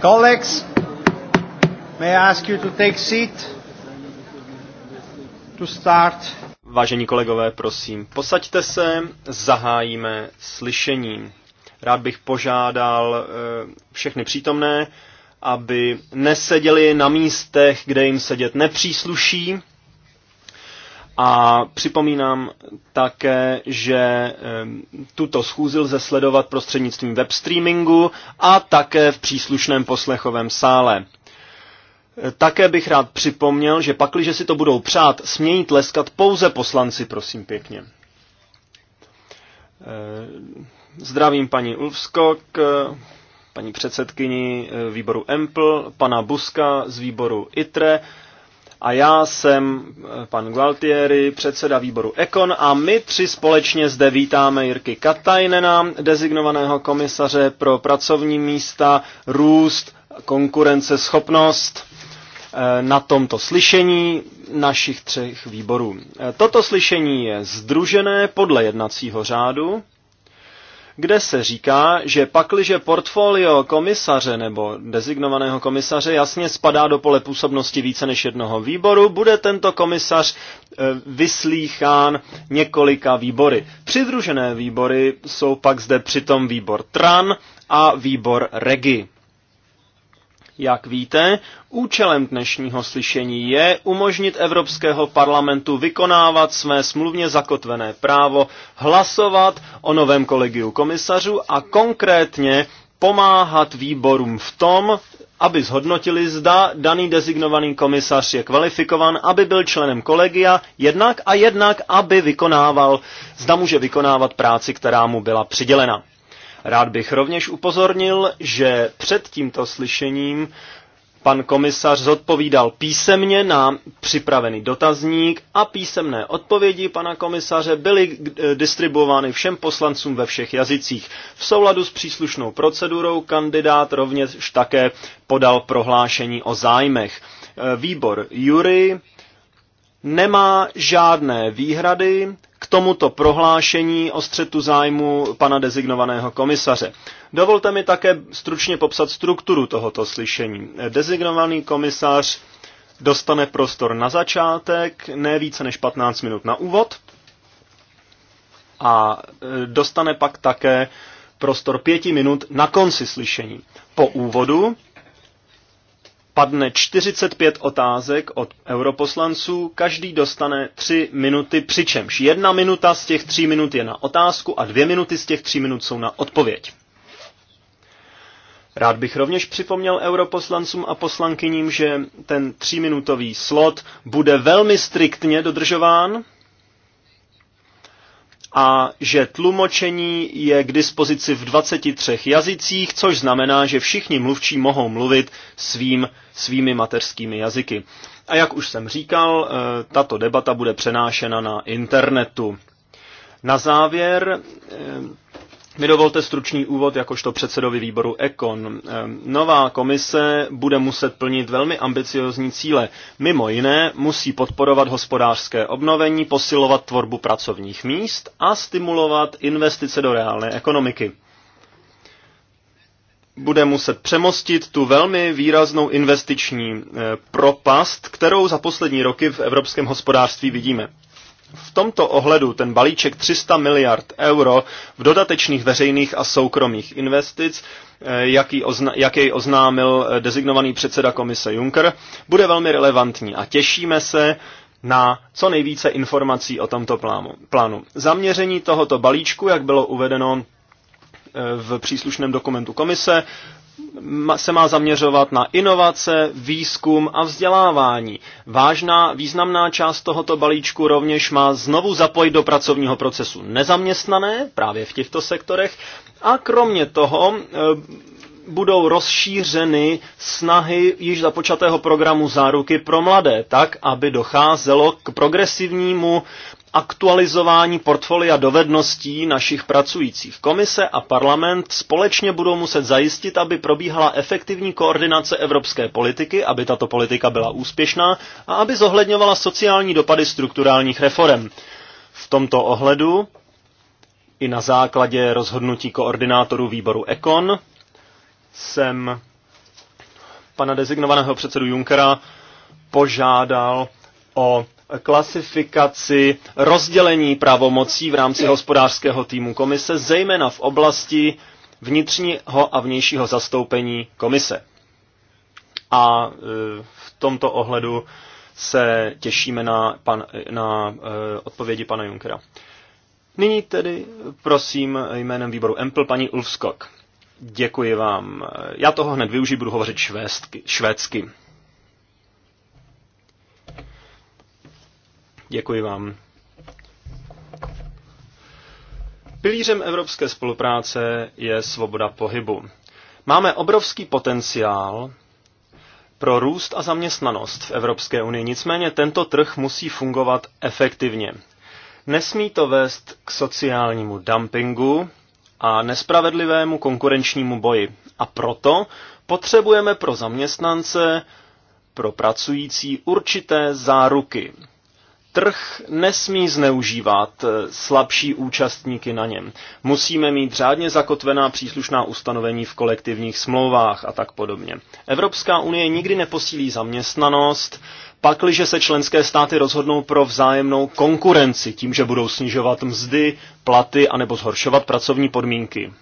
Colleagues, may I ask you to take seat to start. Vážení kolegové, prosím, posaďte se, zahájíme slyšení. Rád bych požádal eh, všechny přítomné, aby neseděli na místech, kde jim sedět nepřísluší, a připomínám také, že tuto schůzi lze sledovat prostřednictvím web streamingu a také v příslušném poslechovém sále. E, také bych rád připomněl, že pakliže si to budou přát, smějí tleskat pouze poslanci, prosím pěkně. E, zdravím paní Ulfskok, e, paní předsedkyni výboru EMPL, pana Buska z výboru ITRE, a já jsem eh, pan Gualtieri, předseda výboru Econ, a my tři společně zde vítáme Jirky Katajnena, dezignovaného komisaře pro pracovní místa, růst, konkurenceschopnost eh, na tomto slyšení našich třech výborů. Eh, Toto slyšení je združené podle jednacího řádu kde se říká, že pakliže portfolio komisaře nebo dezignovaného komisaře jasně spadá do pole působnosti více než jednoho výboru, bude tento komisař e, vyslýchán několika výbory. Přidružené výbory jsou pak zde přitom výbor TRAN a výbor REGI. Jak víte, účelem dnešního slyšení je umožnit Evropského parlamentu vykonávat své smluvně zakotvené právo hlasovat o novém kolegiu komisařů a konkrétně pomáhat výborům v tom, aby zhodnotili, zda daný designovaný komisař je kvalifikovan, aby byl členem kolegia, jednak a jednak, aby vykonával, zda může vykonávat práci, která mu byla přidělena. Rád bych rovněž upozornil, že před tímto slyšením pan komisař zodpovídal písemně na připravený dotazník a písemné odpovědi pana komisaře byly eh, distribuovány všem poslancům ve všech jazycích. V souladu s příslušnou procedurou kandidát rovněž také podal prohlášení o zájmech. Eh, výbor Jury nemá žádné výhrady tomuto prohlášení o střetu zájmu pana dezignovaného komisaře. Dovolte mi také stručně popsat strukturu tohoto slyšení. Dezignovaný komisař dostane prostor na začátek, ne více než 15 minut na úvod, a e, dostane pak také prostor pěti minut na konci slyšení. Po úvodu padne 45 otázek od europoslanců, každý dostane 3 minuty, přičemž jedna minuta z těch 3 minut je na otázku a dvě minuty z těch 3 minut jsou na odpověď. Rád bych rovněž připomněl europoslancům a poslankyním, že ten tříminutový slot bude velmi striktně dodržován, a že tlumočení je k dispozici v 23 jazycích, což znamená, že všichni mluvčí mohou mluvit svým, svými mateřskými jazyky. A jak už jsem říkal, eh, tato debata bude přenášena na internetu. Na závěr eh, mi dovolte stručný úvod jakožto předsedovi výboru Ekon. Ehm, nová komise bude muset plnit velmi ambiciozní cíle. Mimo jiné musí podporovat hospodářské obnovení, posilovat tvorbu pracovních míst a stimulovat investice do reálné ekonomiky. Bude muset přemostit tu velmi výraznou investiční eh, propast, kterou za poslední roky v evropském hospodářství vidíme. V tomto ohledu ten balíček 300 miliard euro v dodatečných veřejných a soukromých investic, eh, jaký ozna, jak jej oznámil eh, designovaný předseda komise Juncker, bude velmi relevantní a těšíme se na co nejvíce informací o tomto plánu. plánu. Zaměření tohoto balíčku, jak bylo uvedeno eh, v příslušném dokumentu komise, se má zaměřovat na inovace, výzkum a vzdělávání. Vážná, významná část tohoto balíčku rovněž má znovu zapojit do pracovního procesu nezaměstnané, právě v těchto sektorech, a kromě toho eh, budou rozšířeny snahy již započatého programu záruky pro mladé, tak, aby docházelo k progresivnímu aktualizování portfolia dovedností našich pracujících. Komise a parlament společně budou muset zajistit, aby probíhala efektivní koordinace evropské politiky, aby tato politika byla úspěšná a aby zohledňovala sociální dopady strukturálních reform. V tomto ohledu i na základě rozhodnutí koordinátorů výboru Econ jsem pana dezignovaného předsedu Junkera požádal o klasifikaci rozdělení pravomocí v rámci hospodářského týmu komise, zejména v oblasti vnitřního a vnějšího zastoupení komise. A e, v tomto ohledu se těšíme na, pan, na e, odpovědi pana Junkera. Nyní tedy prosím jménem výboru Empl paní Ulfskok. Děkuji vám. Já toho hned využiju, budu hovořit švédsky. švédsky. Děkuji vám. Pilířem evropské spolupráce je svoboda pohybu. Máme obrovský potenciál pro růst a zaměstnanost v Evropské unii, nicméně tento trh musí fungovat efektivně. Nesmí to vést k sociálnímu dumpingu a nespravedlivému konkurenčnímu boji. A proto potřebujeme pro zaměstnance, pro pracující určité záruky, Trh nesmí zneužívat eh, slabší účastníky na něm. Musíme mít řádně zakotvená příslušná ustanovení v kolektivních smlouvách a tak podobně. Evropská unie nikdy neposílí zaměstnanost, pakliže se členské státy rozhodnou pro vzájemnou konkurenci tím, že budou snižovat mzdy, platy anebo zhoršovat pracovní podmínky.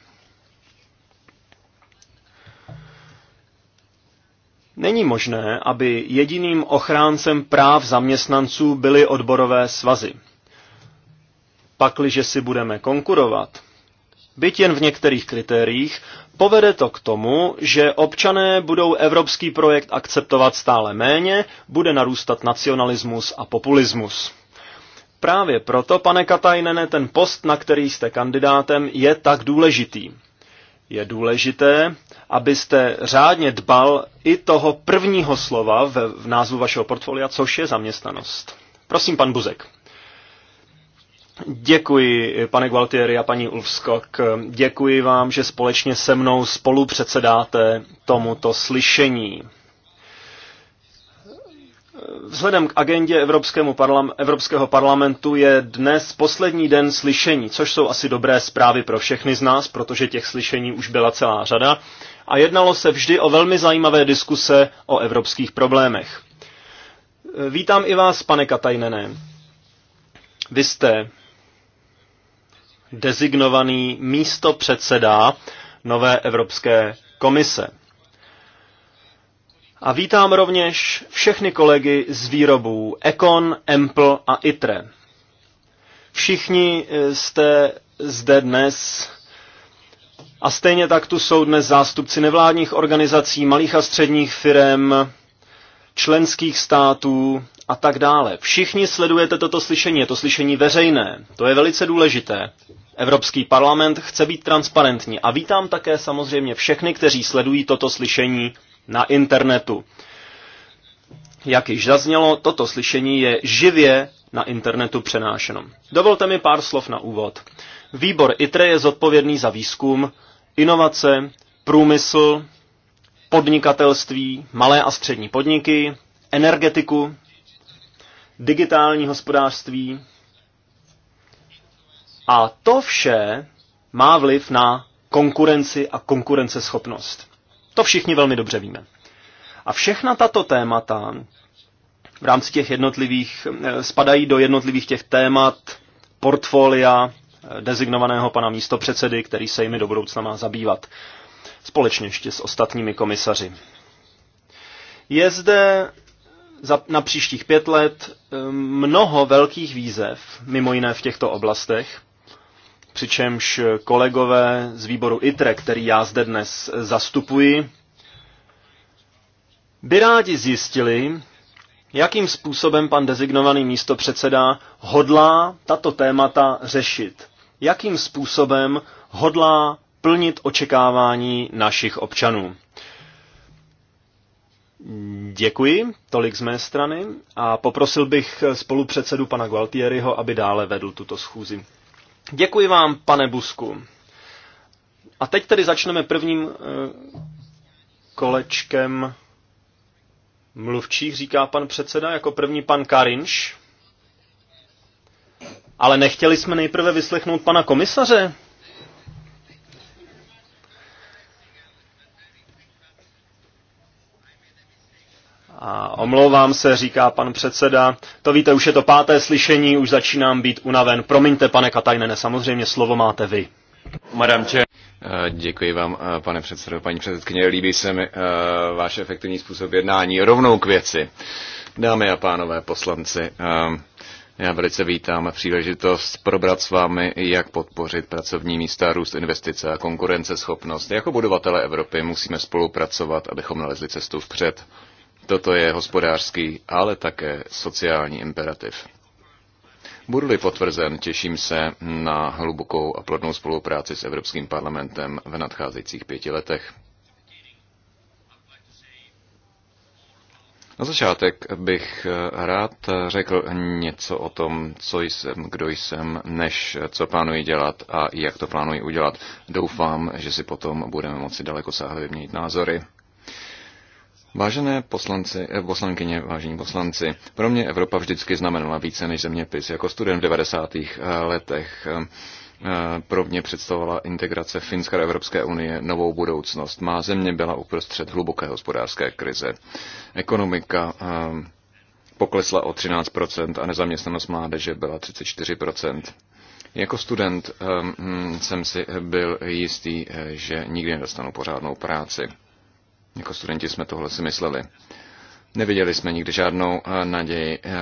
Není možné, aby jediným ochráncem práv zaměstnanců byly odborové svazy. Pakliže si budeme konkurovat, byť jen v některých kritériích, povede to k tomu, že občané budou evropský projekt akceptovat stále méně, bude narůstat nacionalismus a populismus. Právě proto, pane Katajnene, ten post, na který jste kandidátem, je tak důležitý je důležité, abyste řádně dbal i toho prvního slova v, v názvu vašeho portfolia, což je zaměstnanost. Prosím, pan Buzek. Děkuji, pane Gualtieri a paní Ulfskok. Děkuji vám, že společně se mnou spolupředsedáte tomuto slyšení. Vzhledem k agendě Evropskému parlam- Evropského parlamentu je dnes poslední den slyšení, což jsou asi dobré zprávy pro všechny z nás, protože těch slyšení už byla celá řada. A jednalo se vždy o velmi zajímavé diskuse o evropských problémech. Vítám i vás, pane Katajnené. Vy jste dezignovaný místo předseda nové Evropské komise. A vítám rovněž všechny kolegy z výrobů Econ, Empl a ITRE. Všichni eh, jste zde dnes a stejně tak tu jsou dnes zástupci nevládních organizací, malých a středních firm, členských států a tak dále. Všichni sledujete toto slyšení, je to slyšení veřejné, to je velice důležité. Evropský parlament chce být transparentní a vítám také samozřejmě všechny, kteří sledují toto slyšení na internetu. Jak již zaznělo, toto slyšení je živě na internetu přenášeno. Dovolte mi pár slov na úvod. Výbor ITRE je zodpovědný za výzkum, inovace, průmysl, podnikatelství, malé a střední podniky, energetiku, digitální hospodářství. A to vše má vliv na konkurenci a konkurenceschopnost. To všichni velmi dobře víme. A všechna tato témata v rámci těch jednotlivých, eh, spadají do jednotlivých těch témat portfolia eh, dezignovaného pana místopředsedy, který se jimi do budoucna má zabývat, společně ještě s ostatními komisaři. Je zde za, na příštích pět let eh, mnoho velkých výzev, mimo jiné v těchto oblastech, přičemž kolegové z výboru ITRE, který já zde dnes zastupuji, by rádi zjistili, jakým způsobem pan dezignovaný místopředseda hodlá tato témata řešit. Jakým způsobem hodlá plnit očekávání našich občanů. Děkuji, tolik z mé strany a poprosil bych spolupředsedu pana Gualtieriho, aby dále vedl tuto schůzi. Děkuji vám, pane Busku. A teď tedy začneme prvním eh, kolečkem mluvčích, říká pan předseda, jako první pan Karinš. Ale nechtěli jsme nejprve vyslechnout pana komisaře? A omlouvám se, říká pan předseda. To víte, už je to páté slyšení, už začínám být unaven. Promiňte, pane Katajnene, samozřejmě slovo máte vy. Madamče. Eh, děkuji vám, eh, pane předsedo, paní předsedkyně. Líbí se mi eh, váš efektivní způsob jednání. Rovnou k věci. Dámy a pánové poslanci, já velice vítám příležitost probrat s vámi, jak podpořit pracovní místa, růst investice a konkurenceschopnost. Jako budovatele Evropy musíme spolupracovat, abychom nalezli cestu vpřed. Toto je hospodářský, ale také sociální imperativ. Budu-li potvrzen, těším se na hlubokou a plodnou spolupráci s Evropským parlamentem v nadcházejících pěti letech. Na začátek bych rád řekl něco o tom, co jsem, kdo jsem, než co plánuji dělat a jak to plánuji udělat. Doufám, že si potom budeme moci daleko sáhle vyměnit názory. Vážené poslanci, eh, poslankyně, vážení poslanci, pro mě Evropa vždycky znamenala více než zeměpis. Jako student v 90. Eh, letech eh, pro mě představovala integrace Finska do Evropské unie novou budoucnost. Má země byla uprostřed hluboké hospodářské krize. Ekonomika poklesla o 13% a nezaměstnanost mládeže byla 34%. Jako student hm, jsem si byl jistý, že nikdy nedostanu pořádnou práci. Jako studenti jsme tohle si mysleli. Neviděli jsme nikdy žádnou eh, naději, eh,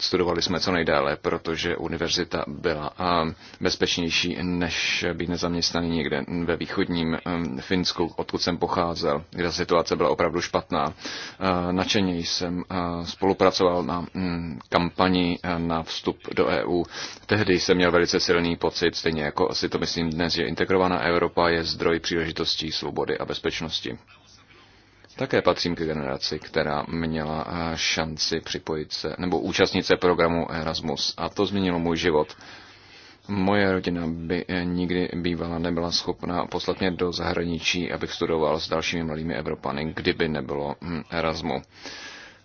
studovali jsme co nejdále, protože univerzita byla eh, bezpečnější, než být nezaměstnaný někde ve východním Finsku, odkud jsem pocházel, kde situace byla opravdu špatná. Načeně jsem spolupracoval na mm, kampani na vstup do EU. Tehdy jsem měl velice silný pocit, stejně jako si to myslím dnes, že integrovaná Evropa je zdroj příležitostí, svobody a bezpečnosti. Také patřím k generaci, která měla eh, šanci připojit se nebo účastnit se programu Erasmus a to změnilo můj život. Moje rodina by eh, nikdy bývala nebyla schopna poslat mě do zahraničí, abych studoval s dalšími mladými Evropany, kdyby nebylo hm, Erasmu.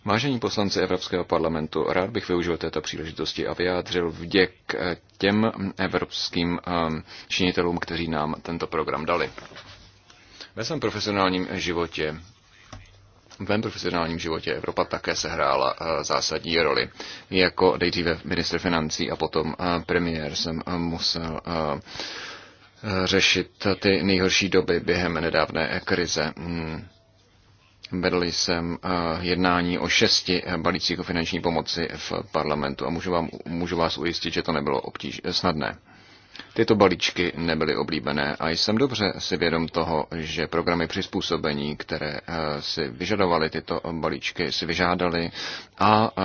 Vážení poslanci Evropského parlamentu, rád bych využil této příležitosti a vyjádřil vděk eh, těm evropským ehm, činitelům, kteří nám tento program dali. Ve svém profesionálním životě svém profesionálním životě Evropa také sehrála eh, zásadní roli. Jako nejdříve minister financí a potom eh, premiér jsem eh, musel řešit ty nejhorší doby během nedávné krize. Hmm. Vedl jsem jednání o šesti balících o finanční pomoci v parlamentu a můžu, vám, můžu vás ujistit, že to nebylo obtíž, snadné. Tyto balíčky nebyly oblíbené a jsem dobře si vědom toho, že programy přizpůsobení, které eh, si vyžadovaly tyto balíčky, si vyžádaly a eh,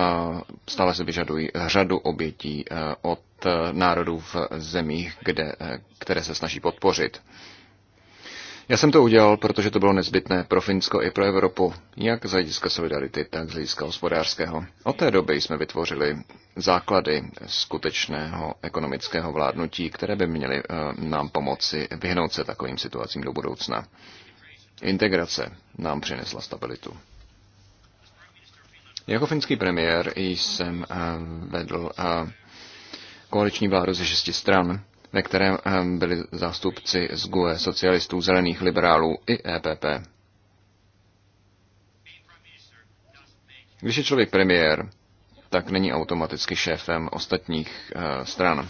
stále si vyžadují řadu obětí eh, od národů v zemích, kde, které se snaží podpořit. Já jsem to udělal, protože to bylo nezbytné pro Finsko i pro Evropu, jak z hlediska solidarity, tak z hlediska hospodářského. Od té doby jsme vytvořili základy skutečného ekonomického vládnutí, které by měly eh, nám pomoci vyhnout se takovým situacím do budoucna. Integrace nám přinesla stabilitu. Jako finský premiér jsem eh, vedl eh, koaliční vládu ze šesti stran ve kterém eh, byli zástupci z GUE, socialistů, zelených liberálů i EPP. Když je člověk premiér, tak není automaticky šéfem ostatních eh, stran.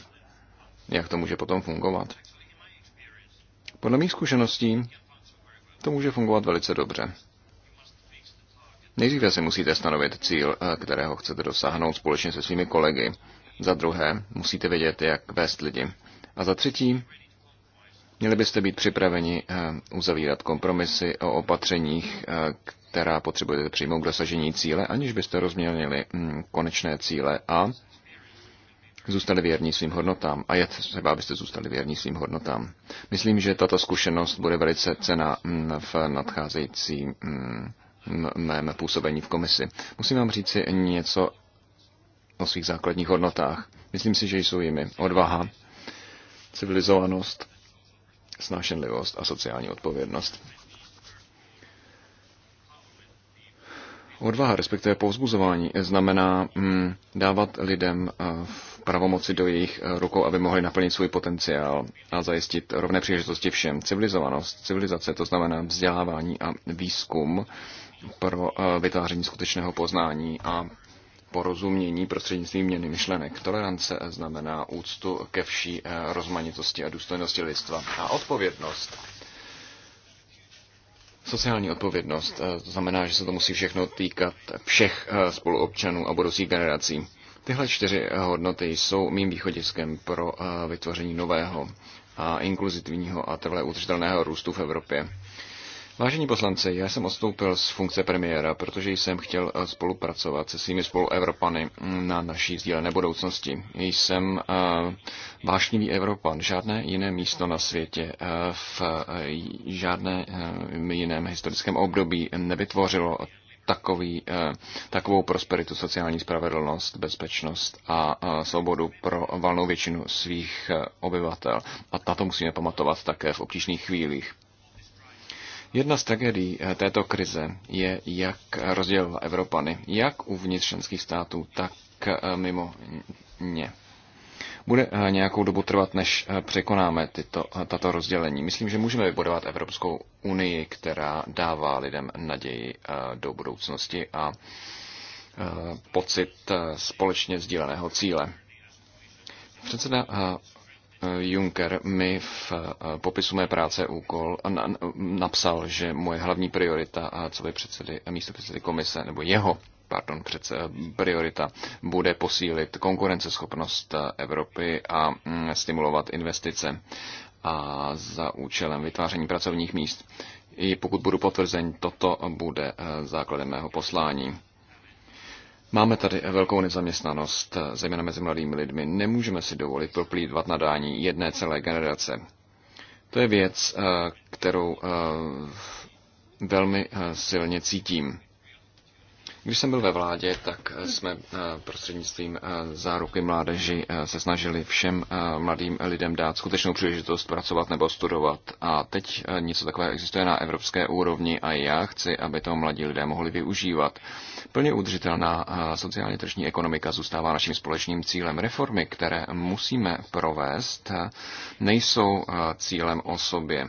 Jak to může potom fungovat? Podle mých zkušeností to může fungovat velice dobře. Nejdříve si musíte stanovit cíl, eh, kterého chcete dosáhnout společně se svými kolegy. Za druhé, musíte vědět, jak vést lidi. A za třetí, měli byste být připraveni eh, uzavírat kompromisy o opatřeních, eh, která potřebujete přijmout k dosažení cíle, aniž byste rozměnili hm, konečné cíle a zůstali věrní svým hodnotám a je třeba, abyste zůstali věrní svým hodnotám. Myslím, že tato zkušenost bude velice cena hm, v nadcházející hm, mém působení v komisi. Musím vám si něco o svých základních hodnotách. Myslím si, že jsou jimi odvaha, civilizovanost, snášenlivost a sociální odpovědnost. Odvaha, respektive povzbuzování, znamená mm, dávat lidem eh, v pravomoci do jejich eh, rukou, aby mohli naplnit svůj potenciál a zajistit rovné příležitosti všem. Civilizovanost, civilizace, to znamená vzdělávání a výzkum pro eh, vytváření skutečného poznání a porozumění prostřednictvím měny myšlenek. Tolerance znamená úctu ke vší eh, rozmanitosti a důstojnosti lidstva. A odpovědnost. Sociální odpovědnost. Eh, to znamená, že se to musí všechno týkat všech eh, spoluobčanů a budoucích generací. Tyhle čtyři hodnoty jsou mým východiskem pro vytvoření nového a inkluzivního a trvale udržitelného růstu v Evropě. Vážení poslanci, já jsem odstoupil z funkce premiéra, protože jsem chtěl eh, spolupracovat se svými spoluevropany mm, na naší sdílené budoucnosti. Jsem eh, vášnivý Evropan. Žádné jiné místo na světě eh, v žádném jiném historickém období nevytvořilo takový, takovou prosperitu, sociální spravedlnost, bezpečnost a svobodu pro valnou většinu svých obyvatel. A na to musíme pamatovat také v obtížných chvílích. Jedna z tragédií eh, této krize je, jak rozdělila Evropany, jak uvnitř členských států, tak eh, mimo ně. Bude eh, nějakou dobu trvat, než překonáme tyto, tato rozdělení. Myslím, že můžeme vybudovat Evropskou unii, která dává lidem naději do budoucnosti a pocit společně sdíleného cíle. Předseda Eh, Juncker mi v eh, popisu mé práce úkol napsal, že moje hlavní priorita, a co by předsedy, eh, místo předsedy komise, nebo jeho pardon, přece priorita bude posílit konkurenceschopnost Evropy a mm, stimulovat investice a za účelem vytváření pracovních míst. I pokud budu potvrzen, toto bude základem mého poslání. Máme tady velkou nezaměstnanost, zejména mezi mladými lidmi. Nemůžeme si dovolit proplývat nadání jedné celé generace. To je věc, eh, kterou eh, velmi eh, silně cítím. Když jsem byl ve vládě, tak eh, jsme eh, prostřednictvím eh, záruky mládeži se snažili všem mladým lidem dát skutečnou příležitost pracovat nebo studovat. A teď něco takového existuje na evropské úrovni a já chci, aby to mladí lidé mohli využívat. Plně udržitelná sociálně tržní ekonomika zůstává naším společným cílem. Reformy, které musíme provést, nejsou cílem o sobě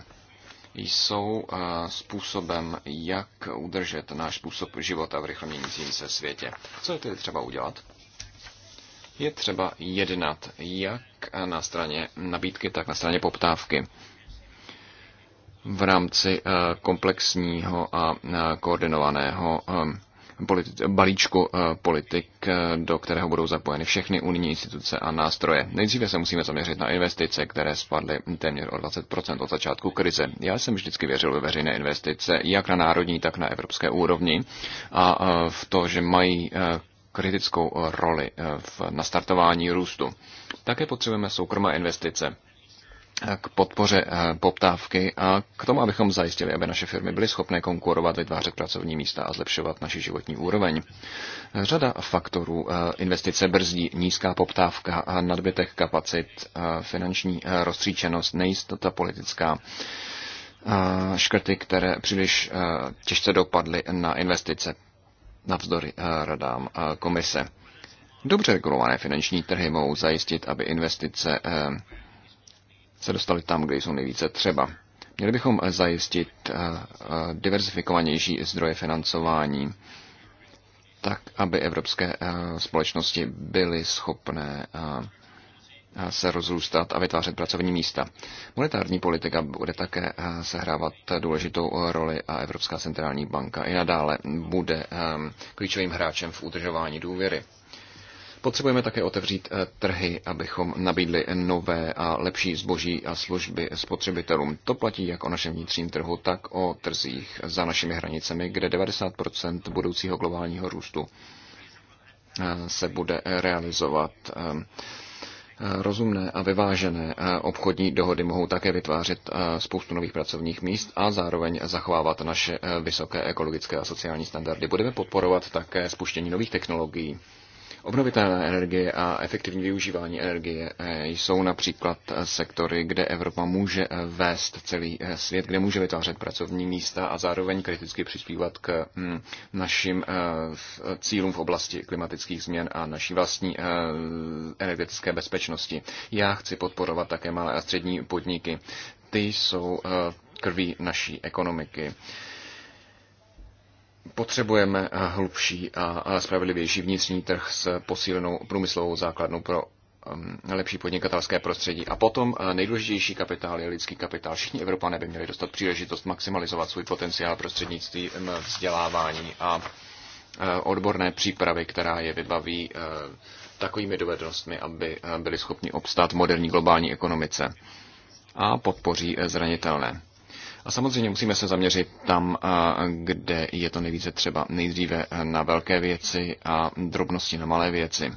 jsou eh, způsobem, jak udržet náš způsob života v rychle měnícím se světě. Co je tedy třeba udělat? Je třeba jednat jak na straně nabídky, tak na straně poptávky v rámci eh, komplexního a eh, koordinovaného politi- balíčku eh, politik, eh, do kterého budou zapojeny všechny unijní instituce a nástroje. Nejdříve se musíme zaměřit na investice, které spadly téměř o 20% od začátku krize. Já jsem vždycky věřil ve veřejné investice, jak na národní, tak na evropské úrovni a eh, v to, že mají kritickou roli v nastartování růstu. Také potřebujeme soukromé investice k podpoře eh, poptávky a k tomu, abychom zajistili, aby naše firmy byly schopné konkurovat, vytvářet pracovní místa a zlepšovat naši životní úroveň. Řada faktorů eh, investice brzdí, nízká poptávka, nadbytek kapacit, eh, finanční rozstříčenost, nejistota politická, škrty, které příliš těžce dopadly na investice navzdory radám komise. Dobře regulované finanční trhy mohou zajistit, aby investice se dostali tam, kde jsou nejvíce třeba. Měli bychom zajistit eh, eh, diverzifikovanější zdroje financování, tak aby evropské eh, společnosti byly schopné se rozrůstat a vytvářet pracovní místa. Monetární politika bude také sehrávat důležitou roli a Evropská centrální banka i nadále bude klíčovým hráčem v udržování důvěry. Potřebujeme také otevřít eh, trhy, abychom nabídli nové a lepší zboží a služby spotřebitelům. To platí jak o našem vnitřním trhu, tak o trzích za našimi hranicemi, kde 90 budoucího globálního růstu eh, se bude eh, realizovat. Rozumné a vyvážené obchodní dohody mohou také vytvářet spoustu nových pracovních míst a zároveň zachovávat naše vysoké ekologické a sociální standardy. Budeme podporovat také spuštění nových technologií Obnovitelné energie a efektivní využívání energie eh, jsou například eh, sektory, kde Evropa může eh, vést celý svět, kde může vytvářet pracovní místa a zároveň kriticky přispívat k hm, našim cílům v oblasti klimatických změn a naší vlastní energetické bezpečnosti. Já chci podporovat také malé a střední podniky. Ty jsou krví naší ekonomiky potřebujeme eh, hlubší a spravedlivější vnitřní trh s posílenou průmyslovou základnou pro ehm, lepší podnikatelské prostředí. A potom eh, nejdůležitější kapitál je lidský kapitál. Všichni Evropané by měli dostat příležitost maximalizovat svůj potenciál prostřednictvím eh, vzdělávání a odborné přípravy, která je vybaví takovými dovednostmi, aby byli schopni obstát moderní globální ekonomice a podpoří zranitelné. A samozřejmě musíme se zaměřit tam, kde je to nejvíce třeba nejdříve e, na velké věci a drobnosti na malé věci. E,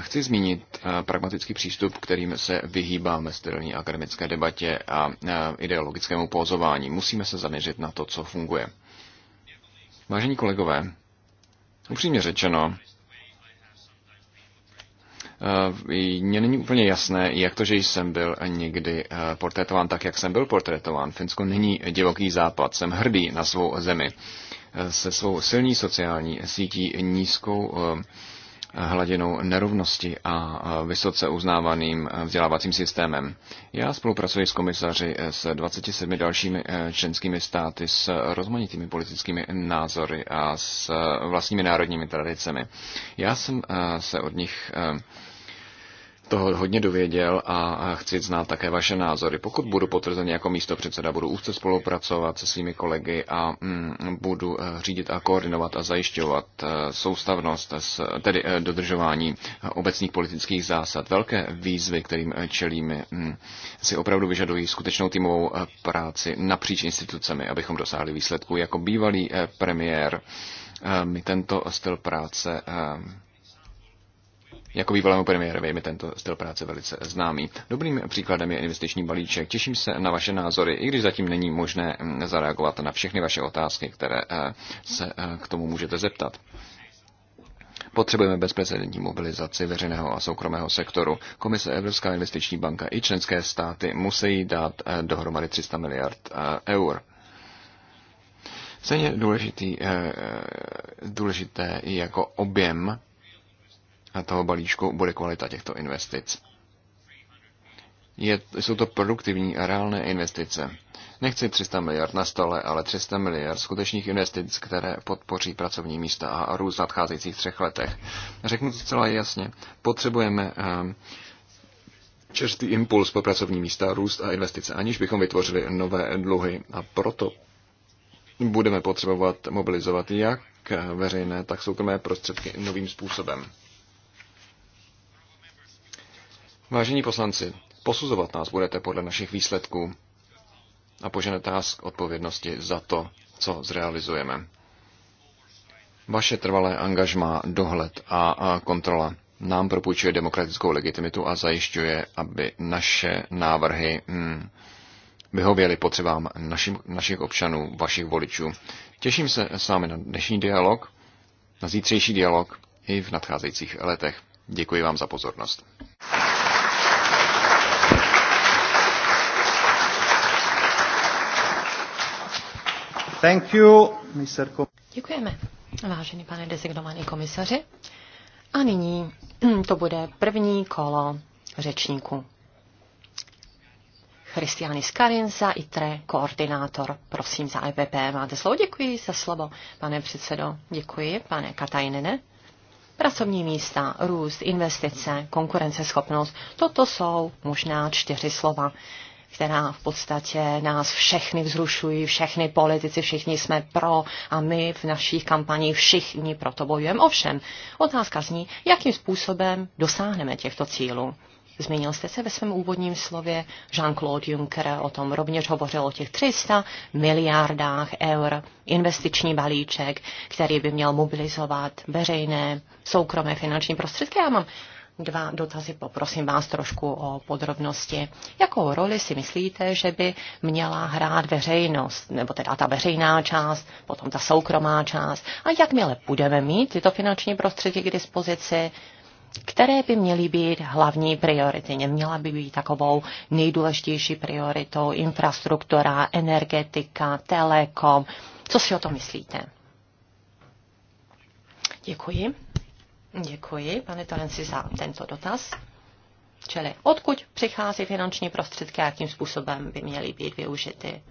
chci zmínit e, pragmatický přístup, kterým se vyhýbáme sterilní akademické debatě a ideologickému pozování. Musíme se zaměřit na to, co funguje. Vážení kolegové, upřímně řečeno, Eh, mně není úplně jasné, jak to, že jsem byl někdy eh, portrétován tak, jak jsem byl portrétován. Finsko není divoký západ, jsem hrdý na svou zemi. Eh, se svou silní sociální sítí, nízkou hladinou nerovnosti a vysoce uznávaným vzdělávacím systémem. Já spolupracuji s komisaři s 27 dalšími členskými státy s rozmanitými politickými názory a s vlastními národními tradicemi. Já jsem se od nich toho hodně dověděl a chci znát také vaše názory. Pokud budu potvrzen jako místo předseda, budu úzce spolupracovat se svými kolegy a mm, budu eh, řídit a koordinovat a zajišťovat eh, soustavnost, s, tedy eh, dodržování obecných politických zásad. Velké výzvy, kterým čelíme, mm, si opravdu vyžadují skutečnou týmovou práci napříč institucemi, abychom dosáhli výsledku. Jako bývalý premiér mi tento styl práce jako bývalému premiérovi mi tento styl práce velice známý. Dobrým příkladem je investiční balíček. Těším se na vaše názory, i když zatím není možné mm, zareagovat na všechny vaše otázky, které eh, se eh, k tomu můžete zeptat. Potřebujeme bezprecedentní mobilizaci veřejného a soukromého sektoru. Komise Evropská investiční banka i členské státy musí dát eh, dohromady 300 miliard eur. Stejně důležitý, důležité i jako objem toho balíčku bude kvalita těchto investic. Je, jsou to produktivní a reálné investice. Nechci 300 miliard na stole, ale 300 miliard skutečných investic, které podpoří pracovní místa a růst v nadcházejících třech letech. Řeknu to celá jasně. Potřebujeme um, čerstvý impuls pro pracovní místa, růst a investice, aniž bychom vytvořili nové dluhy. A proto budeme potřebovat mobilizovat jak veřejné, tak soukromé prostředky novým způsobem. Vážení poslanci, posuzovat nás budete podle našich výsledků a poženete nás k odpovědnosti za to, co zrealizujeme. Vaše trvalé angažmá, dohled a kontrola nám propůjčuje demokratickou legitimitu a zajišťuje, aby naše návrhy hmm, vyhověly potřebám našim, našich občanů, vašich voličů. Těším se s vámi na dnešní dialog, na zítřejší dialog i v nadcházejících letech. Děkuji vám za pozornost. Thank you, Děkujeme, vážený pane designovaný komisaři. A nyní to bude první kolo řečníků. Christianis Karin za ITRE, koordinátor. Prosím za EPP, máte slovo. Děkuji za slovo, pane předsedo. Děkuji, pane Katajnene. Pracovní místa, růst, investice, konkurenceschopnost, toto jsou možná čtyři slova, která v podstatě nás všechny vzrušují, všechny politici, všichni jsme pro a my v našich kampaních všichni proto bojujeme. Ovšem, otázka zní, jakým způsobem dosáhneme těchto cílů. Zmínil jste se ve svém úvodním slově, Jean-Claude Juncker o tom rovněž hovořil o těch 300 miliardách eur investiční balíček, který by měl mobilizovat veřejné, soukromé finanční prostředky. Já mám dva dotazy. Poprosím vás trošku o podrobnosti. Jakou roli si myslíte, že by měla hrát veřejnost, nebo teda ta veřejná část, potom ta soukromá část? A jakmile budeme mít tyto finanční prostředky k dispozici, které by měly být hlavní priority. Neměla by být takovou nejdůležitější prioritou infrastruktura, energetika, telekom. Co si o to myslíte? Děkuji. Děkuji, pane Torenci, za tento dotaz. Čili odkud přichází finanční prostředky a jakým způsobem by měly být využity?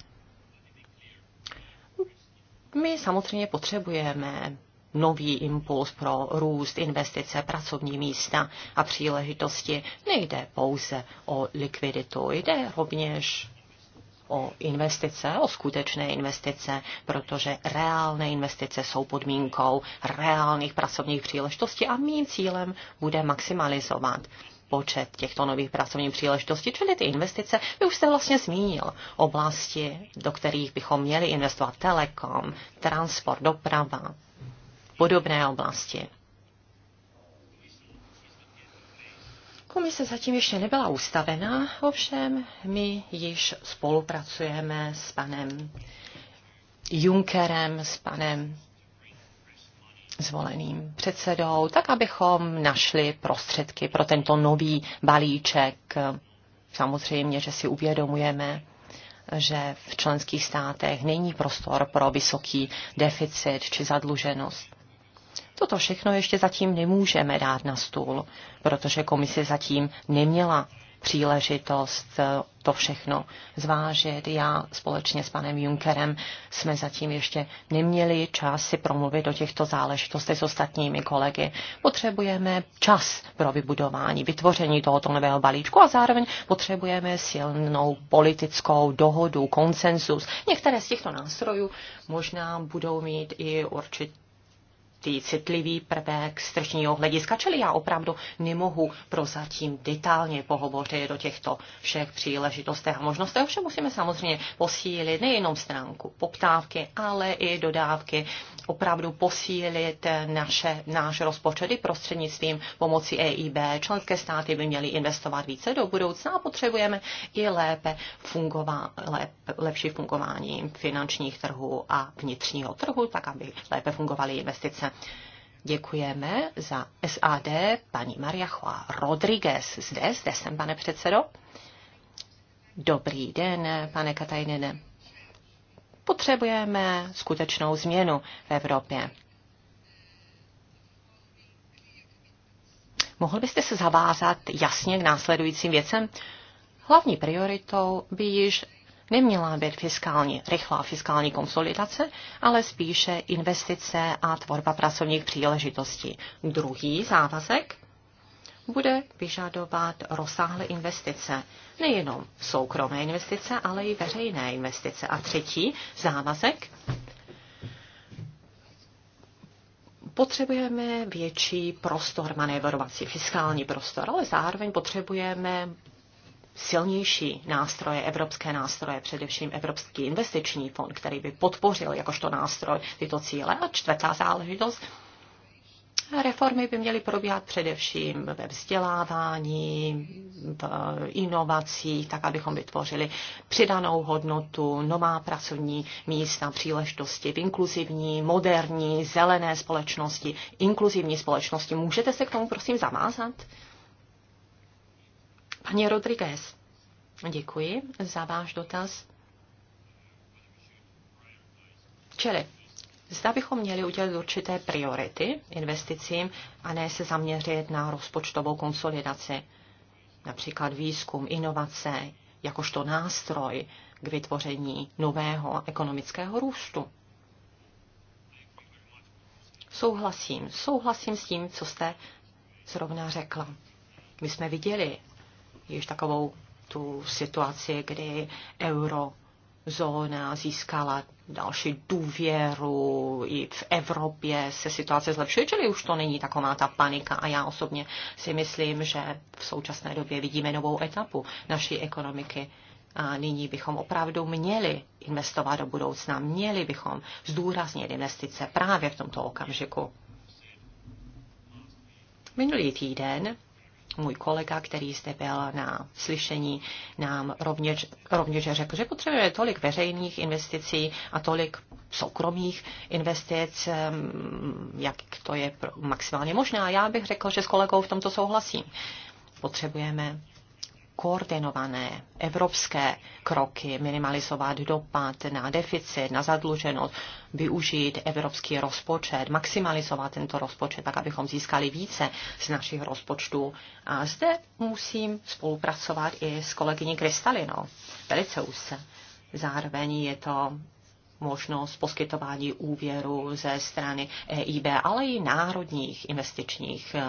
My samozřejmě potřebujeme nový impuls pro růst, investice, pracovní místa a příležitosti. Nejde pouze o likviditu, jde rovněž o investice, o skutečné investice, protože reálné investice jsou podmínkou reálných pracovních příležitostí a mým cílem bude maximalizovat počet těchto nových pracovních příležitostí, čili ty investice, vy už jste vlastně zmínil, oblasti, do kterých bychom měli investovat, telekom, transport, doprava, podobné oblasti. Komise zatím ještě nebyla ustavená, ovšem my již spolupracujeme s panem Junkerem, s panem zvoleným předsedou, tak abychom našli prostředky pro tento nový balíček. Samozřejmě, že si uvědomujeme, že v členských státech není prostor pro vysoký deficit či zadluženost. Toto všechno ještě zatím nemůžeme dát na stůl, protože komise zatím neměla příležitost eh, to všechno zvážit. Já společně s panem Junkerem jsme zatím ještě neměli čas si promluvit o těchto záležitostech s ostatními kolegy. Potřebujeme čas pro vybudování, vytvoření tohoto nového balíčku a zároveň potřebujeme silnou politickou dohodu, konsenzus. Některé z těchto nástrojů možná budou mít i určitě důležitý, citlivý prvek z tržního hlediska, čili já opravdu nemohu prozatím detailně pohovořit do těchto všech příležitostech a možnostech. Ovšem musíme samozřejmě posílit nejenom stránku poptávky, ale i dodávky, opravdu posílit naše, náš rozpočet i prostřednictvím pomoci EIB. Členské státy by měly investovat více do budoucna a potřebujeme i lépe fungová, lep, lepší fungování finančních trhů a vnitřního trhu, tak aby lépe fungovaly investice. Děkujeme za SAD paní Mariachoa Rodriguez. Zde, zde jsem, pane předsedo. Dobrý den, pane Katajnine. Potřebujeme skutečnou změnu v Evropě. Mohl byste se zavázat jasně k následujícím věcem? Hlavní prioritou by již neměla být fiskální, rychlá fiskální konsolidace, ale spíše investice a tvorba pracovních příležitostí. Druhý závazek bude vyžadovat rozsáhlé investice. Nejenom soukromé investice, ale i veřejné investice. A třetí závazek potřebujeme větší prostor manévrovací, fiskální prostor, ale zároveň potřebujeme silnější nástroje, evropské nástroje, především Evropský investiční fond, který by podpořil jakožto nástroj tyto cíle. A čtvrtá záležitost, Reformy by měly probíhat především ve vzdělávání, v inovacích, tak abychom vytvořili přidanou hodnotu, nová pracovní místa, příležitosti v inkluzivní, moderní, zelené společnosti, inkluzivní společnosti. Můžete se k tomu prosím zamázat? Paní Rodriguez, děkuji za váš dotaz. Čili, zda bychom měli udělat určité priority investicím a ne se zaměřit na rozpočtovou konsolidaci, například výzkum, inovace, jakožto nástroj k vytvoření nového ekonomického růstu. Souhlasím, souhlasím s tím, co jste zrovna řekla. My jsme viděli již takovou tu situaci, kdy eurozóna získala další důvěru i v Evropě se situace zlepšuje, čili už to není taková ta panika a já osobně si myslím, že v současné době vidíme novou etapu naší ekonomiky. A nyní bychom opravdu měli investovat do budoucna, měli bychom zdůraznit investice právě v tomto okamžiku. Minulý týden můj kolega, který zde byl na slyšení, nám rovněž, rovněž řekl, že potřebuje tolik veřejných investicí a tolik soukromých investic, jak to je maximálně možné. A já bych řekl, že s kolegou v tomto souhlasím. Potřebujeme koordinované evropské kroky, minimalizovat dopad na deficit, na zadluženost, využít evropský rozpočet, maximalizovat tento rozpočet, tak abychom získali více z našich rozpočtů. A zde musím spolupracovat i s kolegyní Kristalinou. Velice úzce. Zároveň je to možnost poskytování úvěru ze strany EIB, ale i národních investičních eh,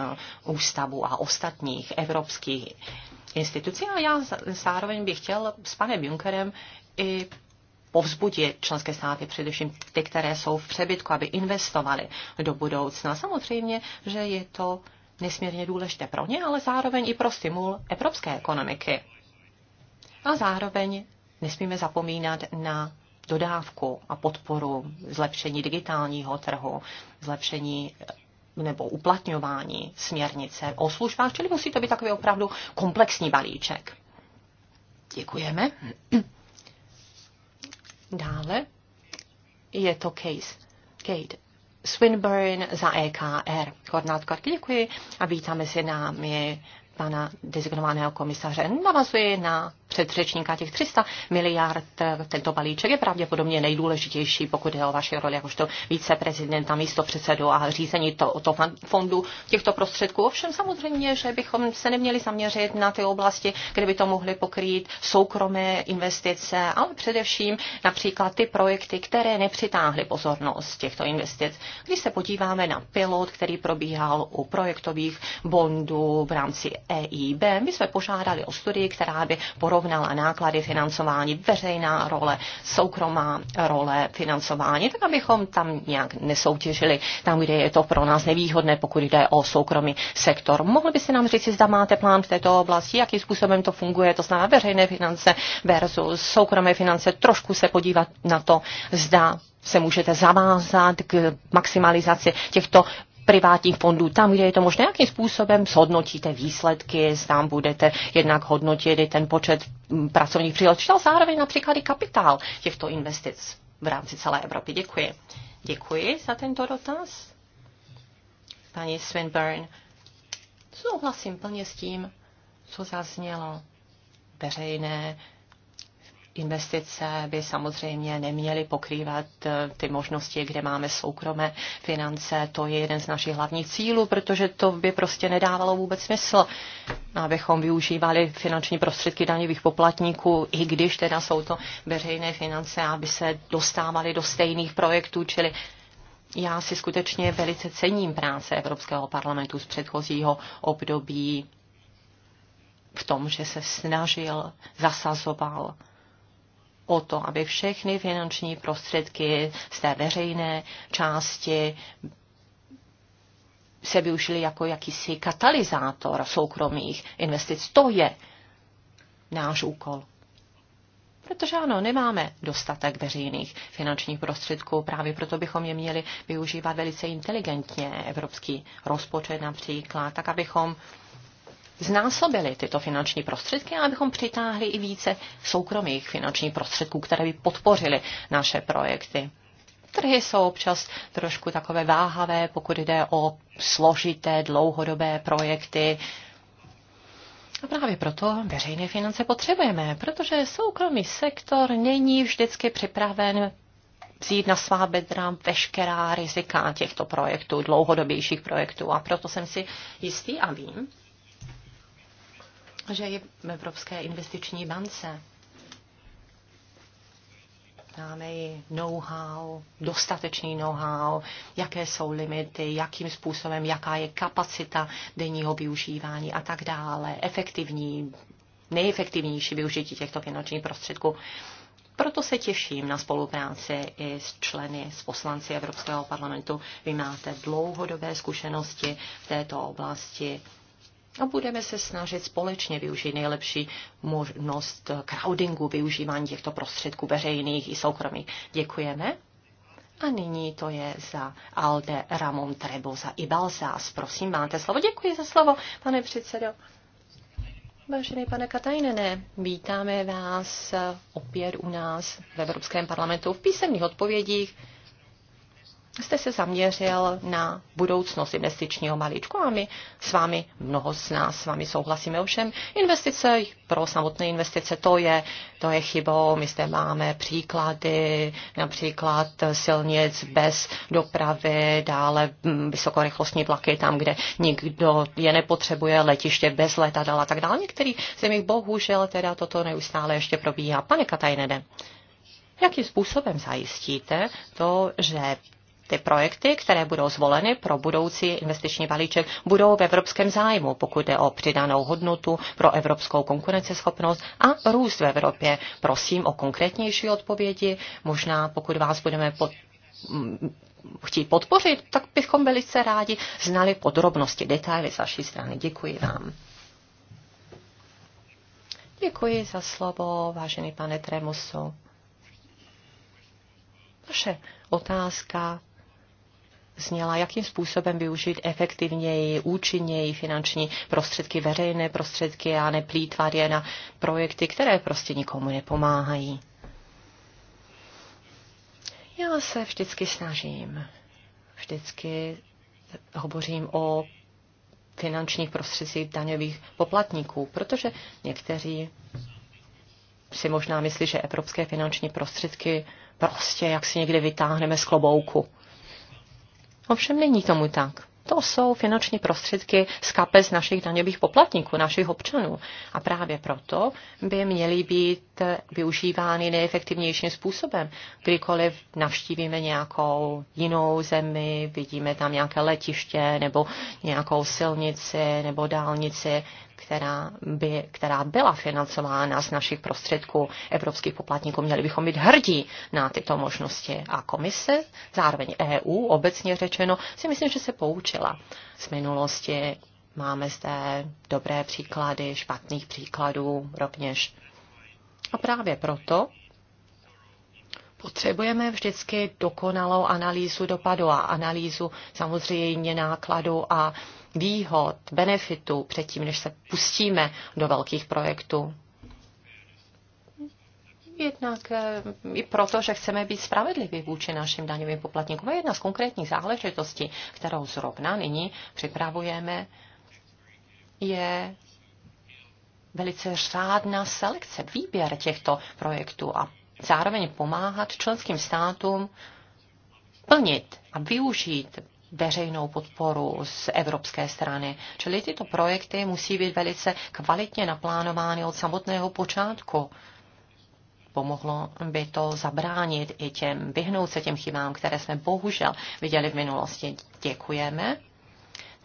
ústavů a ostatních evropských institucí a já zároveň bych chtěl s panem Junckerem i povzbudit členské státy, především ty, které jsou v přebytku, aby investovali do budoucna. Samozřejmě, že je to nesmírně důležité pro ně, ale zároveň i pro stimul evropské ekonomiky. A zároveň nesmíme zapomínat na dodávku a podporu zlepšení digitálního trhu, zlepšení nebo uplatňování směrnice o službách, čili musí to být takový opravdu komplexní balíček. Děkujeme. Dále je to case Kate Swinburne za EKR. Koordinátorky děkuji a vítáme si námi pana designovaného komisaře. Navazuji na předřečníka, těch 300 miliard, eh, tento balíček je pravděpodobně nejdůležitější, pokud je o vaši roli jakožto viceprezidenta, místo předsedu a řízení to, to fondu těchto prostředků. Ovšem samozřejmě, že bychom se neměli zaměřit na ty oblasti, kde by to mohly pokrýt soukromé investice, ale především například ty projekty, které nepřitáhly pozornost těchto investic. Když se podíváme na pilot, který probíhal u projektových bondů v rámci EIB, my jsme požádali o studii, která by porovnala vyrovnala náklady financování, veřejná role, soukromá role financování, tak abychom tam nějak nesoutěžili tam, kde je to pro nás nevýhodné, pokud jde o soukromý sektor. Mohli byste nám říct, zda máte plán v této oblasti, jakým způsobem to funguje, to znamená veřejné finance versus soukromé finance, trošku se podívat na to, zda se můžete zavázat k maximalizaci těchto privátních fondů, tam, kde je to možné, jakým způsobem shodnotíte výsledky, tam budete jednak hodnotit i ten počet mm, pracovních příležitostí, ale zároveň například i kapitál těchto investic v rámci celé Evropy. Děkuji. Děkuji za tento dotaz. Paní Swinburne, souhlasím plně s tím, co zaznělo. Veřejné investice by samozřejmě neměly pokrývat eh, ty možnosti, kde máme soukromé finance. To je jeden z našich hlavních cílů, protože to by prostě nedávalo vůbec smysl, abychom využívali finanční prostředky daňových poplatníků, i když teda jsou to veřejné finance, aby se dostávali do stejných projektů, čili já si skutečně velice cením práce Evropského parlamentu z předchozího období v tom, že se snažil, zasazoval o to, aby všechny finanční prostředky z té veřejné části se využili jako jakýsi katalyzátor soukromých investic. To je náš úkol. Protože ano, nemáme dostatek veřejných finančních prostředků, právě proto bychom je měli využívat velice inteligentně, evropský rozpočet například, tak abychom znásobili tyto finanční prostředky a abychom přitáhli i více soukromých finančních prostředků, které by podpořily naše projekty. Trhy jsou občas trošku takové váhavé, pokud jde o složité dlouhodobé projekty. A právě proto veřejné finance potřebujeme, protože soukromý sektor není vždycky připraven vzít na svá bedra veškerá rizika těchto projektů, dlouhodobějších projektů. A proto jsem si jistý a vím, že i v Evropské investiční bance máme i know-how, dostatečný know-how, jaké jsou limity, jakým způsobem, jaká je kapacita denního využívání a tak dále, efektivní, nejefektivnější využití těchto finančních prostředků. Proto se těším na spolupráci i s členy, s poslanci Evropského parlamentu. Vy máte dlouhodobé zkušenosti v této oblasti a budeme se snažit společně využít nejlepší možnost crowdingu, využívání těchto prostředků veřejných i soukromých. Děkujeme. A nyní to je za Alde Ramon Trebo za Ibalzás. Prosím, máte slovo. Děkuji za slovo, pane předsedo. Vážený pane Katajnene, vítáme vás opět u nás v Evropském parlamentu v písemných odpovědích jste se zaměřil na budoucnost investičního malíčku a my s vámi, mnoho z nás s vámi souhlasíme. Ovšem investice pro samotné investice, to je, to je chybou. My zde máme příklady, například silnic bez dopravy, dále hm, vysokorychlostní vlaky tam, kde nikdo je nepotřebuje, letiště bez letadla a tak dále. Některý zemích bohužel teda toto neustále ještě probíhá. Pane Katajnede, jakým způsobem zajistíte to, že ty projekty, které budou zvoleny pro budoucí investiční balíček, budou v evropském zájmu, pokud jde o přidanou hodnotu pro evropskou konkurenceschopnost a růst v Evropě. Prosím o konkrétnější odpovědi. Možná pokud vás budeme pod, chtějí podpořit, tak bychom velice rádi znali podrobnosti, detaily z vaší strany. Děkuji vám. Děkuji za slovo, vážený pane Tremusu. Vaše otázka zněla, jakým způsobem využít efektivněji, účinněji finanční prostředky, veřejné prostředky a neplýtvat je na projekty, které prostě nikomu nepomáhají. Já se vždycky snažím. Vždycky hovořím o finančních prostředcích daňových poplatníků, protože někteří si možná myslí, že evropské finanční prostředky prostě jak si někde vytáhneme z klobouku. Ovšem není tomu tak. To jsou finanční prostředky z kapes našich daňových poplatníků, našich občanů. A právě proto by měly být využívány neefektivnějším způsobem. Kdykoliv navštívíme nějakou jinou zemi, vidíme tam nějaké letiště nebo nějakou silnici nebo dálnici, která, by, která byla financována z našich prostředků evropských poplatníků. Měli bychom být hrdí na tyto možnosti. A komise, zároveň EU, obecně řečeno, si myslím, že se poučila z minulosti. Máme zde dobré příklady, špatných příkladů rovněž. A právě proto potřebujeme vždycky dokonalou analýzu dopadu a analýzu samozřejmě nákladu a výhod, benefitů předtím, než se pustíme do velkých projektů. Jednak eh, i proto, že chceme být spravedliví vůči našim daňovým poplatníkům. A jedna z konkrétních záležitostí, kterou zrovna nyní připravujeme, je velice řádná selekce, výběr těchto projektů a zároveň pomáhat členským státům plnit a využít veřejnou podporu z evropské strany. Čili tyto projekty musí být velice kvalitně naplánovány od samotného počátku. Pomohlo by to zabránit i těm, vyhnout se těm chybám, které jsme bohužel viděli v minulosti. Děkujeme.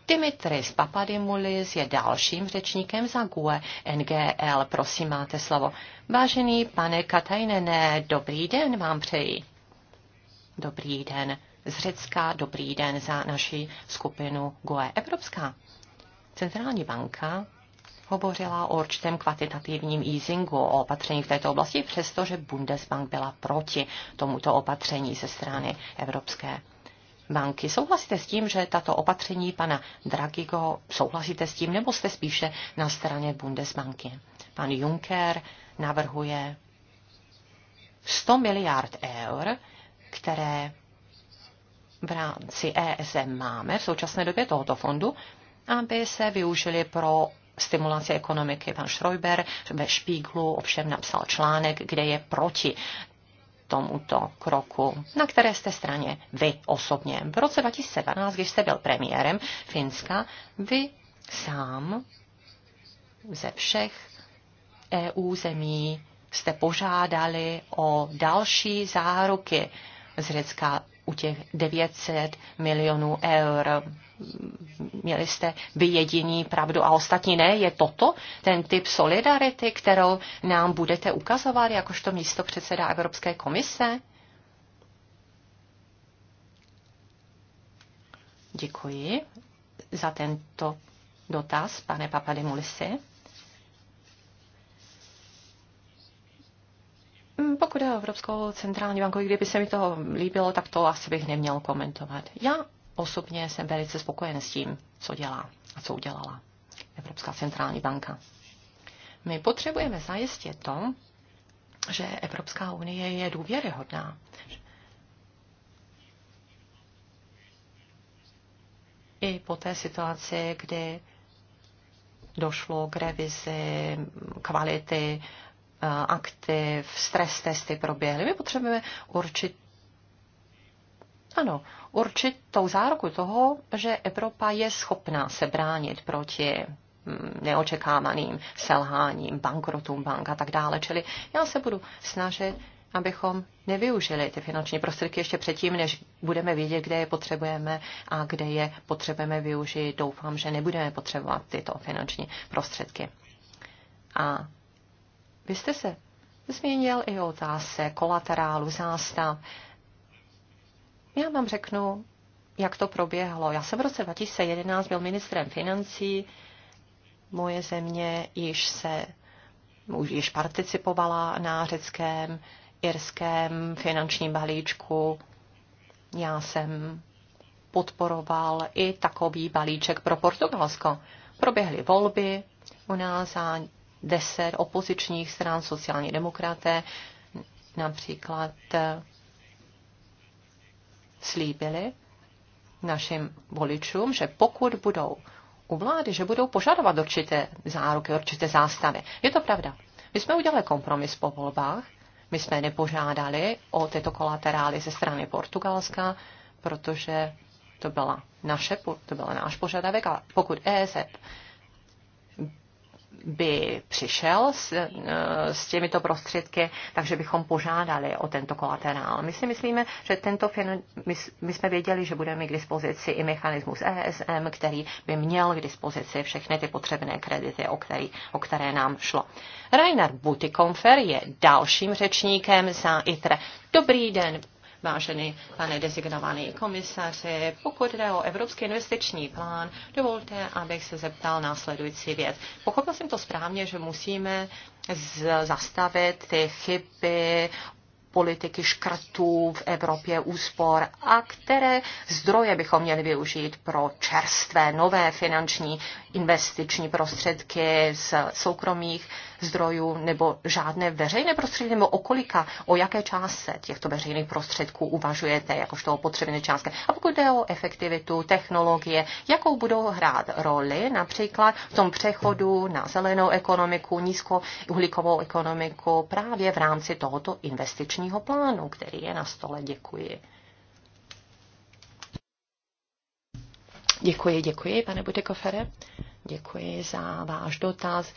Dimitris Papadimulis je dalším řečníkem za GUE NGL. Prosím, máte slovo. Vážený pane Katajnené, dobrý den vám přeji. Dobrý den z Řecka. Dobrý den za naši skupinu GOE. Evropská centrální banka hovořila o určitém kvantitativním easingu, o opatření v této oblasti, přestože Bundesbank byla proti tomuto opatření ze strany Evropské banky. Souhlasíte s tím, že tato opatření pana Dragigo, souhlasíte s tím, nebo jste spíše na straně Bundesbanky? Pan Juncker navrhuje 100 miliard eur, které v rámci ESM máme v současné době tohoto fondu, aby se využili pro stimulaci ekonomiky. Pan Schreiber ve Špíglu ovšem napsal článek, kde je proti tomuto kroku. Na které jste straně vy osobně? V roce 2012, když jste byl premiérem Finska, vy sám ze všech EU zemí jste požádali o další záruky z Řecka u těch 900 milionů eur. Měli jste vy jediný pravdu a ostatní ne. Je toto ten typ solidarity, kterou nám budete ukazovat jakožto místo předseda Evropské komise? Děkuji za tento dotaz, pane Papadimulisi. Mm, pokud je o Evropskou centrální banku, kdyby se mi to líbilo, tak to asi bych neměl komentovat. Já osobně jsem velice spokojen s tím, co dělá a co udělala Evropská centrální banka. My potřebujeme zajistit to, že Evropská unie je důvěryhodná. I po té situaci, kdy došlo k revizi kvality Eh, aktiv, stres testy proběhly. My potřebujeme určit, ano, určitou záruku toho, že Evropa je schopná se bránit proti mm, neočekávaným selháním, bankrotům bank a tak dále. Čili já se budu snažit, abychom nevyužili ty finanční prostředky ještě předtím, než budeme vědět, kde je potřebujeme a kde je potřebujeme využít. Doufám, že nebudeme potřebovat tyto finanční prostředky. A vy jste se zmínil i o otázce kolaterálu, zástav. Já vám řeknu, jak to proběhlo. Já jsem v roce 2011 byl ministrem financí. Moje země již se už již participovala na řeckém, irském finančním balíčku. Já jsem podporoval i takový balíček pro Portugalsko. Proběhly volby u nás a deset opozičních stran, sociální demokraté například eh, slíbili našim voličům, že pokud budou u vlády, že budou požadovat určité záruky, určité zástavy. Je to pravda. My jsme udělali kompromis po volbách, my jsme nepožádali o tyto kolaterály ze strany Portugalska, protože to byla naše, to byl náš požadavek a pokud ESF by přišel s, eh, s těmito prostředky, takže bychom požádali o tento kolaterál. My si myslíme, že tento fin, my, my jsme věděli, že budeme mít k dispozici i mechanismus ESM, který by měl k dispozici všechny ty potřebné kredity, o, který, o které nám šlo. Reinhard Butikonfer je dalším řečníkem za ITRE. Dobrý den, vážený pane designovaný komisaři. Pokud jde o Evropský investiční plán, dovolte, abych se zeptal následující věc. Pochopil jsem to správně, že musíme zastavit ty chyby, politiky škrtů v Evropě úspor a které zdroje bychom měli využít pro čerstvé, nové finanční investiční prostředky z soukromých zdrojů nebo žádné veřejné prostředky, nebo o kolika, o jaké částce těchto veřejných prostředků uvažujete, jakožto o potřebné částce. A pokud jde o efektivitu, technologie, jakou budou hrát roli například v tom přechodu na zelenou ekonomiku, nízkouhlíkovou ekonomiku právě v rámci tohoto investičního plánu, který je na stole. Děkuji. Děkuji, děkuji, pane Budekofere. Děkuji za váš dotaz.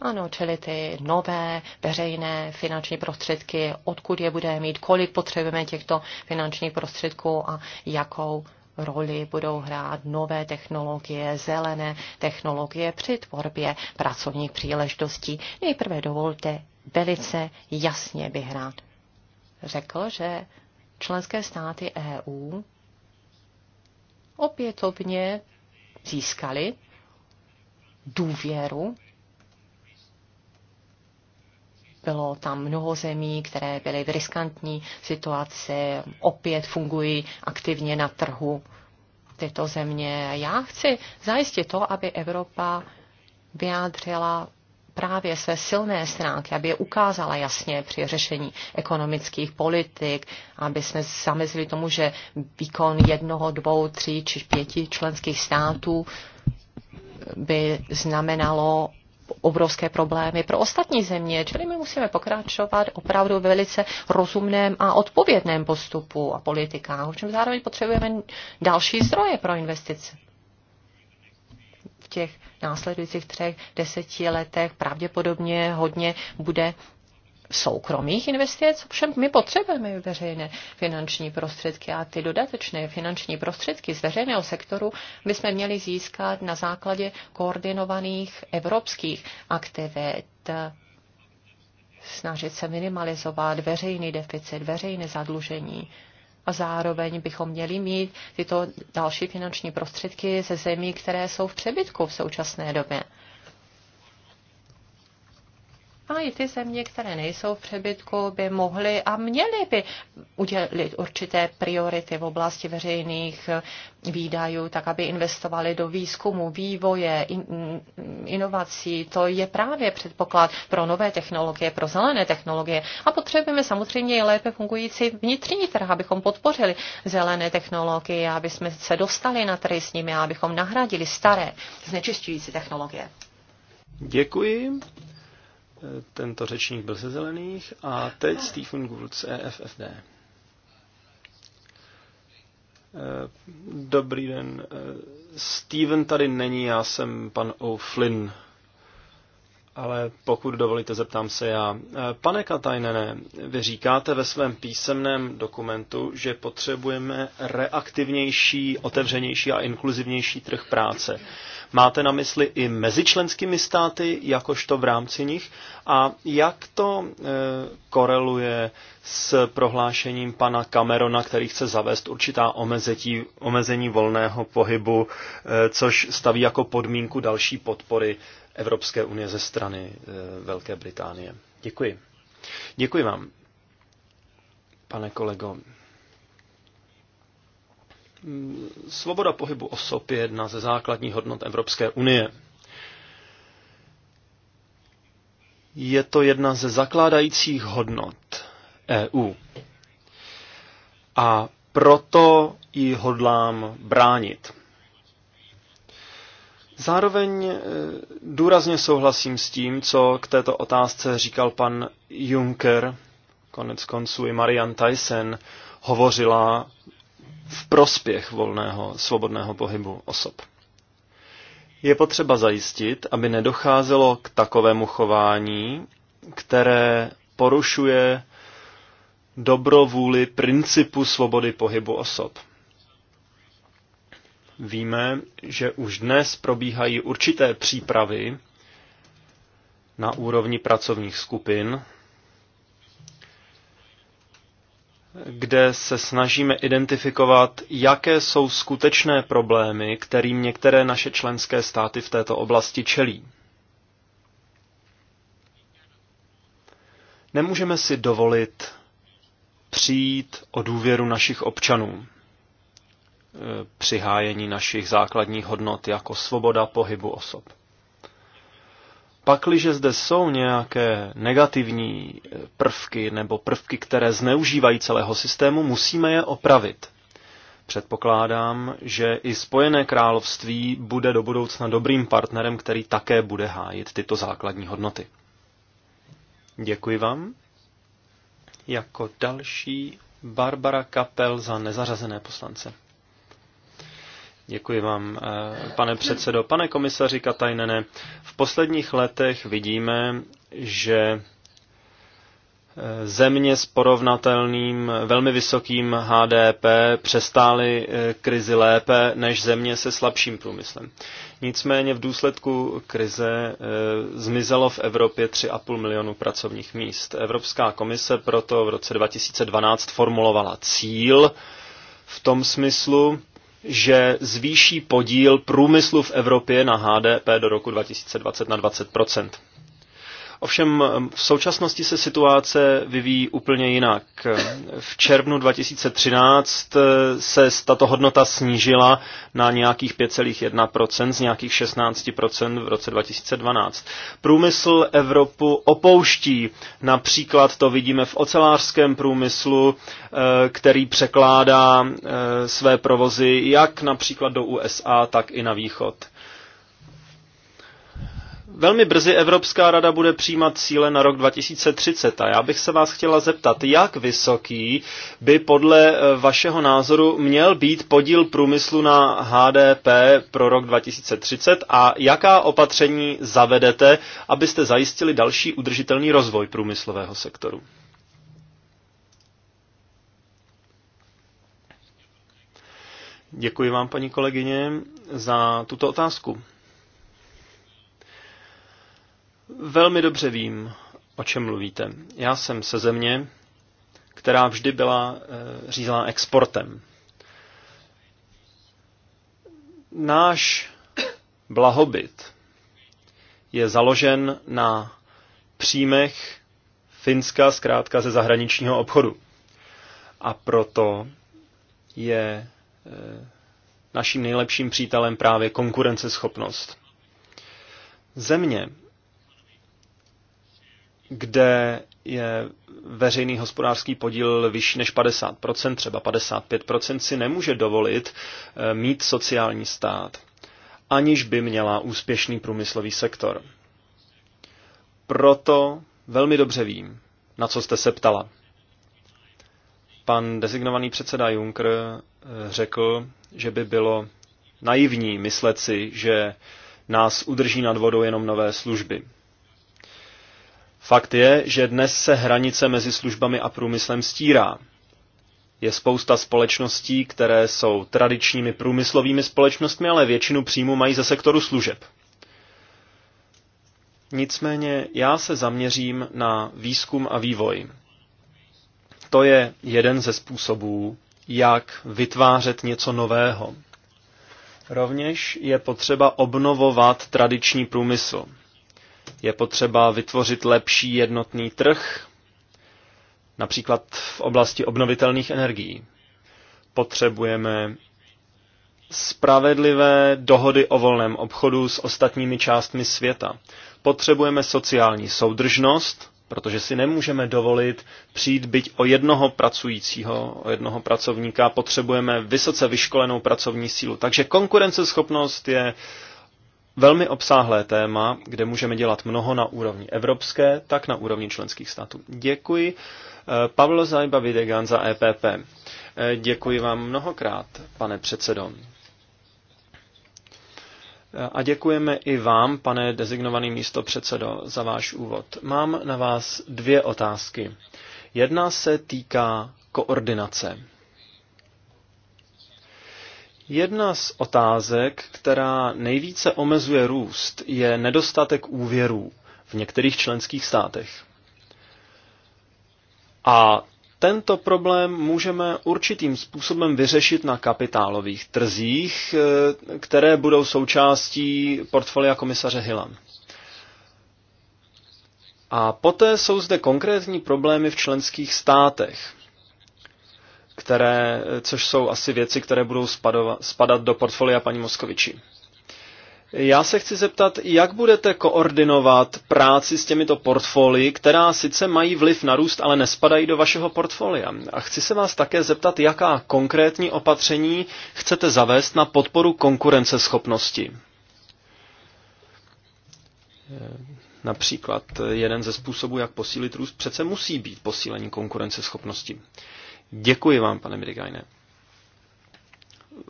Ano, čili ty nové veřejné finanční prostředky, odkud je budeme mít, kolik potřebujeme těchto finančních prostředků a jakou roli budou hrát nové technologie, zelené technologie při tvorbě pracovních příležitostí. Nejprve dovolte velice jasně bych rád řekl, že členské státy EU opětovně získali důvěru bylo tam mnoho zemí, které byly v riskantní situaci, opět fungují aktivně na trhu tyto země. Já chci zajistit to, aby Evropa vyjádřila právě své silné stránky, aby je ukázala jasně při řešení ekonomických politik, aby jsme zamezili tomu, že výkon jednoho, dvou, tří či pěti členských států by znamenalo obrovské problémy pro ostatní země, čili my musíme pokračovat opravdu ve velice rozumném a odpovědném postupu a politikách, ovšem zároveň potřebujeme další zdroje pro investice. V těch následujících třech deseti letech pravděpodobně hodně bude soukromých investic, ovšem my potřebujeme veřejné finanční prostředky a ty dodatečné finanční prostředky z veřejného sektoru bychom měli získat na základě koordinovaných evropských aktivit snažit se minimalizovat veřejný deficit, veřejné zadlužení. A zároveň bychom měli mít tyto další finanční prostředky ze zemí, které jsou v přebytku v současné době. A i ty země, které nejsou v přebytku, by mohly a měly by udělit určité priority v oblasti veřejných eh, výdajů, tak aby investovali do výzkumu, vývoje, in, inovací. To je právě předpoklad pro nové technologie, pro zelené technologie. A potřebujeme samozřejmě i lépe fungující vnitřní trh, abychom podpořili zelené technologie, aby jsme se dostali na trhy s nimi a abychom nahradili staré znečišťující technologie. Děkuji. Tento řečník byl ze zelených a teď Stephen Gould z EFFD. Dobrý den. Eh, Steven tady není, já jsem pan O'Flynn. Ale pokud dovolíte, zeptám se já. Eh, pane Katajnene, vy říkáte ve svém písemném dokumentu, že potřebujeme reaktivnější, otevřenější a inkluzivnější trh práce. Máte na mysli i mezi členskými státy, jakožto v rámci nich? A jak to e, koreluje s prohlášením pana Camerona, který chce zavést určitá omezetí, omezení volného pohybu, e, což staví jako podmínku další podpory Evropské unie ze strany e, Velké Británie? Děkuji. Děkuji vám, pane kolego. Mm, svoboda pohybu osob je jedna ze základních hodnot Evropské unie. Je to jedna ze zakládajících hodnot EU. A proto ji hodlám bránit. Zároveň e, důrazně souhlasím s tím, co k této otázce říkal pan Juncker, konec konců i Marian Tyson hovořila v prospěch volného, svobodného pohybu osob. Je potřeba zajistit, aby nedocházelo k takovému chování, které porušuje dobrovůli principu svobody pohybu osob. Víme, že už dnes probíhají určité přípravy na úrovni pracovních skupin kde se snažíme identifikovat, jaké jsou skutečné problémy, kterým některé naše členské státy v této oblasti čelí. Nemůžeme si dovolit přijít o důvěru našich občanů e, při hájení našich základních hodnot jako svoboda pohybu osob. Pakliže zde jsou nějaké negativní prvky nebo prvky, které zneužívají celého systému, musíme je opravit. Předpokládám, že i Spojené království bude do budoucna dobrým partnerem, který také bude hájit tyto základní hodnoty. Děkuji vám. Jako další Barbara Kapel za nezařazené poslance. Děkuji vám, eh, pane předsedo. Pane komisaři Katajnene, v posledních letech vidíme, že eh, země s porovnatelným velmi vysokým HDP přestály eh, krizi lépe než země se slabším průmyslem. Nicméně v důsledku krize zmizelo v Evropě 3,5 milionu pracovních míst. Evropská komise proto v roce 2012 formulovala cíl v tom smyslu, že zvýší podíl průmyslu v Evropě na HDP do roku 2020 na 20 Ovšem v současnosti se situace vyvíjí úplně jinak. V červnu 2013 eh, se tato hodnota snížila na nějakých 5,1% z nějakých 16% v roce 2012. Průmysl Evropu opouští. Například to vidíme v ocelářském průmyslu, eh, který překládá eh, své provozy jak například do USA, tak i na východ. Velmi brzy Evropská rada bude přijímat cíle na rok 2030 a já bych se vás chtěla zeptat, jak vysoký by podle eh, vašeho názoru měl být podíl průmyslu na HDP pro rok 2030 a jaká opatření zavedete, abyste zajistili další udržitelný rozvoj průmyslového sektoru? Děkuji vám, paní kolegyně, za tuto otázku. Velmi dobře vím, o čem mluvíte. Já jsem se země, která vždy byla e, řízená exportem. Náš blahobyt je založen na příjmech Finska zkrátka ze zahraničního obchodu. A proto je eh, naším nejlepším přítelem právě konkurenceschopnost. Země, kde je veřejný hospodářský podíl vyšší než 50%, třeba 55%, si nemůže dovolit eh, mít sociální stát, aniž by měla úspěšný průmyslový sektor. Proto velmi dobře vím, na co jste se ptala. Pan designovaný předseda Juncker eh, řekl, že by bylo naivní myslet si, že nás udrží nad vodou jenom nové služby. Fakt je, že dnes se hranice mezi službami a průmyslem stírá. Je spousta společností, které jsou tradičními průmyslovými společnostmi, ale většinu příjmu mají ze sektoru služeb. Nicméně já se zaměřím na výzkum a vývoj. To je jeden ze způsobů, jak vytvářet něco nového. Rovněž je potřeba obnovovat tradiční průmysl. Je potřeba vytvořit lepší jednotný trh, například v oblasti obnovitelných energií. Potřebujeme spravedlivé dohody o volném obchodu s ostatními částmi světa. Potřebujeme sociální soudržnost, protože si nemůžeme dovolit přijít byť o jednoho pracujícího, o jednoho pracovníka, potřebujeme vysoce vyškolenou pracovní sílu. Takže konkurenceschopnost je velmi obsáhlé téma, kde můžeme dělat mnoho na úrovni evropské, tak na úrovni členských států. Děkuji. Eh, Pavlo Zajba Videgan za EPP. Eh, děkuji vám mnohokrát, pane předsedo. Eh, a děkujeme i vám, pane dezignovaný místo předsedo, za váš úvod. Mám na vás dvě otázky. Jedna se týká koordinace. Jedna z otázek, která nejvíce omezuje růst, je nedostatek úvěrů v některých členských státech. A tento problém můžeme určitým způsobem vyřešit na kapitálových trzích, eh, které budou součástí portfolia komisaře Hillan. A poté jsou zde konkrétní problémy v členských státech které, což jsou asi věci, které budou spadova, spadat do portfolia paní Moskoviči. Já se chci zeptat, jak budete koordinovat práci s těmito portfolii, která sice mají vliv na růst, ale nespadají do vašeho portfolia. A chci se vás také zeptat, jaká konkrétní opatření chcete zavést na podporu konkurenceschopnosti. Například jeden ze způsobů, jak posílit růst, přece musí být posílení konkurenceschopnosti. Děkuji vám, pane Mirigajne.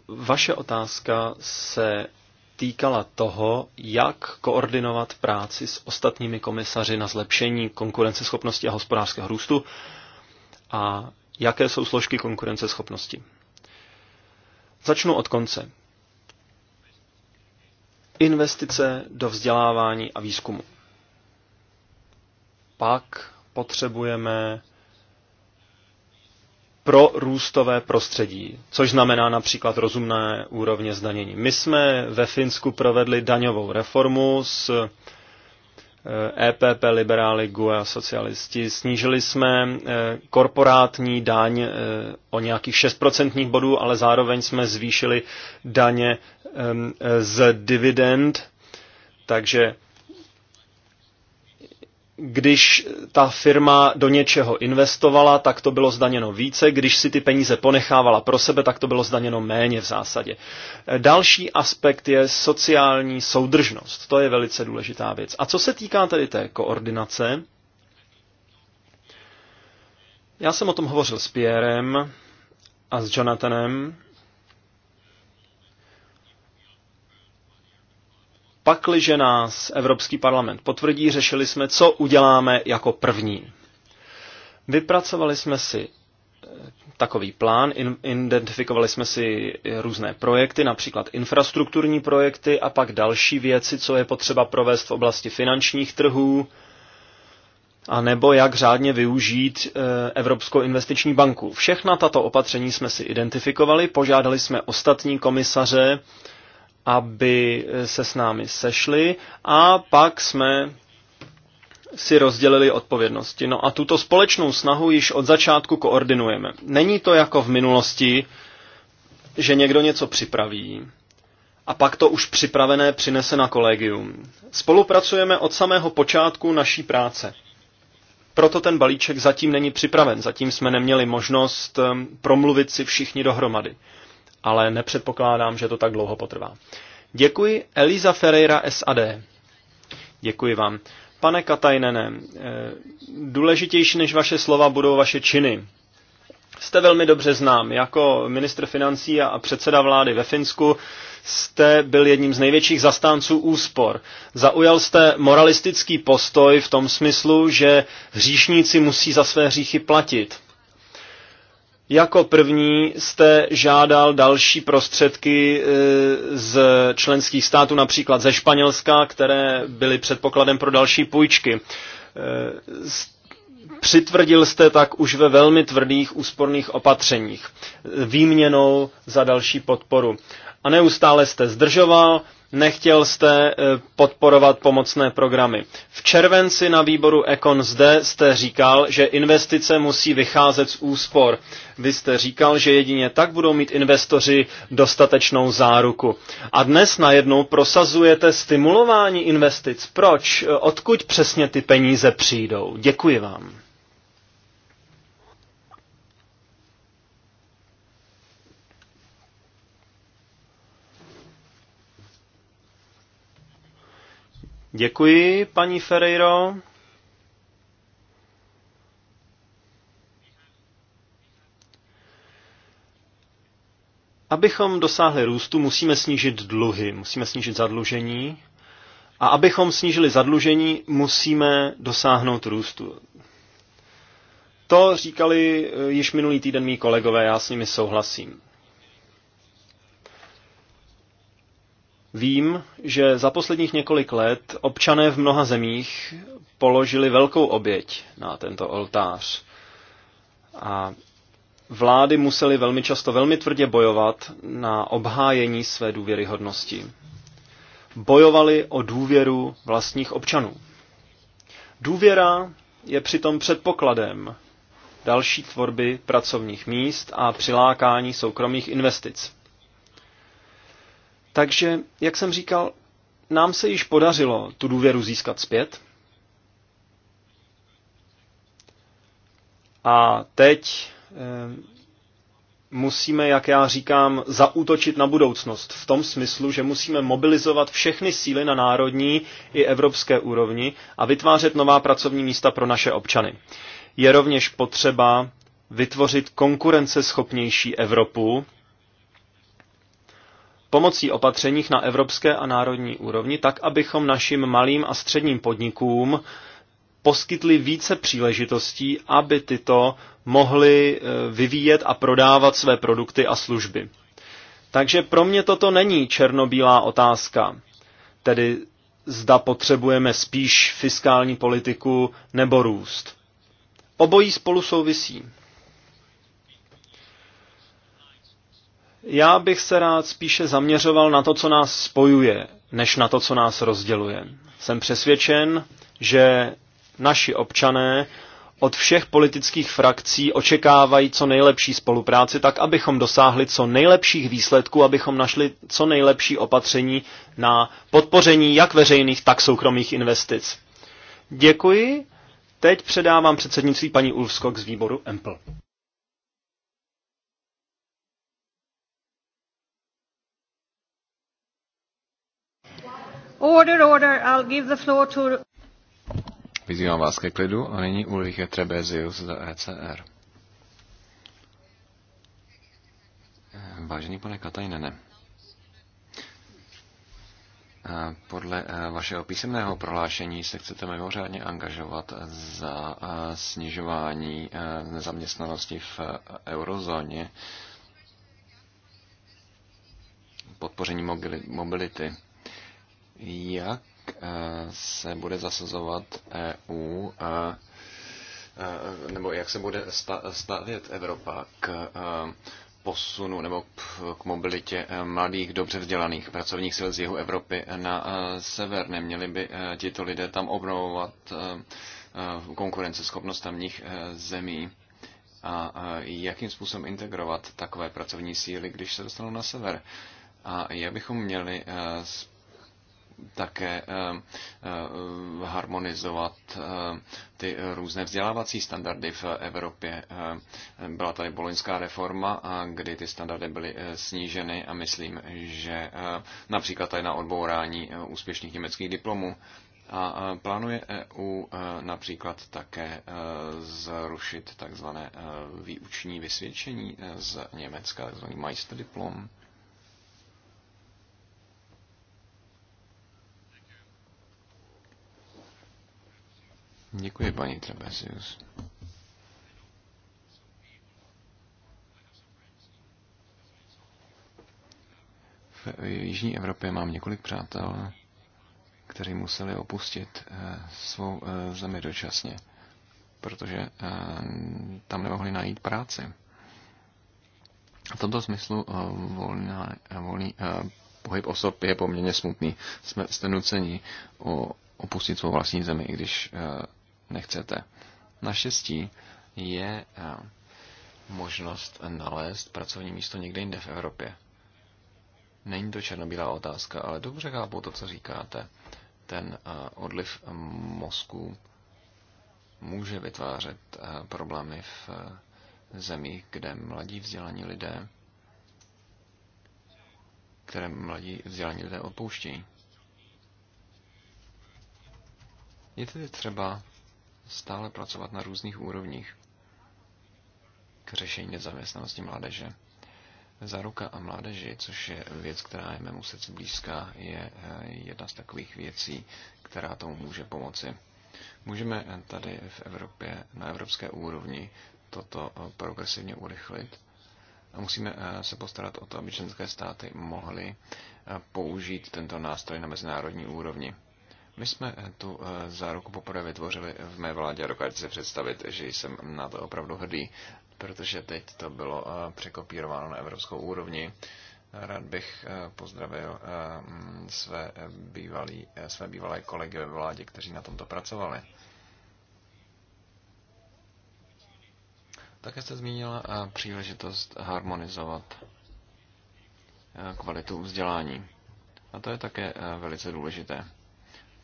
Vaše otázka se týkala toho, jak koordinovat práci s ostatními komisaři na zlepšení konkurenceschopnosti a hospodářského růstu a jaké jsou složky konkurenceschopnosti. Začnu od konce. Investice do vzdělávání a výzkumu. Pak potřebujeme pro růstové prostředí, což znamená například rozumné úrovně zdanění. My jsme ve Finsku provedli daňovou reformu s EPP, eh, e liberály, GUE a socialisti. Snížili jsme eh, korporátní daň eh, o nějakých 6% bodů, ale zároveň jsme zvýšili daně ehm, z dividend, takže když ta firma do něčeho investovala, tak to bylo zdaněno více, když si ty peníze ponechávala pro sebe, tak to bylo zdaněno méně v zásadě. Další aspekt je sociální soudržnost. To je velice důležitá věc. A co se týká tedy té koordinace, já jsem o tom hovořil s Pierrem a s Jonathanem, Pakliže nás Evropský parlament potvrdí, řešili jsme, co uděláme jako první. Vypracovali jsme si eh, takový plán, identifikovali jsme si různé projekty, například infrastrukturní projekty a pak další věci, co je potřeba provést v oblasti finančních trhů, a nebo jak řádně využít eh, Evropskou investiční banku. Všechna tato opatření jsme si identifikovali, požádali jsme ostatní komisaře, aby se s námi sešli a pak jsme si rozdělili odpovědnosti. No a tuto společnou snahu již od začátku koordinujeme. Není to jako v minulosti, že někdo něco připraví a pak to už připravené přinese na kolegium. Spolupracujeme od samého počátku naší práce. Proto ten balíček zatím není připraven, zatím jsme neměli možnost um, promluvit si všichni dohromady ale nepředpokládám, že to tak dlouho potrvá. Děkuji Eliza Ferreira SAD. Děkuji vám. Pane Katajnene, eh, důležitější než vaše slova budou vaše činy. Jste velmi dobře znám. Jako ministr financí a předseda vlády ve Finsku jste byl jedním z největších zastánců úspor. Zaujal jste moralistický postoj v tom smyslu, že hříšníci musí za své hříchy platit. Jako první jste žádal další prostředky e, z členských států, například ze Španělska, které byly předpokladem pro další půjčky. E, přitvrdil jste tak už ve velmi tvrdých úsporných opatřeních, e, výměnou za další podporu. A neustále jste zdržoval, nechtěl jste eh, podporovat pomocné programy. V červenci na výboru Econ zde jste říkal, že investice musí vycházet z úspor. Vy jste říkal, že jedině tak budou mít investoři dostatečnou záruku. A dnes najednou prosazujete stimulování investic. Proč? Eh, odkud přesně ty peníze přijdou? Děkuji vám. Děkuji, paní Ferreiro. Abychom dosáhli růstu, musíme snížit dluhy, musíme snížit zadlužení. A abychom snížili zadlužení, musíme dosáhnout růstu. To říkali eh, již minulý týden mý kolegové, já s nimi souhlasím. Vím, že za posledních několik let občané v mnoha zemích položili velkou oběť na tento oltář. A vlády musely velmi často velmi tvrdě bojovat na obhájení své důvěryhodnosti. Bojovali o důvěru vlastních občanů. Důvěra je přitom předpokladem další tvorby pracovních míst a přilákání soukromých investic. Takže, jak jsem říkal, nám se již podařilo tu důvěru získat zpět. A teď eh, musíme, jak já říkám, zaútočit na budoucnost v tom smyslu, že musíme mobilizovat všechny síly na národní i evropské úrovni a vytvářet nová pracovní místa pro naše občany. Je rovněž potřeba vytvořit konkurenceschopnější Evropu, pomocí opatřeních na evropské a národní úrovni, tak abychom našim malým a středním podnikům poskytli více příležitostí, aby tyto mohly e, vyvíjet a prodávat své produkty a služby. Takže pro mě toto není černobílá otázka, tedy zda potřebujeme spíš fiskální politiku nebo růst. Obojí spolu souvisí. Já bych se rád spíše zaměřoval na to, co nás spojuje, než na to, co nás rozděluje. Jsem přesvědčen, že naši občané od všech politických frakcí očekávají co nejlepší spolupráci, tak abychom dosáhli co nejlepších výsledků, abychom našli co nejlepší opatření na podpoření jak veřejných, tak soukromých investic. Děkuji. Teď předávám předsednictví paní Ulfskok z výboru EMPL. Order, order, I'll give the floor to... Vyzývám vás ke klidu a nyní Ulrike Trebezius z ECR. Vážený pane Katajnene, podle e, vašeho písemného prohlášení se chcete mimořádně angažovat za e, snižování e, nezaměstnanosti v eurozóně, podpoření mobility jak eh, se bude zasazovat EU a eh, nebo jak se bude stavět Evropa k eh, posunu nebo k mobilitě mladých, dobře vzdělaných pracovních sil z jihu Evropy na sever. Neměli by tito lidé tam obnovovat konkurenceschopnost tamních zemí a jakým způsobem integrovat takové pracovní síly, když se dostanou na sever. A jak bychom měli také eh, eh, harmonizovat eh, ty různé vzdělávací standardy v Evropě. Byla tady boloňská reforma, kdy ty standardy byly sníženy a myslím, že například tady na odbourání úspěšných německých diplomů a plánuje EU například také zrušit takzvané výuční vysvědčení z Německa, takzvaný Meisterdiplom. Děkuji, paní Trebesius. V Jižní Evropě mám několik přátel, kteří museli opustit eh, svou eh, zemi dočasně, protože eh, tam nemohli najít práci. V tomto smyslu volná, volný pohyb osob je poměrně smutný. Jsme jste nuceni opustit svou vlastní zemi, i když nechcete. Naštěstí je eh, možnost nalézt pracovní místo někde jinde v Evropě. Není to černobílá otázka, ale dobře chápu to, co říkáte. Ten eh, odliv mozku může vytvářet eh, problémy v zemích, kde mladí vzdělaní lidé, které mladí vzdělaní lidé opouštějí. Je tedy třeba stále pracovat na různých úrovních k řešení nezaměstnanosti mládeže. Záruka a mládeži, což je věc, která je mému srdci blízká, je eh, jedna z takových věcí, která tomu může pomoci. Můžeme eh, tady v Evropě, na evropské úrovni, toto eh, progresivně urychlit a musíme se postarat o to, aby členské státy mohly použít tento nástroj na mezinárodní úrovni. My jsme eh, tu eh, záruku poprvé vytvořili v mé vládě a dokážete si představit, že jsem na to opravdu hrdý, protože teď to bylo eh, překopírováno na evropskou úrovni. Rád bych pozdravil mm, své, bývalý, své bývalé kolegy ve vládě, kteří na tomto pracovali. Také jste zmínila příležitost harmonizovat kvalitu vzdělání. A to je také velice důležité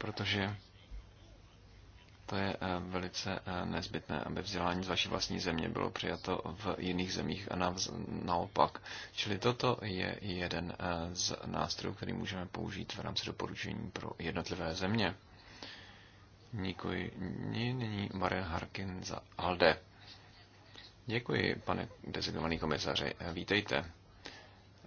protože to je eh, velice eh, nezbytné, aby vzdělání z vaší vlastní země bylo přijato v jiných zemích a naopak. Čili toto je jeden eh, z nástrojů, který můžeme použít v rámci doporučení pro jednotlivé země. Děkuji. Nyní Maria Harkin za ALDE. Děkuji, pane designovaný komisaři. Vítejte.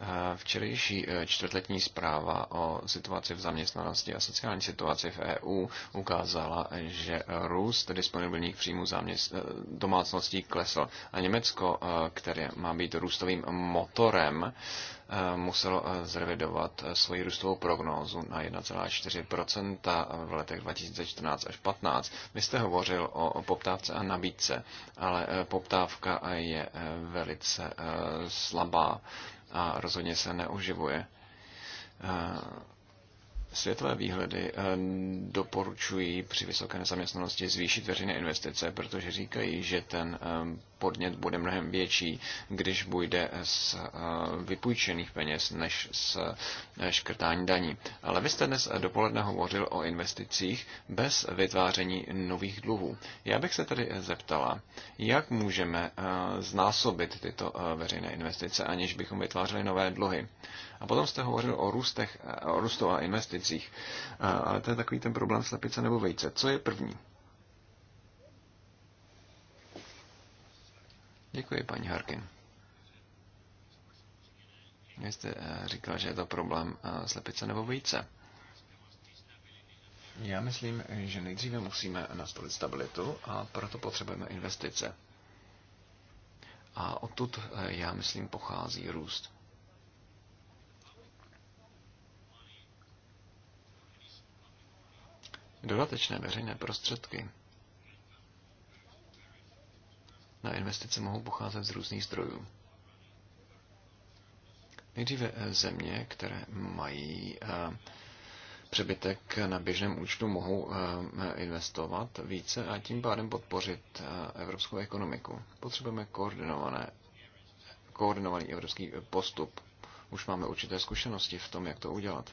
Eh, včerejší eh, čtvrtletní zpráva o situaci v zaměstnanosti a sociální situaci v EU ukázala, že růst disponibilních příjmů zaměst... Eh, domácností klesl a Německo, které má být růstovým motorem, muselo zrevidovat svoji růstovou prognózu na 1,4% v letech 2014 až 2015. Vy jste hovořil o poptávce a nabídce, ale poptávka je velice slabá a rozhodně se neuživuje eh, Světové výhledy eh, doporučují při vysoké nezaměstnanosti zvýšit veřejné investice, protože říkají, že ten eh, podnět bude mnohem větší, když bude z eh, vypůjčených peněz než z škrtání daní. Ale vy jste dnes dopoledne hovořil o investicích bez vytváření nových dluhů. Já bych se tedy zeptala, jak můžeme znásobit tyto veřejné investice, aniž bychom vytvářeli nové dluhy. A potom jste hovořil o, růstech, eh, o růstu a investicích. Eh, ale to je takový ten problém slepice nebo vejce. Co je první? Děkuji, paní Harkin. Vy jste eh, říkal, že je to problém slepice nebo vejce. Já myslím, že nejdříve musíme nastolit stabilitu a proto potřebujeme investice. A odtud, já myslím, pochází růst. dodatečné veřejné prostředky na investice mohou pocházet z různých zdrojů. Nejdříve eh, země, které mají eh, přebytek na běžném účtu, mohou eh, investovat více a tím pádem podpořit evropskou ekonomiku. Potřebujeme koordinované, koordinovaný evropský postup. Už máme určité zkušenosti v tom, jak to udělat.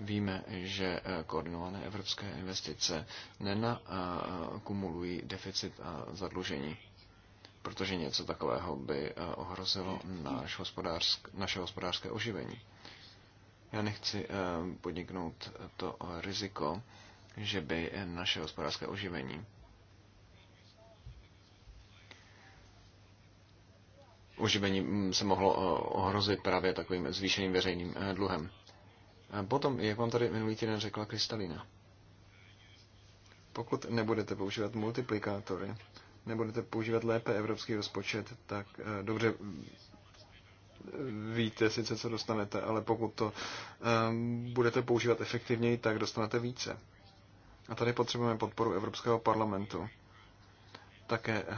Víme, že eh, koordinované evropské investice nenakumulují deficit a zadlužení, protože něco takového by eh, ohrozilo náš hospodářsk, naše hospodářské oživení. Já nechci eh, podniknout to riziko, že by naše hospodářské oživení oživení mm, se mohlo ohrozit právě takovým zvýšeným veřejným dluhem. A potom, jak vám tady minulý týden řekla Kristalina, pokud nebudete používat multiplikátory, nebudete používat lépe evropský rozpočet, tak eh, dobře mm, víte sice, co dostanete, ale pokud to um, budete používat efektivněji, tak dostanete více. A tady potřebujeme podporu Evropského parlamentu. Také eh,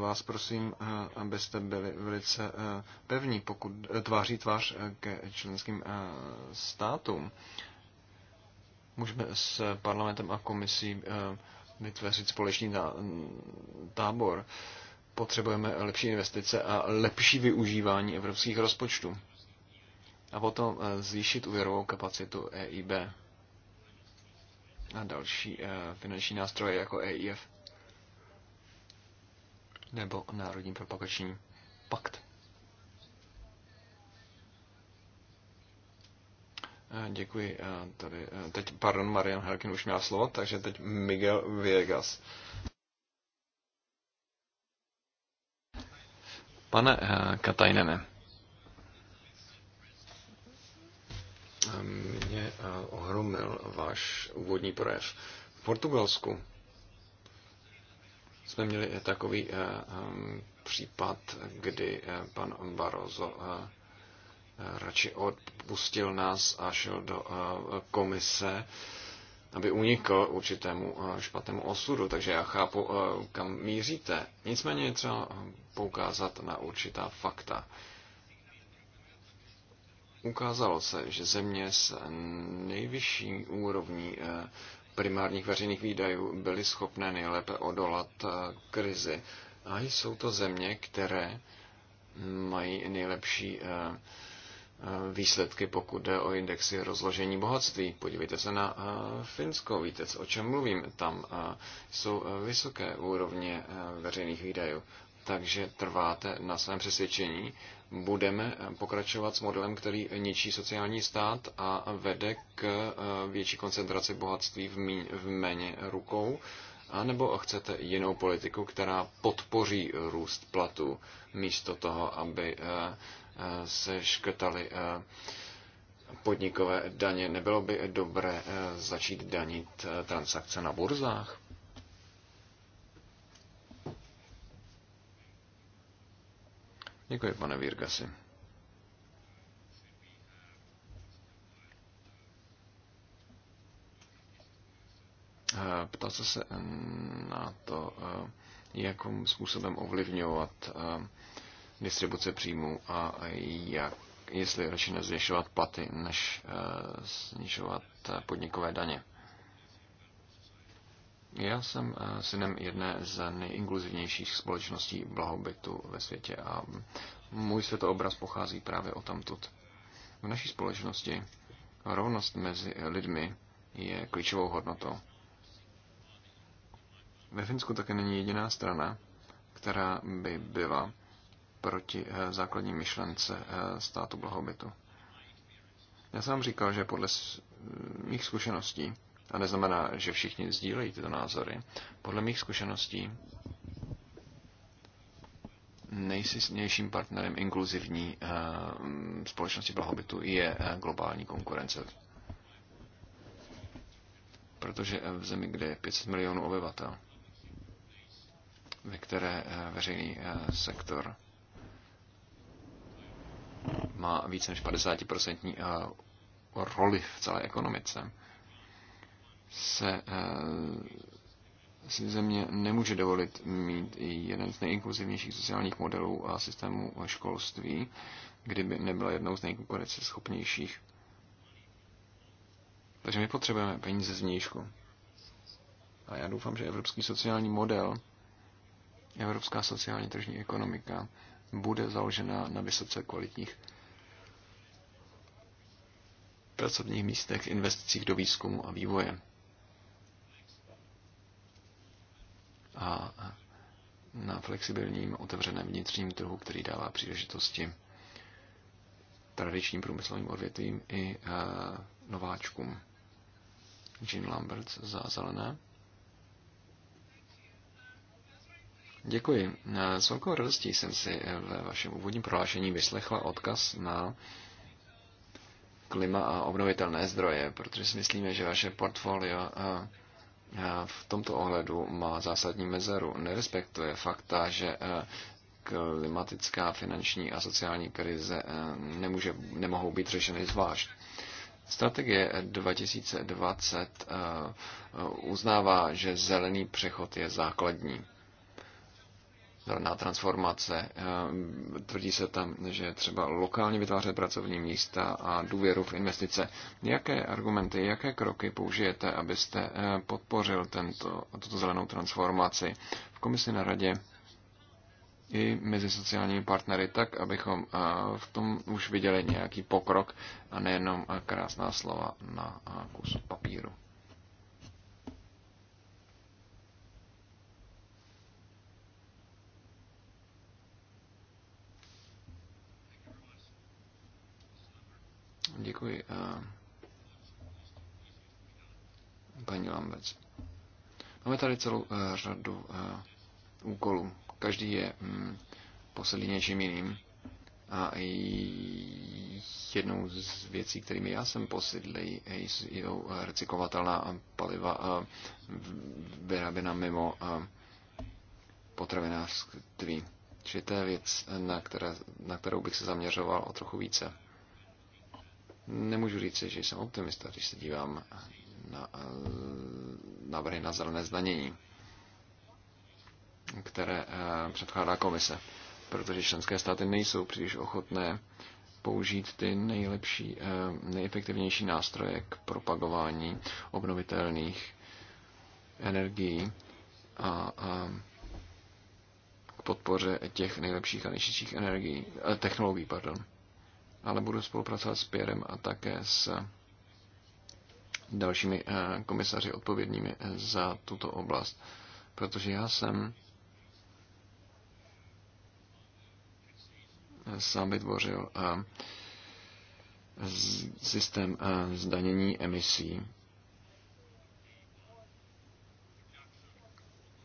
vás prosím, eh, abyste byli velice eh, pevní, pokud tváří tvář ke členským státům. Můžeme s parlamentem a komisí vytvořit společný tábor. Potřebujeme lepší investice a lepší využívání evropských rozpočtů. A potom zvýšit úvěrovou kapacitu EIB a další finanční nástroje jako EIF nebo Národní propagační pakt. Eh, děkuji. Eh, tady, eh, teď, pardon, Marian Harkin už měla slovo, takže teď Miguel Viegas. Pane Katajnene, mě ohromil váš úvodní projev. V Portugalsku jsme měli takový eh, ehm, případ, kdy eh, pan Barozo eh, radši odpustil nás a šel do komise, aby unikl určitému špatnému osudu. Takže já chápu, kam míříte. Nicméně je třeba poukázat na určitá fakta. Ukázalo se, že země s nejvyšší úrovní primárních veřejných výdajů byly schopné nejlépe odolat eh, krizi. A jsou to země, které mají nejlepší eh, eh, výsledky, pokud jde o indexy rozložení bohatství. Podívejte se na Finsko, víte, o čem mluvím. Tam jsou vysoké úrovně veřejných výdajů. Takže trváte na svém přesvědčení, budeme pokračovat s modelem, který ničí sociální stát a vede k eh, větší koncentraci bohatství v, míň, v méně rukou? A nebo chcete jinou politiku, která podpoří růst platu místo toho, aby eh, eh, se škrtaly podnikové daně? Nebylo by dobré začít danit transakce na burzách? Děkuji, pane Virgasi. Eh, ptal se se eh, na to, eh, jakým způsobem ovlivňovat distribuce příjmů a jak, jestli radši nezvěšovat platy, než snižovat podnikové daně. Já jsem eh, synem jedné z nejinkluzivnějších společností blahobytu ve světě a můj světoobraz pochází právě o tamtud. V naší společnosti rovnost mezi lidmi je klíčovou hodnotou. Ve Finsku také není jediná strana, která by byla proti eh, základní myšlence eh, státu blahobytu. Já jsem vám říkal, že podle mých zkušeností a neznamená, že všichni sdílejí tyto názory, podle mých zkušeností nejsilnějším partnerem inkluzivní eh, společnosti blahobytu je eh, globální konkurence. Protože eh, v zemi, kde je 500 milionů obyvatel, ve které veřejný sektor má více než 50% roli v celé ekonomice, se eh, si země nemůže dovolit mít jeden z nejinkluzivnějších sociálních modelů a systémů školství, kdyby nebyla jednou z nejkonkurenceschopnějších. Takže my potřebujeme peníze z vnějšku. A já doufám, že evropský sociální model, evropská sociální tržní ekonomika bude založena na vysoce kvalitních pracovních místech, investicích do výzkumu a vývoje. a na flexibilním otevřeném vnitřním trhu, který dává příležitosti tradičním průmyslovým odvětvím i e, nováčkům. Jean Lambert za zelené. Děkuji. E, s velkou radostí jsem si e, ve vašem úvodním prohlášení vyslechla odkaz na klima a obnovitelné zdroje, protože si myslíme, že vaše portfolio v tomto ohledu má zásadní mezeru. Nerespektuje fakta, že eh, klimatická, finanční a sociální krize eh, nemůže, nemohou být řešeny zvlášť. Strategie 2020 eh, uznává, že zelený přechod je základní zelená transformace. Ehm, tvrdí se tam, že třeba lokálně vytvářet pracovní místa a důvěru v investice. Jaké argumenty, jaké kroky použijete, abyste eh, podpořil tento, tuto zelenou transformaci v komisi na radě i mezi sociálními partnery, tak abychom eh, v tom už viděli nějaký pokrok a nejenom eh, krásná slova na kus papíru? Děkuji. Eh, paní Lambec. Máme tady celou eh, řadu eh, úkolů. Každý je mm, poslední něčím jiným. A jednou z věcí, kterými já jsem posedlý, jsou recyklovatelná paliva vyráběna mimo potravinářství. Čili to je věc, na, které, na kterou bych se zaměřoval o trochu více. Nemůžu říct, že jsem optimista, když se dívám na návrhy na zelené zdanění, které eh, předkládá komise, protože členské státy nejsou příliš ochotné použít ty nejlepší, eh, nejefektivnější nástroje k propagování obnovitelných energií a, a k podpoře těch nejlepších a nejčistších energií, eh, technologií. Pardon ale budu spolupracovat s Pěrem a také s dalšími eh, komisaři odpovědnými eh, za tuto oblast. Protože já jsem eh, sám vytvořil systém zdanění emisí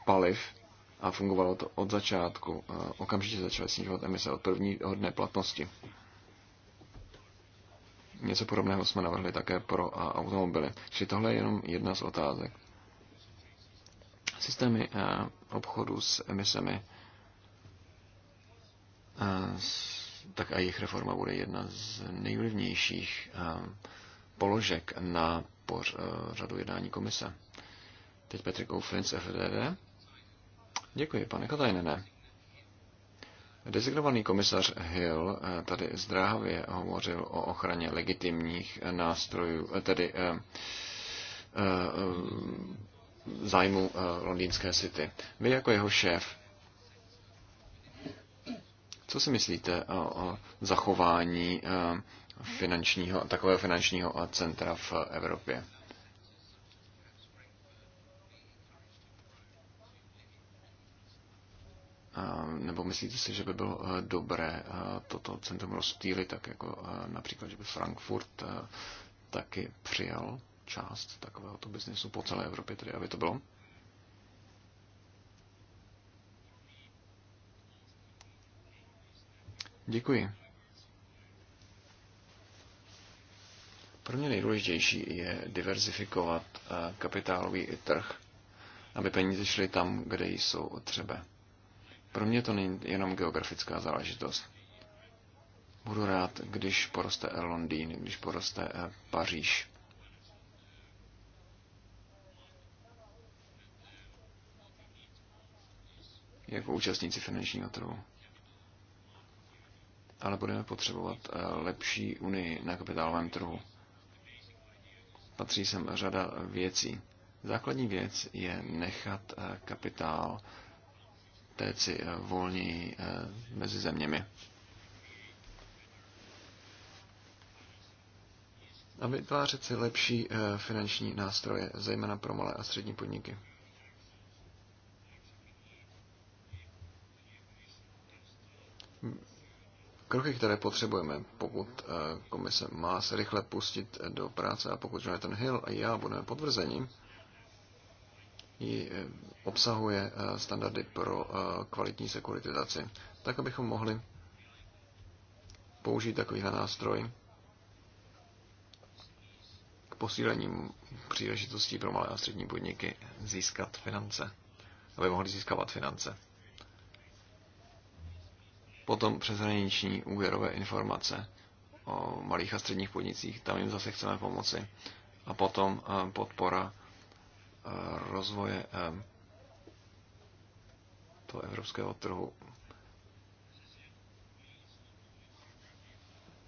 paliv a fungovalo to od začátku. Okamžitě začaly snižovat emise od prvního dne platnosti. Něco podobného jsme navrhli také pro automobily. Čili tohle je jenom jedna z otázek. Systémy eh, obchodu s emisemi eh, tak a jejich reforma bude jedna z nejvlivnějších eh, položek na řadu jednání komise. Teď Petr Koufin z FDD. Děkuji, pane Katajnene. Designovaný komisař Hill eh, tady zdráhavě hovořil o ochraně legitimních eh, nástrojů, eh, tedy zájmu londýnské city. Vy jako jeho šéf, co si myslíte o zachování finančního, takového finančního centra v Evropě? nebo myslíte si, že by bylo eh, dobré eh, toto centrum rozptýlit, tak jako eh, například, že by Frankfurt taky přijal část takovéhoto biznesu po celé Evropě, tedy aby to bylo? Děkuji. Pro mě nejdůležitější je diverzifikovat kapitálový trh, aby peníze šly tam, kde jsou třeba. Pro mě to není jenom geografická záležitost. Budu rád, když poroste Londýn, když poroste eh, Paříž. Jako účastníci finančního trhu. Ale budeme potřebovat eh, lepší unii na kapitálovém trhu. Patří sem řada věcí. Základní věc je nechat eh, kapitál téci eh, volněji eh, mezi zeměmi. A vytvářet si lepší eh, finanční nástroje, zejména pro malé a střední podniky. Kroky, které potřebujeme, pokud komise má se rychle pustit do práce a pokud Jonathan Hill a já budeme potvrzením, ji e, obsahuje e, standardy pro e, kvalitní sekuritizaci, tak abychom mohli použít takovýhle nástroj k posílení příležitostí pro malé a střední podniky získat finance, aby mohli získávat finance. Potom přeshraniční úvěrové informace o malých a středních podnicích, tam jim zase chceme pomoci. A potom podpora rozvoje toho evropského trhu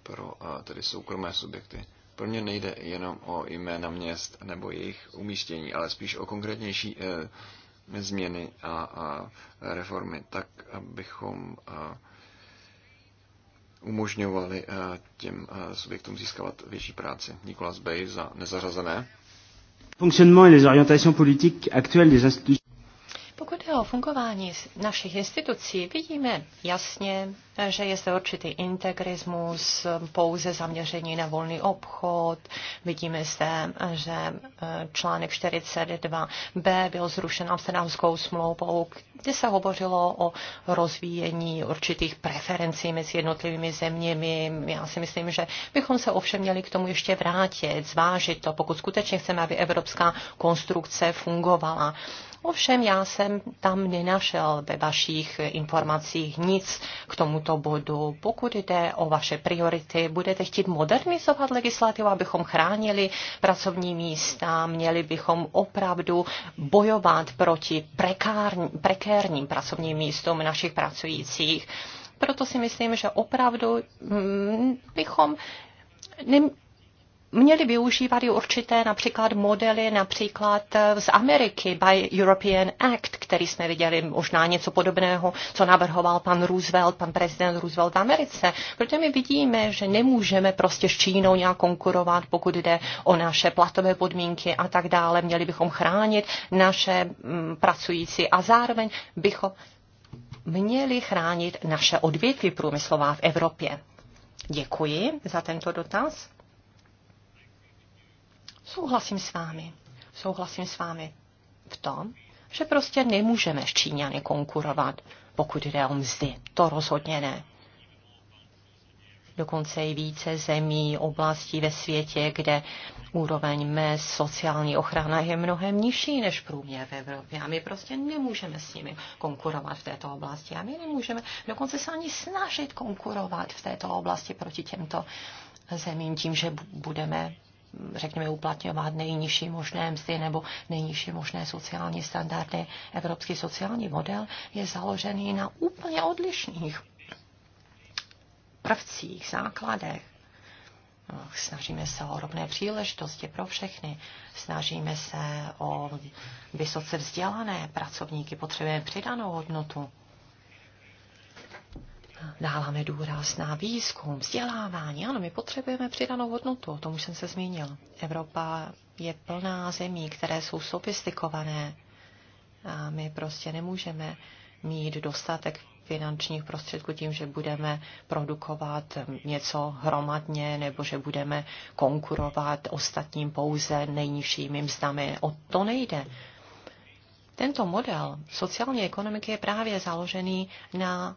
pro tedy soukromé subjekty. Pro mě nejde jenom o jména měst nebo jejich umístění, ale spíš o konkrétnější e, změny a, reformy, tak abychom umožňovali e, těm e, subjektům získávat větší práci. Nikolas Bay za nezařazené fonctionnement et les orientations politiques actuelles des institutions. Pokud je o fungování našich institucí, vidíme jasně, že je zde určitý integrismus, pouze zaměření na volný obchod. Vidíme zde, že e, článek 42b byl zrušen Amsterdamskou smlouvou, kde se hovořilo o rozvíjení určitých preferencí mezi jednotlivými zeměmi. Já si myslím, že bychom se ovšem měli k tomu ještě vrátit, zvážit to, pokud skutečně chceme, aby evropská konstrukce fungovala Ovšem já jsem tam nenašel ve vašich informacích nic k tomuto bodu. Pokud jde o vaše priority, budete chtít modernizovat legislativu, abychom chránili pracovní místa, měli bychom opravdu bojovat proti prekární, prekérním pracovním místům našich pracujících. Proto si myslím, že opravdu mm, bychom nem měli využívat i určité například modely například eh, z Ameriky by European Act, který jsme viděli možná něco podobného, co navrhoval pan Roosevelt, pan prezident Roosevelt v Americe. Protože my vidíme, že nemůžeme prostě s Čínou nějak konkurovat, pokud jde o naše platové podmínky a tak dále. Měli bychom chránit naše mm, pracující a zároveň bychom měli chránit naše odvětví průmyslová v Evropě. Děkuji za tento dotaz. Souhlasím s vámi. Souhlasím s vámi v tom, že prostě nemůžeme s Číňany konkurovat, pokud jde o mzdy. To rozhodně ne. Dokonce i více zemí, oblastí ve světě, kde úroveň mé sociální ochrana je mnohem nižší než průměr v Evropě. A my prostě nemůžeme s nimi konkurovat v této oblasti. A my nemůžeme dokonce se ani snažit konkurovat v této oblasti proti těmto zemím tím, že budeme řekněme, uplatňovat nejnižší možné mzdy nebo nejnižší možné sociální standardy. Evropský sociální model je založený na úplně odlišných prvcích, základech. Snažíme se o rovné příležitosti pro všechny. Snažíme se o vysoce vzdělané pracovníky. Potřebujeme přidanou hodnotu dáváme důraz na výzkum, vzdělávání. Ano, my potřebujeme přidanou hodnotu, o tom už jsem se zmínil. Evropa je plná zemí, které jsou sofistikované a my prostě nemůžeme mít dostatek finančních prostředků tím, že budeme produkovat něco hromadně nebo že budeme konkurovat ostatním pouze nejnižšími mzdami. O to nejde. Tento model sociální ekonomiky je právě založený na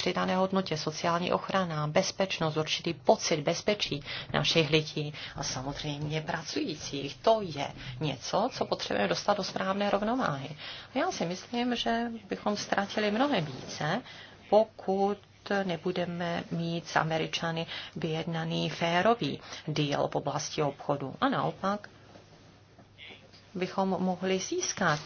přidané hodnotě, sociální ochrana, bezpečnost, určitý pocit bezpečí našich lidí a samozřejmě pracujících. To je něco, co potřebujeme dostat do správné rovnováhy. A já si myslím, že bychom ztratili mnohem více, pokud nebudeme mít s Američany vyjednaný férový deal v oblasti obchodu. A naopak bychom mohli získat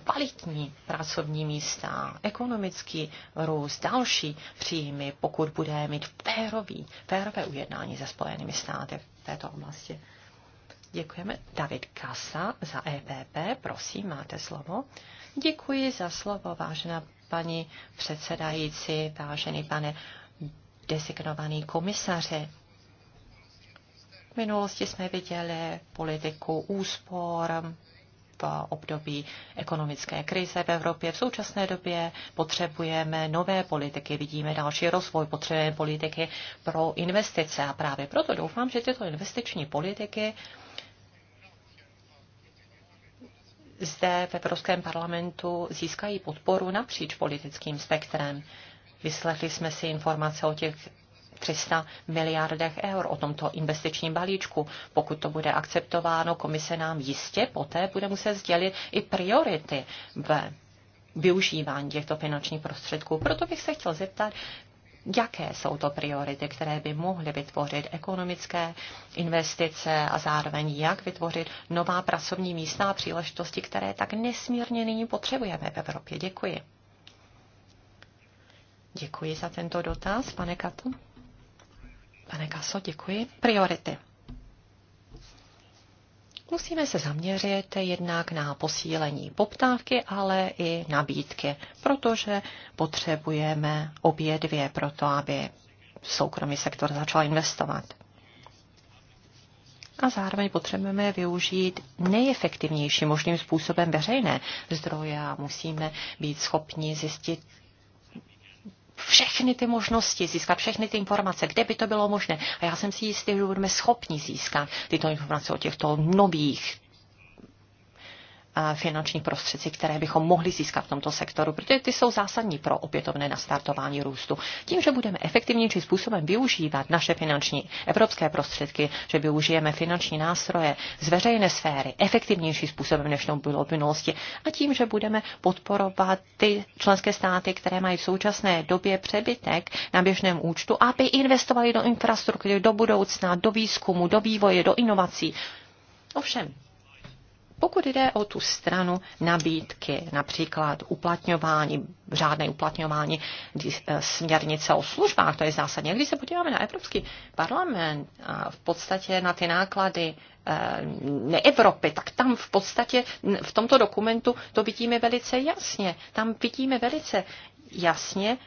kvalitní pracovní místa, ekonomický růst, další příjmy, pokud budeme mít férový, férové ujednání se Spojenými státy v této oblasti. Děkujeme. David Kasa za EPP, prosím, máte slovo. Děkuji za slovo, vážená paní předsedající, vážený pane designovaný komisaři. V minulosti jsme viděli politiku úspor, období ekonomické krize v Evropě. V současné době potřebujeme nové politiky, vidíme další rozvoj, potřebujeme politiky pro investice a právě proto doufám, že tyto investiční politiky zde v Evropském parlamentu získají podporu napříč politickým spektrem. Vyslechli jsme si informace o těch 300 miliardech eur o tomto investičním balíčku. Pokud to bude akceptováno, komise nám jistě poté bude muset sdělit i priority ve využívání těchto finančních prostředků. Proto bych se chtěl zeptat, jaké jsou to priority, které by mohly vytvořit ekonomické investice a zároveň jak vytvořit nová pracovní místa a příležitosti, které tak nesmírně nyní potřebujeme v Evropě. Děkuji. Děkuji za tento dotaz, pane Katu. Pane Kaso, děkuji. Priority. Musíme se zaměřit jednak na posílení poptávky, ale i nabídky, protože potřebujeme obě dvě pro to, aby soukromý sektor začal investovat. A zároveň potřebujeme využít nejefektivnějším možným způsobem veřejné zdroje a musíme být schopni zjistit všechny ty možnosti, získat všechny ty informace, kde by to bylo možné. A já jsem si jistý, že budeme schopni získat tyto informace o těchto nových finanční prostředky, které bychom mohli získat v tomto sektoru, protože ty jsou zásadní pro opětovné nastartování růstu. Tím, že budeme efektivnějším způsobem využívat naše finanční evropské prostředky, že využijeme finanční nástroje z veřejné sféry efektivnějším způsobem, než to bylo v minulosti, a tím, že budeme podporovat ty členské státy, které mají v současné době přebytek na běžném účtu, aby investovali do infrastruktury, do budoucna, do výzkumu, do vývoje, do inovací. Ovšem, pokud jde o tu stranu nabídky, například uplatňování, řádné uplatňování eh, směrnice o službách, to je zásadně. Když se podíváme na Evropský parlament a v podstatě na ty náklady eh, ne Evropy, tak tam v podstatě v tomto dokumentu to vidíme velice jasně. Tam vidíme velice jasně,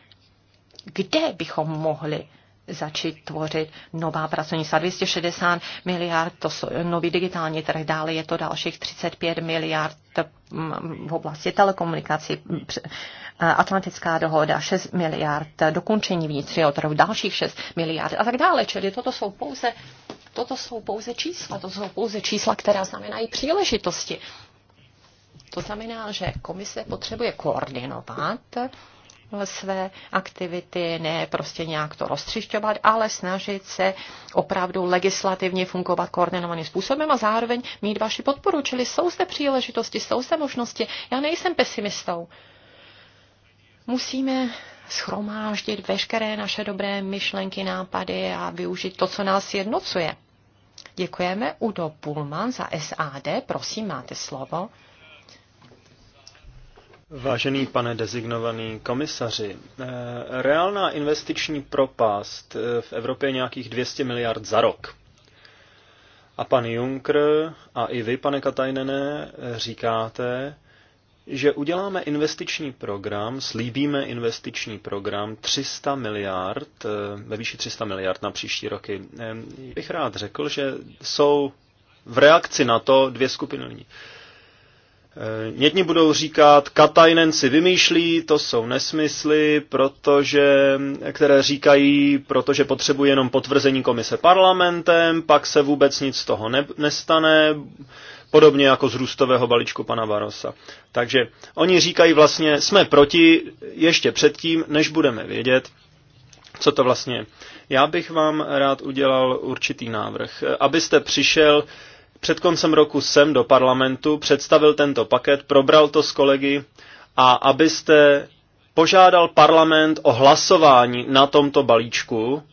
kde bychom mohli začít tvořit nová pracovní místa. 260 miliard, to jsou nový digitální trh, dále je to dalších 35 miliard mm, v oblasti telekomunikací, eh, Atlantická dohoda 6 miliard, dokončení vnitřního trhu dalších 6 miliard a tak dále. Čili toto jsou pouze, toto jsou pouze čísla, to jsou pouze čísla, která znamenají příležitosti. To znamená, že komise potřebuje koordinovat své aktivity, ne prostě nějak to roztřišťovat, ale snažit se opravdu legislativně fungovat koordinovaným způsobem a zároveň mít vaši podporu. Čili jsou zde příležitosti, jsou zde možnosti. Já nejsem pesimistou. Musíme schromáždit veškeré naše dobré myšlenky, nápady a využít to, co nás jednocuje. Děkujeme Udo Pullman za SAD. Prosím, máte slovo. Vážený pane dezignovaný komisaři, eh, reálná investiční propast eh, v Evropě je nějakých 200 miliard za rok. A pan Juncker a i vy, pane Katajnené, eh, říkáte, že uděláme investiční program, slíbíme investiční program 300 miliard, ve výši 300 miliard na příští roky. Bych rád řekl, že jsou v reakci na to dvě skupiny lidí. Eh, jedni budou říkat, Katajnen si vymýšlí, to jsou nesmysly, protože, které říkají, protože potřebuje jenom potvrzení komise parlamentem, pak se vůbec nic z toho ne, nestane, podobně jako z růstového balíčku pana Barosa. Takže oni říkají vlastně, jsme proti ještě předtím, než budeme vědět, co to vlastně je. Já bych vám rád udělal určitý návrh, eh, abyste přišel před koncem roku sem do parlamentu, představil tento paket, probral to s kolegy a abyste požádal parlament o hlasování na tomto balíčku,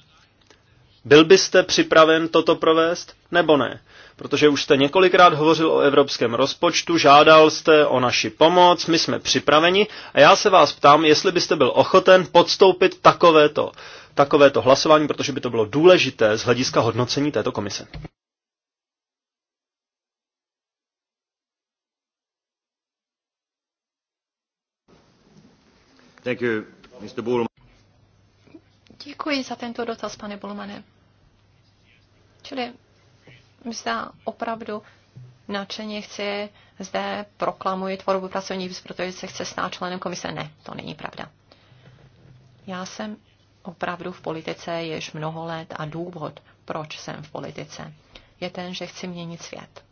byl byste připraven toto provést nebo ne? Protože už jste několikrát hovořil o evropském rozpočtu, žádal jste o naši pomoc, my jsme připraveni a já se vás ptám, jestli byste byl ochoten podstoupit takovéto, takovéto hlasování, protože by to bylo důležité z hlediska hodnocení této komise. Thank you, Mr. Bullman. Děkuji za tento dotaz, pane Bulmane. Čili zda opravdu nadšeně chci zde proklamuji tvorbu pracovní výzvy, protože se chce stát členem komise. Ne, to není pravda. Já jsem opravdu v politice již mnoho let a důvod, proč jsem v politice, je ten, že chci měnit svět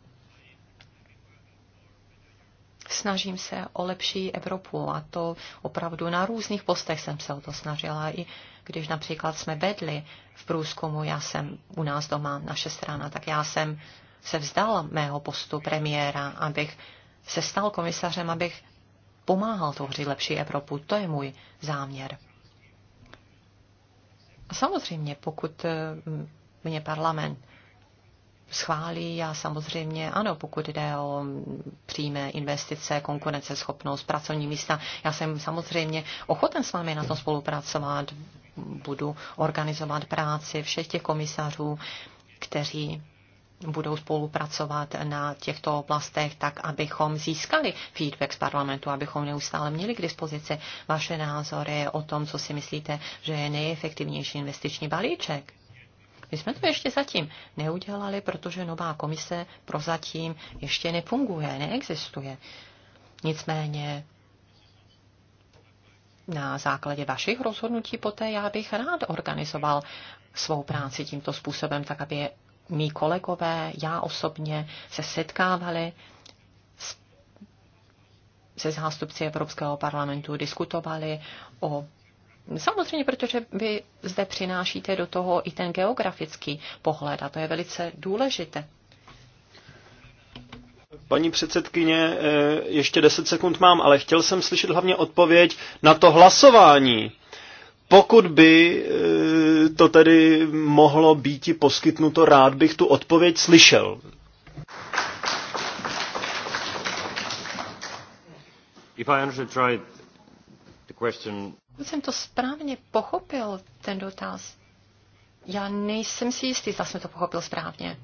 snažím se o lepší Evropu a to opravdu na různých postech jsem se o to snažila i když například jsme vedli v průzkumu, já jsem u nás doma, naše strana, tak já jsem se vzdal mého postu premiéra, abych se stal komisařem, abych pomáhal tvořit lepší Evropu. To je můj záměr. A samozřejmě, pokud eh, mě parlament schválí a samozřejmě ano, pokud jde o přímé investice, konkurenceschopnost, pracovní místa, já jsem samozřejmě ochoten s vámi na to spolupracovat, budu organizovat práci všech těch komisařů, kteří budou spolupracovat na těchto oblastech, tak abychom získali feedback z parlamentu, abychom neustále měli k dispozici vaše názory o tom, co si myslíte, že je nejefektivnější investiční balíček. My jsme to ještě zatím neudělali, protože nová komise prozatím ještě nefunguje, neexistuje. Nicméně na základě vašich rozhodnutí poté já bych rád organizoval svou práci tímto způsobem, tak aby mý kolegové, já osobně se setkávali se zástupci Evropského parlamentu, diskutovali o Samozřejmě, protože vy zde přinášíte do toho i ten geografický pohled a to je velice důležité. Paní předsedkyně, eh, ještě 10 sekund mám, ale chtěl jsem slyšet hlavně odpověď na to hlasování. Pokud by eh, to tedy mohlo být poskytnuto, rád bych tu odpověď slyšel. If I understood right, the question pokud jsem to správně pochopil, ten dotaz, já nejsem si jistý, zda jsem to pochopil správně.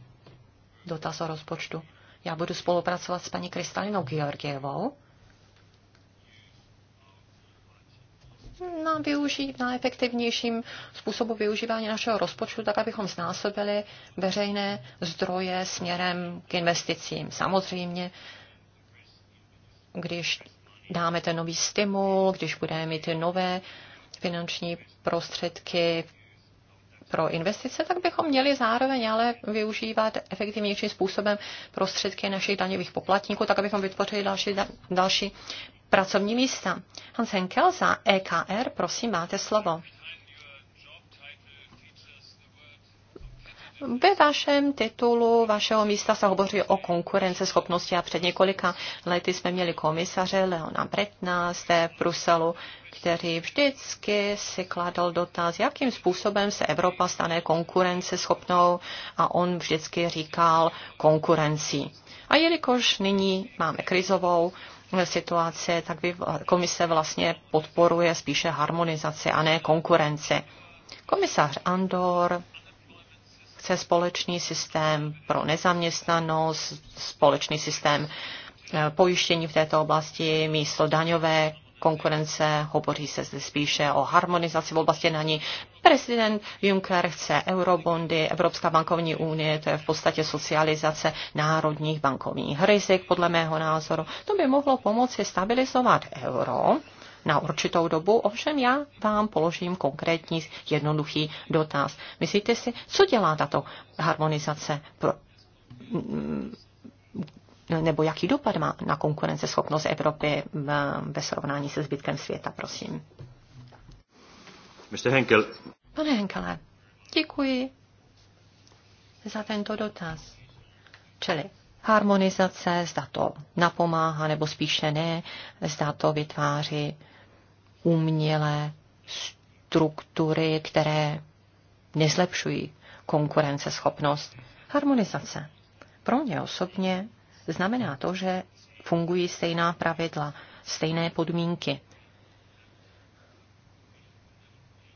Dotaz o rozpočtu. Já budu spolupracovat s paní Kristalinou Georgievou. na, využí, na efektivnějším způsobu využívání našeho rozpočtu, tak abychom znásobili veřejné zdroje směrem k investicím. Samozřejmě, když dáme ten nový stimul, když budeme mít ty nové finanční prostředky pro investice, tak bychom měli zároveň ale využívat efektivnějším způsobem prostředky našich daňových poplatníků, tak abychom vytvořili další, další pracovní místa. Henkel za EKR, prosím, máte slovo. Ve vašem titulu vašeho místa se hovoří o konkurenceschopnosti a před několika lety jsme měli komisaře Leona Bretna z v Bruselu, který vždycky si kladl dotaz, jakým způsobem se Evropa stane konkurenceschopnou a on vždycky říkal konkurencí. A jelikož nyní máme krizovou situaci, tak by komise vlastně podporuje spíše harmonizaci a ne konkurenci. Komisař Andor chce společný systém pro nezaměstnanost, společný systém eh, pojištění v této oblasti, místo daňové konkurence, hovoří se zde spíše o harmonizaci v oblasti daní. Prezident Juncker chce eurobondy, Evropská bankovní unie, to je v podstatě socializace národních bankovních rizik, podle mého názoru. To by mohlo pomoci stabilizovat euro na určitou dobu, ovšem já vám položím konkrétní jednoduchý dotaz. Myslíte si, co dělá tato harmonizace pro, mm, nebo jaký dopad má na konkurenceschopnost Evropy ve srovnání se zbytkem světa, prosím. Mr. Henkel. Pane Henkele, děkuji za tento dotaz. Čili harmonizace, zda to napomáhá, nebo spíše ne, zda to vytváří umělé struktury, které nezlepšují konkurenceschopnost. Harmonizace. Pro mě osobně znamená to, že fungují stejná pravidla, stejné podmínky.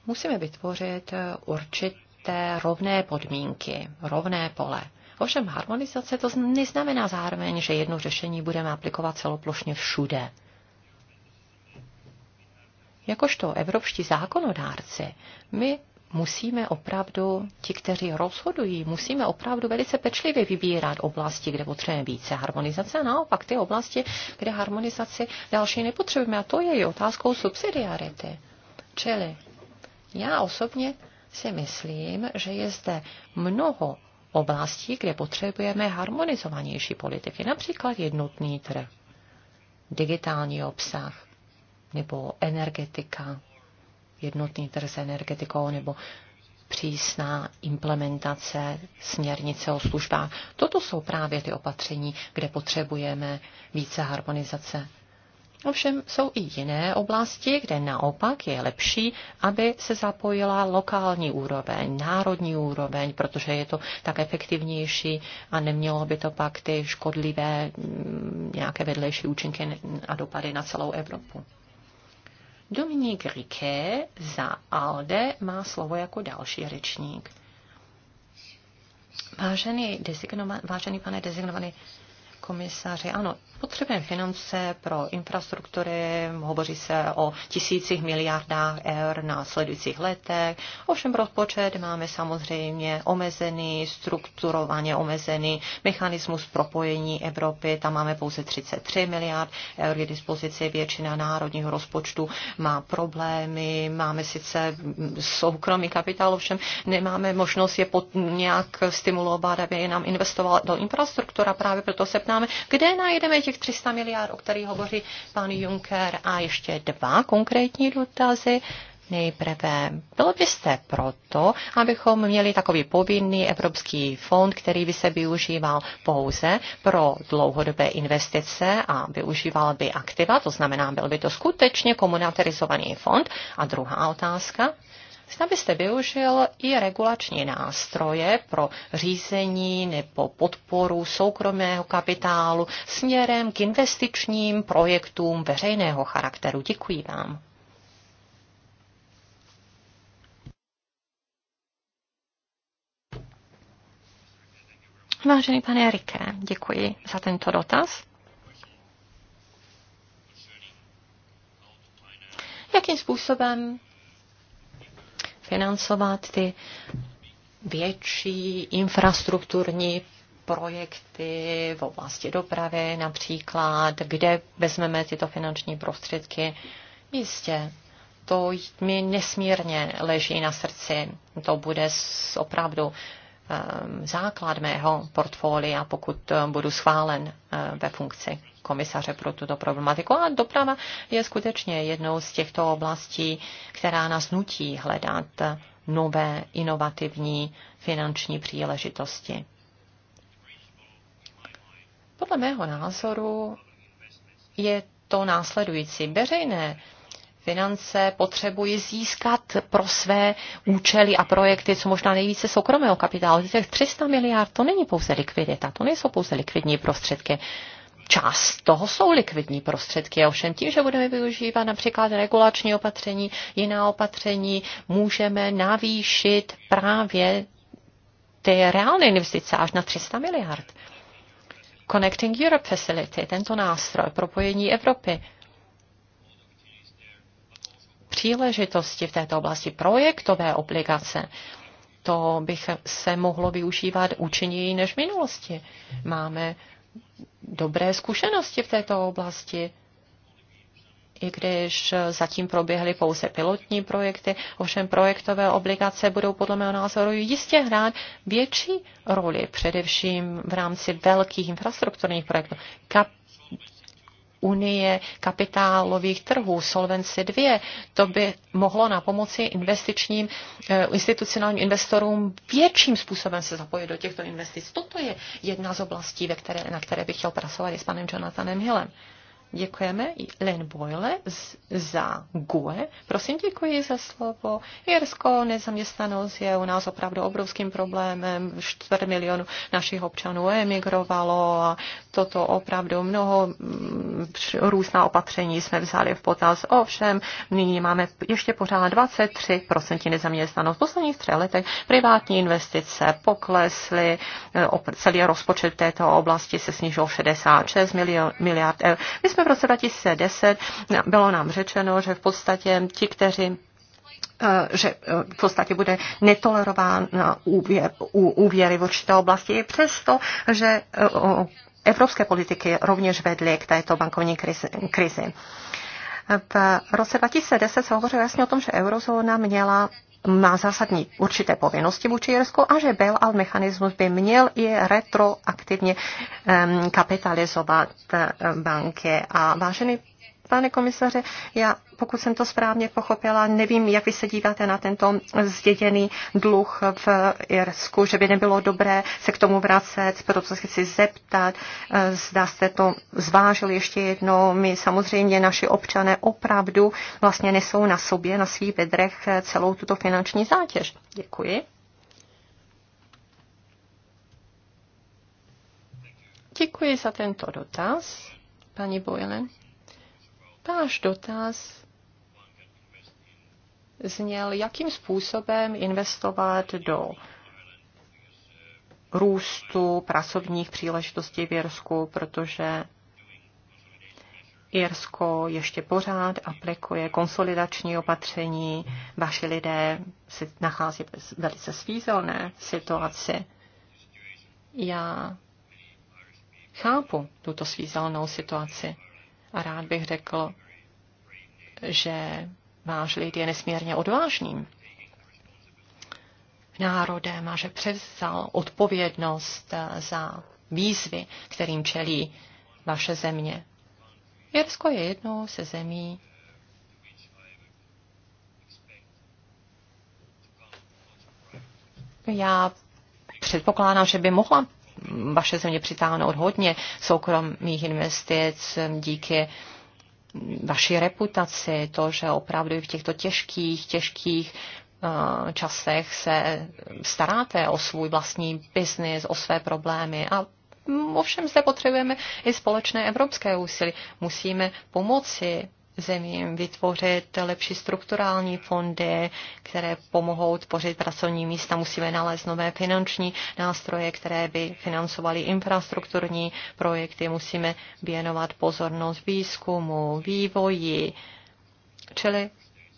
Musíme vytvořit eh, určité rovné podmínky, rovné pole. Ovšem harmonizace to neznamená zároveň, že jedno řešení budeme aplikovat celoplošně všude. Jakožto evropští zákonodárci, my musíme opravdu, ti, kteří rozhodují, musíme opravdu velice pečlivě vybírat oblasti, kde potřebujeme více harmonizace a naopak ty oblasti, kde harmonizaci další nepotřebujeme. A to je i otázkou subsidiarity. Čili já osobně si myslím, že je zde mnoho oblastí, kde potřebujeme harmonizovanější politiky, například jednotný trh, digitální obsah, nebo energetika, jednotný trh s energetikou nebo přísná implementace směrnice o službách. Toto jsou právě ty opatření, kde potřebujeme více harmonizace. Ovšem jsou i jiné oblasti, kde naopak je lepší, aby se zapojila lokální úroveň, národní úroveň, protože je to tak efektivnější a nemělo by to pak ty škodlivé mm, nějaké vedlejší účinky a dopady na celou Evropu. Dominik Riké za ALDE má slovo jako další řečník. Vážený, vážený pane designovaný komisaři, ano, Potřebujeme finance pro infrastruktury, hovoří se o tisících miliardách eur na sledujících letech. Ovšem rozpočet máme samozřejmě omezený, strukturovaně omezený mechanismus propojení Evropy. Tam máme pouze 33 miliard eur k dispozici. Většina národního rozpočtu má problémy. Máme sice soukromý kapitál, ovšem nemáme možnost je pod, nějak stimulovat, aby je nám investoval do infrastruktura. Právě proto se ptáme, kde najdeme těch těch 300 miliard, o kterých hovoří pan Juncker. A ještě dva konkrétní dotazy. Nejprve, bylo byste proto, abychom měli takový povinný evropský fond, který by se využíval pouze pro dlouhodobé investice a využíval by aktiva, to znamená, byl by to skutečně komunitarizovaný fond. A druhá otázka, Snad byste využil i regulační nástroje pro řízení nebo podporu soukromého kapitálu směrem k investičním projektům veřejného charakteru. Děkuji vám. Vážený pane Rike, děkuji za tento dotaz. Jakým způsobem financovat ty větší infrastrukturní projekty v oblasti dopravy například, kde vezmeme tyto finanční prostředky. Jistě, to mi nesmírně leží na srdci. To bude opravdu Um, základ mého portfolia, pokud eh, budu schválen eh, ve funkci komisaře pro tuto problematiku. A doprava je skutečně jednou z těchto oblastí, která nás nutí hledat eh, nové inovativní finanční příležitosti. Podle mého názoru je to následující. Veřejné finance potřebují získat pro své účely a projekty co možná nejvíce soukromého kapitálu. Těch 300 miliard to není pouze likvidita, to nejsou pouze likvidní prostředky. Část toho jsou likvidní prostředky, ovšem tím, že budeme využívat například regulační opatření, jiná opatření, můžeme navýšit právě ty reálné investice až na 300 miliard. Connecting Europe Facility, tento nástroj propojení Evropy, příležitosti v této oblasti, projektové obligace, to bych se mohlo využívat účinněji než v minulosti. Máme dobré zkušenosti v této oblasti, i když zatím proběhly pouze pilotní projekty, ovšem projektové obligace budou podle mého názoru jistě hrát větší roli, především v rámci velkých infrastrukturních projektů. Kap unie kapitálových trhů, Solvency 2, to by mohlo na pomoci investičním, eh, institucionálním investorům větším způsobem se zapojit do těchto investic. Toto je jedna z oblastí, ve které, na které bych chtěl pracovat i s panem Jonathanem Hillem. Děkujeme Len Boyle za GUE. Prosím, děkuji za slovo. Jirsko nezaměstnanost je u nás opravdu obrovským problémem. Čtvrt milionu našich občanů emigrovalo a toto opravdu mnoho mm, různá opatření jsme vzali v potaz. Ovšem, nyní máme ještě pořád 23% nezaměstnanost. V posledních třech letech privátní investice poklesly, eh, celý rozpočet této oblasti se snížil 66 miliard eur. My jsme v roce 2010 bylo nám řečeno, že v podstatě ti, kteří eh, že eh, v podstatě bude netolerován eh, úvěr, úvěry v určité oblasti, i přesto, že evropské politiky rovněž vedly k této bankovní krizi. krizi. V roce 2010 se hovořilo jasně o tom, že eurozóna měla má zásadní určité povinnosti vůči Jirsku a že byl al mechanismus by měl i retroaktivně um, kapitalizovat eh, banky. A vážený Pane komisaře, já, pokud jsem to správně pochopila, nevím, jak vy se díváte na tento zděděný dluh v Irsku, že by nebylo dobré se k tomu vracet, proto se chci zeptat, eh, zda jste to zvážili ještě jednou. My samozřejmě naši občané opravdu vlastně nesou na sobě, na svých bedrech eh, celou tuto finanční zátěž. Děkuji. Děkuji za tento dotaz, paní Boylen. Váš dotaz zněl, jakým způsobem investovat do růstu pracovních příležitostí v Jirsku, protože Jirsko ještě pořád aplikuje konsolidační opatření. Vaši lidé se nachází v velice svízelné situaci. Já chápu tuto svízelnou situaci. A rád bych řekl, že váš lid je nesmírně odvážným národem a že převzal odpovědnost za výzvy, kterým čelí vaše země. Jersko je jednou se zemí, já předpokládám, že by mohla vaše země přitáhnout hodně soukromých investic díky vaší reputaci, to, že opravdu v těchto těžkých, těžkých eh, časech se staráte o svůj vlastní biznis, o své problémy a Ovšem zde potřebujeme i společné evropské úsilí. Musíme pomoci zemím vytvořit lepší strukturální fondy, které pomohou tvořit pracovní místa. Musíme nalézt nové finanční nástroje, které by financovaly infrastrukturní projekty. Musíme věnovat pozornost výzkumu, vývoji. Čili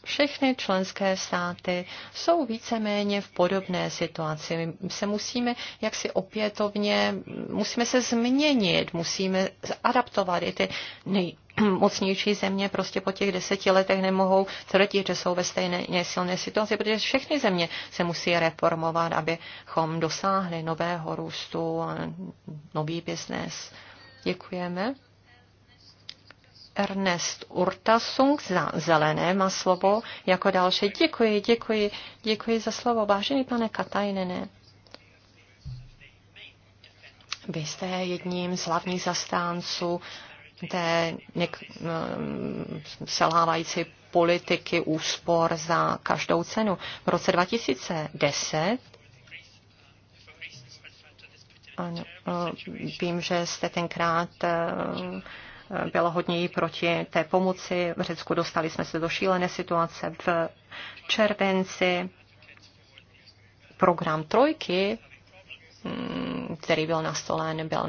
všechny členské státy jsou víceméně v podobné situaci. My se musíme jaksi opětovně, musíme se změnit, musíme adaptovat i ty nej, mocnější země prostě po těch deseti letech nemohou tvrdit, že jsou ve stejné silné situaci, protože všechny země se musí reformovat, abychom dosáhli nového růstu a nový biznes. Děkujeme. Ernest Urtasung za zelené má slovo jako další. Děkuji, děkuji, děkuji za slovo. Vážený pane Katajnene, vy jste jedním z hlavních zastánců té něk- mm, selhávající politiky úspor za každou cenu. V roce 2010 ano, eh, vím, že jste tenkrát eh, bylo hodně i proti té pomoci. V Řecku dostali jsme se do šílené situace v červenci. Program trojky, mm, který byl nastolen, byl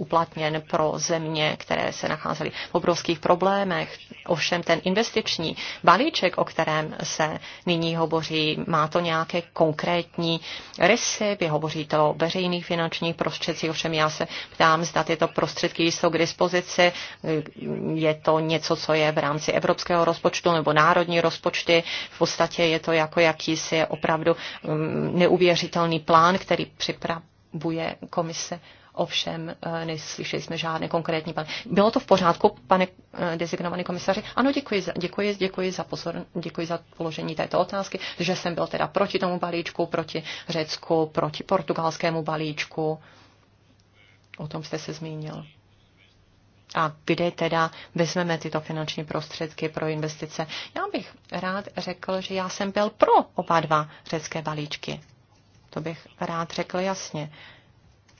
uplatněn pro země, které se nacházely v obrovských problémech. Ovšem ten investiční balíček, o kterém se nyní hovoří, má to nějaké konkrétní rysy, hovoří to o veřejných finančních prostředcích, ovšem já se ptám, zda tyto prostředky jsou k dispozici, je to něco, co je v rámci evropského rozpočtu nebo národní rozpočty, v podstatě je to jako jakýsi opravdu mm, neuvěřitelný plán, který připravuje komise ovšem eh, neslyšeli jsme žádné konkrétní plány. Bylo to v pořádku, pane eh, designovaný komisaři? Ano, děkuji za, děkuji, děkuji za pozor, děkuji za položení této otázky, že jsem byl teda proti tomu balíčku, proti Řecku, proti portugalskému balíčku. O tom jste se zmínil. A kde teda vezmeme tyto finanční prostředky pro investice? Já bych rád řekl, že já jsem byl pro oba dva řecké balíčky. To bych rád řekl jasně.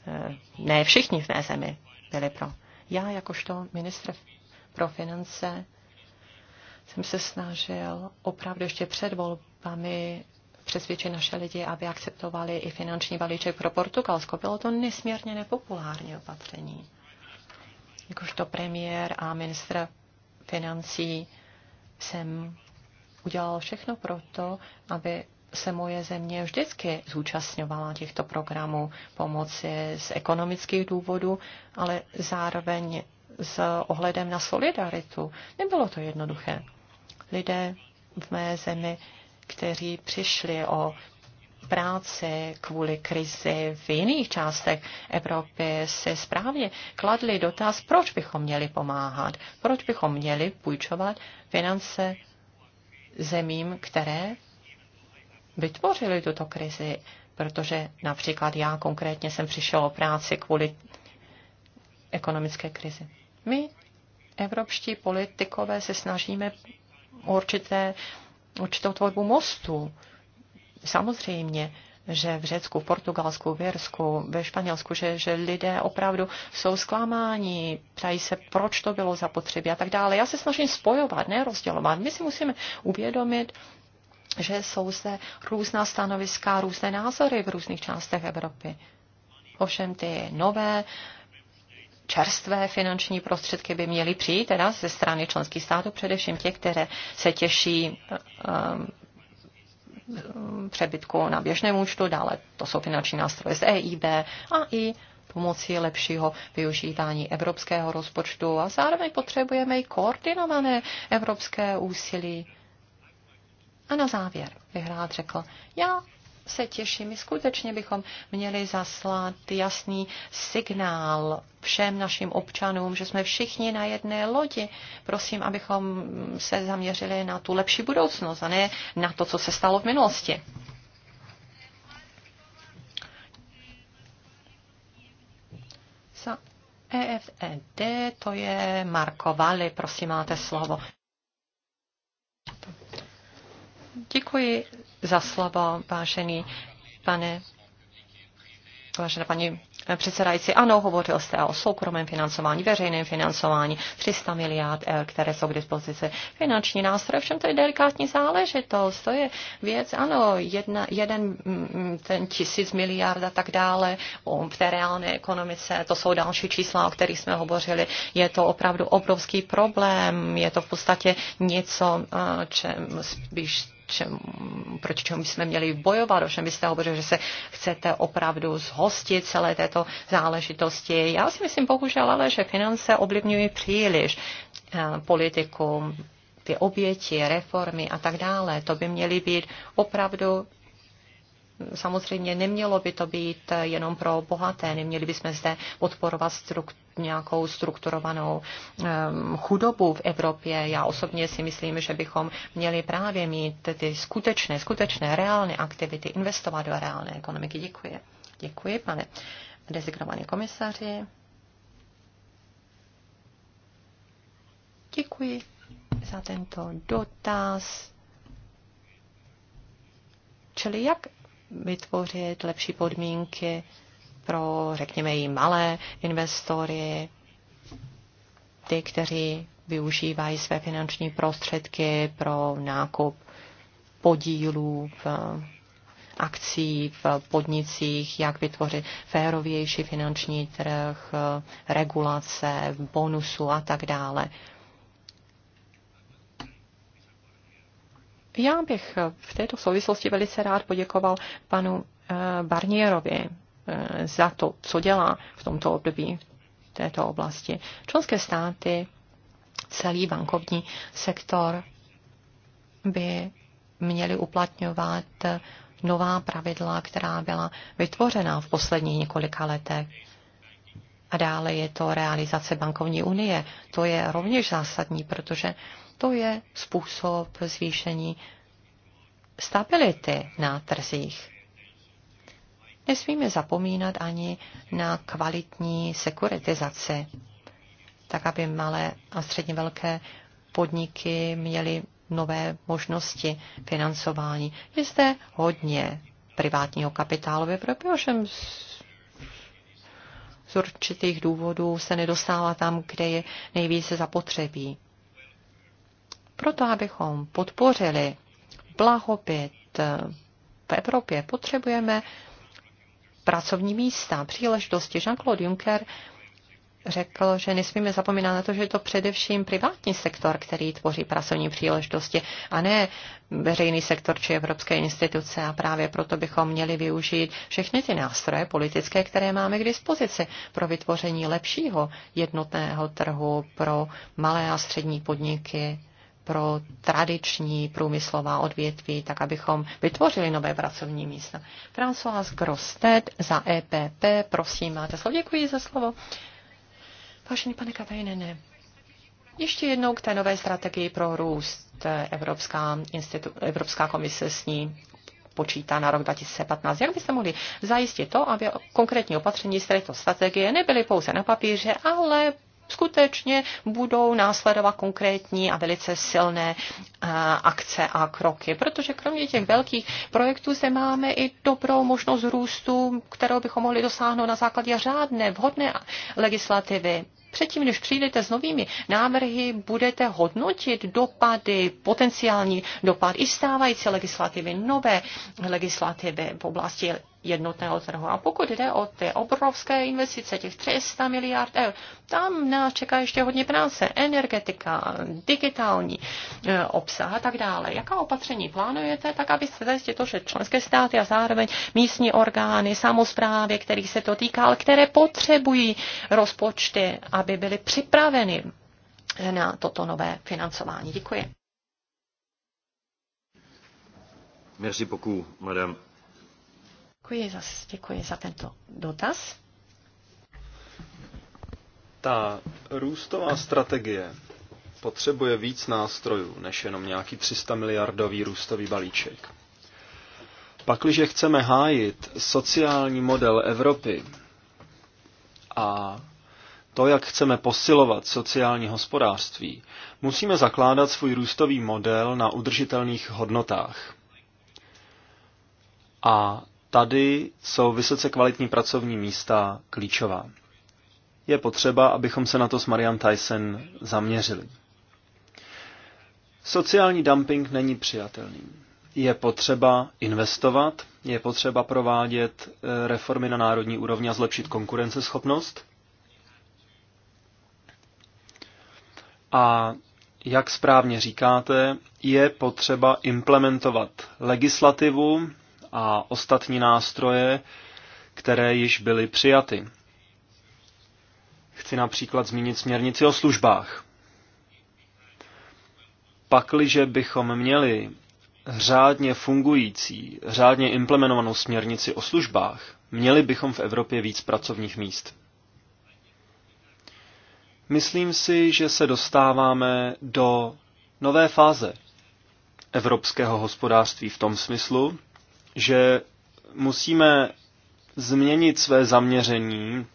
Eh, ne všichni v mé zemi byli pro. Já jakožto ministr pro finance jsem se snažil opravdu ještě před volbami přesvědčit naše lidi, aby akceptovali i finanční balíček pro Portugalsko. Bylo to nesmírně nepopulární opatření. Jakožto premiér a ministr financí jsem udělal všechno pro to, aby se moje země vždycky zúčastňovala těchto programů pomoci z ekonomických důvodů, ale zároveň s ohledem na solidaritu. Nebylo to jednoduché. Lidé v mé zemi, kteří přišli o práci kvůli krizi v jiných částech Evropy se správně kladli dotaz, proč bychom měli pomáhat, proč bychom měli půjčovat finance zemím, které vytvořili tuto krizi, protože například já konkrétně jsem přišel o práci kvůli ekonomické krizi. My, evropští politikové, se snažíme určité, určitou tvorbu mostu. Samozřejmě, že v Řecku, v Portugalsku, v Jersku, ve Španělsku, že, že lidé opravdu jsou zklamáni, ptají se, proč to bylo zapotřebí a tak dále. Já se snažím spojovat, ne rozdělovat. My si musíme uvědomit, že jsou zde různá stanoviska, různé názory v různých částech Evropy. Ovšem ty nové čerstvé finanční prostředky by měly přijít teda ze strany členských států, především těch, které se těší um, přebytku na běžném účtu, dále to jsou finanční nástroje z EIB a i pomocí lepšího využívání evropského rozpočtu a zároveň potřebujeme i koordinované evropské úsilí a na závěr bych rád řekl, já se těším, my skutečně bychom měli zaslat jasný signál všem našim občanům, že jsme všichni na jedné lodi. Prosím, abychom se zaměřili na tu lepší budoucnost a ne na to, co se stalo v minulosti. Za EFED to je Marko Vali, prosím, máte slovo. Děkuji za slovo, vážený pane, vážená paní předsedající. Ano, hovořil jste o soukromém financování, veřejném financování, 300 miliard které jsou k dispozici. Finanční nástroje všem to je delikátní záležitost, to je věc, ano, jedna, jeden mm, ten tisíc miliard a tak dále o, v té reálné ekonomice, to jsou další čísla, o kterých jsme hovořili. Je to opravdu obrovský problém, je to v podstatě něco, eh, čem spíš čem, proč čemu jsme měli bojovat. o čem byste hovořili, že se chcete opravdu zhostit celé této záležitosti. Já si myslím bohužel ale, že finance ovlivňují příliš eh, politiku, ty oběti, reformy a tak dále. To by měly být opravdu samozřejmě nemělo by to být jenom pro bohaté, neměli bychom zde podporovat struktu nějakou strukturovanou chudobu v Evropě. Já osobně si myslím, že bychom měli právě mít ty skutečné, skutečné reálné aktivity, investovat do reálné ekonomiky. Děkuji. Děkuji, pane designovaný komisaři. Děkuji za tento dotaz. Čili jak vytvořit lepší podmínky pro, řekněme, i malé investory, ty, kteří využívají své finanční prostředky pro nákup podílů v akcí v podnicích, jak vytvořit férovější finanční trh, regulace, bonusu a tak dále. Já bych v této souvislosti velice rád poděkoval panu eh, Barnierovi, Eh, za to, co dělá v tomto období v této oblasti. Členské státy, celý bankovní sektor by měli uplatňovat nová pravidla, která byla vytvořena v posledních několika letech. A dále je to realizace bankovní unie. To je rovněž zásadní, protože to je způsob zvýšení stability na trzích. Nesmíme zapomínat ani na kvalitní sekuritizaci, tak aby malé a středně velké podniky měly nové možnosti financování. Je zde hodně privátního kapitálu v ovšem z určitých důvodů se nedostává tam, kde je nejvíce zapotřebí. Proto, abychom podpořili blahobyt v Evropě, potřebujeme pracovní místa, příležitosti. Jean-Claude Juncker řekl, že nesmíme zapomínat na to, že je to především privátní sektor, který tvoří pracovní příležitosti a ne veřejný sektor či evropské instituce a právě proto bychom měli využít všechny ty nástroje politické, které máme k dispozici pro vytvoření lepšího jednotného trhu pro malé a střední podniky pro tradiční průmyslová odvětví, tak abychom vytvořili nové pracovní místa. François Grosted za EPP, prosím, máte slovo. Děkuji za slovo. Vážený pane ne. ještě jednou k té nové strategii pro růst Evropská, institu- Evropská komise s ní počítá na rok 2015. Jak byste mohli zajistit to, aby konkrétní opatření z této strategie nebyly pouze na papíře, ale skutečně budou následovat konkrétní a velice silné eh, akce a kroky. Protože kromě těch velkých projektů zde máme i dobrou možnost růstu, kterou bychom mohli dosáhnout na základě řádné, vhodné legislativy. Předtím, než přijdete s novými návrhy, budete hodnotit dopady, potenciální dopad i stávající legislativy, nové legislativy v oblasti jednotného trhu. A pokud jde o ty obrovské investice, těch 300 miliard eur, tam nás čeká ještě hodně práce, energetika, digitální e, obsah a tak dále. Jaká opatření plánujete, tak aby se zajistili to, že členské státy a zároveň místní orgány, samozprávy, kterých se to týká, ale které potřebují rozpočty, aby byly připraveny na toto nové financování. Děkuji. Merci beaucoup, madame. Děkuji za, děkuji za tento dotaz. Ta růstová strategie potřebuje víc nástrojů než jenom nějaký 300 miliardový růstový balíček. Pakliže chceme hájit sociální model Evropy a to, jak chceme posilovat sociální hospodářství, musíme zakládat svůj růstový model na udržitelných hodnotách. A Tady jsou vysoce kvalitní pracovní místa klíčová. Je potřeba, abychom se na to s Marian Tyson zaměřili. Sociální dumping není přijatelný. Je potřeba investovat, je potřeba provádět eh, reformy na národní úrovni a zlepšit konkurenceschopnost. A jak správně říkáte, je potřeba implementovat legislativu a ostatní nástroje, které již byly přijaty. Chci například zmínit směrnici o službách. Pakliže bychom měli řádně fungující, řádně implementovanou směrnici o službách, měli bychom v Evropě víc pracovních míst. Myslím si, že se dostáváme do nové fáze evropského hospodářství v tom smyslu, že musíme změnit své zaměření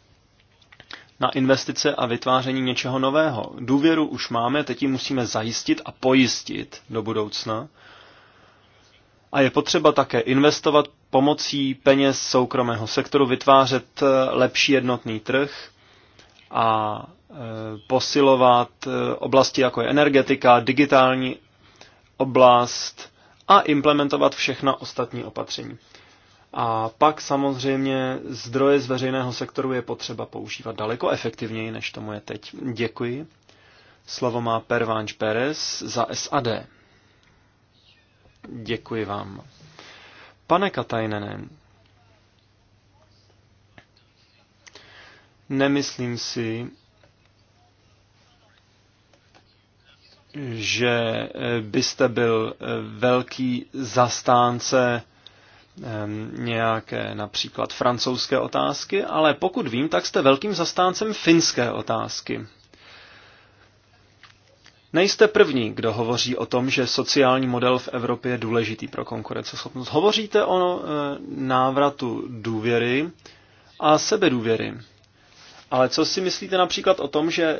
na investice a vytváření něčeho nového. Důvěru už máme, teď ji musíme zajistit a pojistit do budoucna. A je potřeba také investovat pomocí peněz soukromého sektoru, vytvářet eh, lepší jednotný trh a eh, posilovat eh, oblasti jako je energetika, digitální oblast, a implementovat všechna ostatní opatření. A pak samozřejmě zdroje z veřejného sektoru je potřeba používat daleko efektivněji, než tomu je teď. Děkuji. Slovo má Pervánč Perez za SAD. Děkuji vám. Pane Katajnene, nemyslím si, že eh, byste byl eh, velký zastánce ehm, nějaké například francouzské otázky, ale pokud vím, tak jste velkým zastáncem finské otázky. Nejste první, kdo hovoří o tom, že sociální model v Evropě je důležitý pro konkurenceschopnost. Hovoříte o eh, návratu důvěry a sebedůvěry. Ale co si myslíte například o tom, že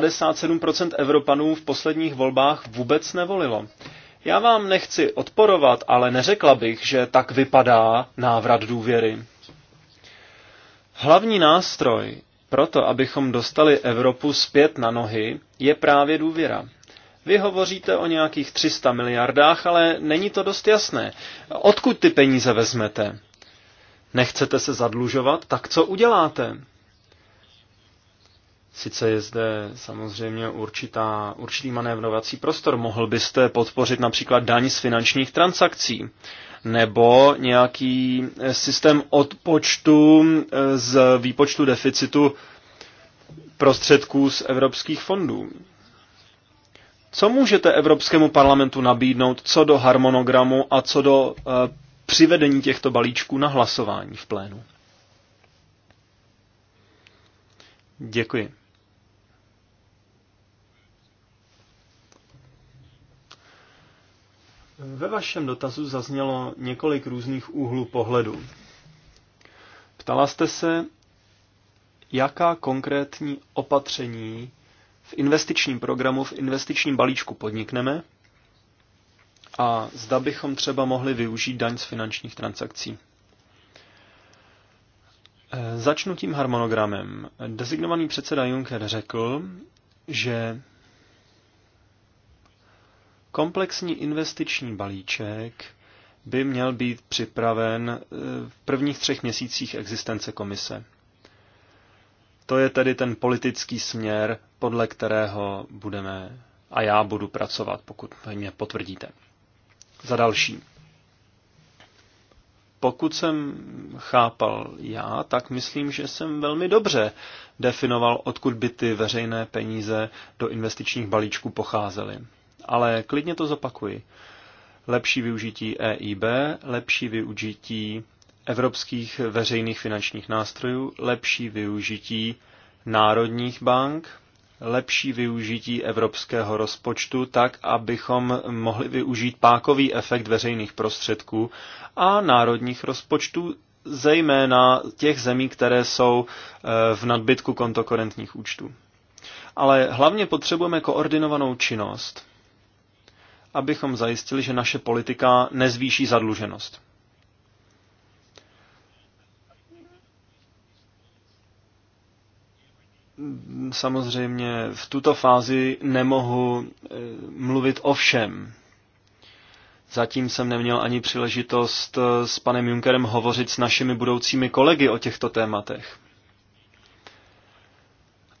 57% Evropanů v posledních volbách vůbec nevolilo. Já vám nechci odporovat, ale neřekla bych, že tak vypadá návrat důvěry. Hlavní nástroj proto, abychom dostali Evropu zpět na nohy, je právě důvěra. Vy hovoříte o nějakých 300 miliardách, ale není to dost jasné. Odkud ty peníze vezmete? Nechcete se zadlužovat, tak co uděláte? Sice je zde samozřejmě určitá, určitý manévrovací prostor. Mohl byste podpořit například daň z finančních transakcí nebo nějaký eh, systém odpočtu eh, z výpočtu deficitu prostředků z evropských fondů. Co můžete Evropskému parlamentu nabídnout co do harmonogramu a co do e, přivedení těchto balíčků na hlasování v plénu? Děkuji. Ve vašem dotazu zaznělo několik různých úhlů pohledu. Ptala jste se, jaká konkrétní opatření v investičním programu, v investičním balíčku podnikneme a zda bychom třeba mohli využít daň z finančních transakcí. E, začnu tím harmonogramem. Designovaný předseda Juncker řekl, že Komplexní investiční balíček by měl být připraven eh, v prvních třech měsících existence komise. To je tedy ten politický směr, podle kterého budeme a já budu pracovat, pokud mě potvrdíte. Za další. Pokud jsem chápal já, tak myslím, že jsem velmi dobře definoval, odkud by ty veřejné peníze do investičních balíčků pocházely. Ale klidně to zopakuji. Lepší využití EIB, lepší využití evropských veřejných finančních nástrojů, lepší využití národních bank, lepší využití evropského rozpočtu tak, abychom mohli využít pákový efekt veřejných prostředků a národních rozpočtů, zejména těch zemí, které jsou e, v nadbytku kontokorentních účtů. Ale hlavně potřebujeme koordinovanou činnost, abychom zajistili, že naše politika nezvýší zadluženost. Samozřejmě v tuto fázi nemohu eh, mluvit o všem. Zatím jsem neměl ani příležitost eh, s panem Junkerem hovořit s našimi budoucími kolegy o těchto tématech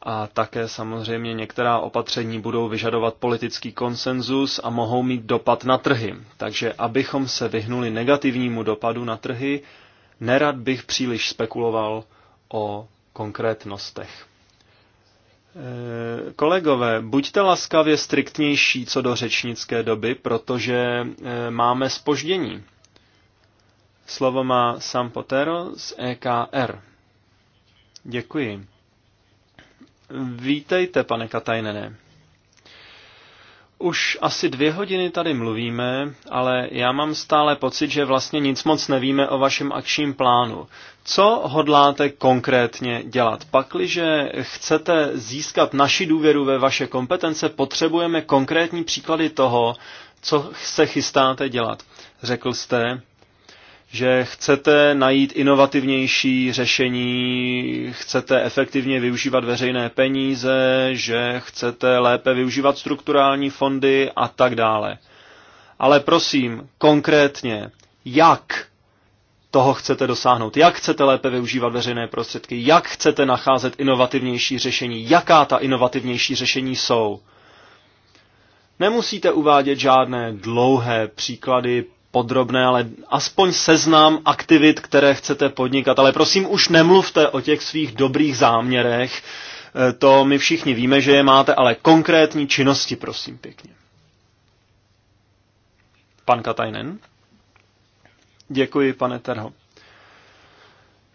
a také samozřejmě některá opatření budou vyžadovat politický konsenzus a mohou mít dopad na trhy. Takže abychom se vyhnuli negativnímu dopadu na trhy, nerad bych příliš spekuloval o konkrétnostech. E, kolegové, buďte laskavě striktnější co do řečnické doby, protože e, máme spoždění. Slovo má Sam Potero z EKR. Děkuji. Vítejte, pane Katajnene. Už asi dvě hodiny tady mluvíme, ale já mám stále pocit, že vlastně nic moc nevíme o vašem akčním plánu. Co hodláte konkrétně dělat? Pakliže chcete získat naši důvěru ve vaše kompetence, potřebujeme konkrétní příklady toho, co se chystáte dělat. Řekl jste, že chcete najít inovativnější řešení, chcete efektivně využívat veřejné peníze, že chcete lépe využívat strukturální fondy a tak dále. Ale prosím, konkrétně, jak toho chcete dosáhnout? Jak chcete lépe využívat veřejné prostředky? Jak chcete nacházet inovativnější řešení? Jaká ta inovativnější řešení jsou? Nemusíte uvádět žádné dlouhé příklady podrobné, ale aspoň seznam aktivit, které chcete podnikat. Ale prosím, už nemluvte o těch svých dobrých záměrech, e, to my všichni víme, že je máte, ale konkrétní činnosti, prosím, pěkně. Pan Katajnen? Děkuji, pane Terho.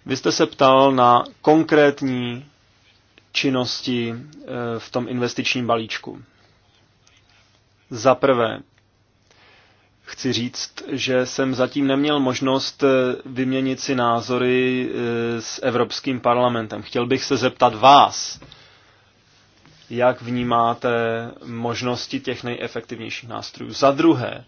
Vy jste se ptal na konkrétní činnosti e, v tom investičním balíčku. Za prvé, chci říct, že jsem zatím neměl možnost eh, vyměnit si názory eh, s Evropským parlamentem. Chtěl bych se zeptat vás, jak vnímáte možnosti těch nejefektivnějších nástrojů. Za druhé,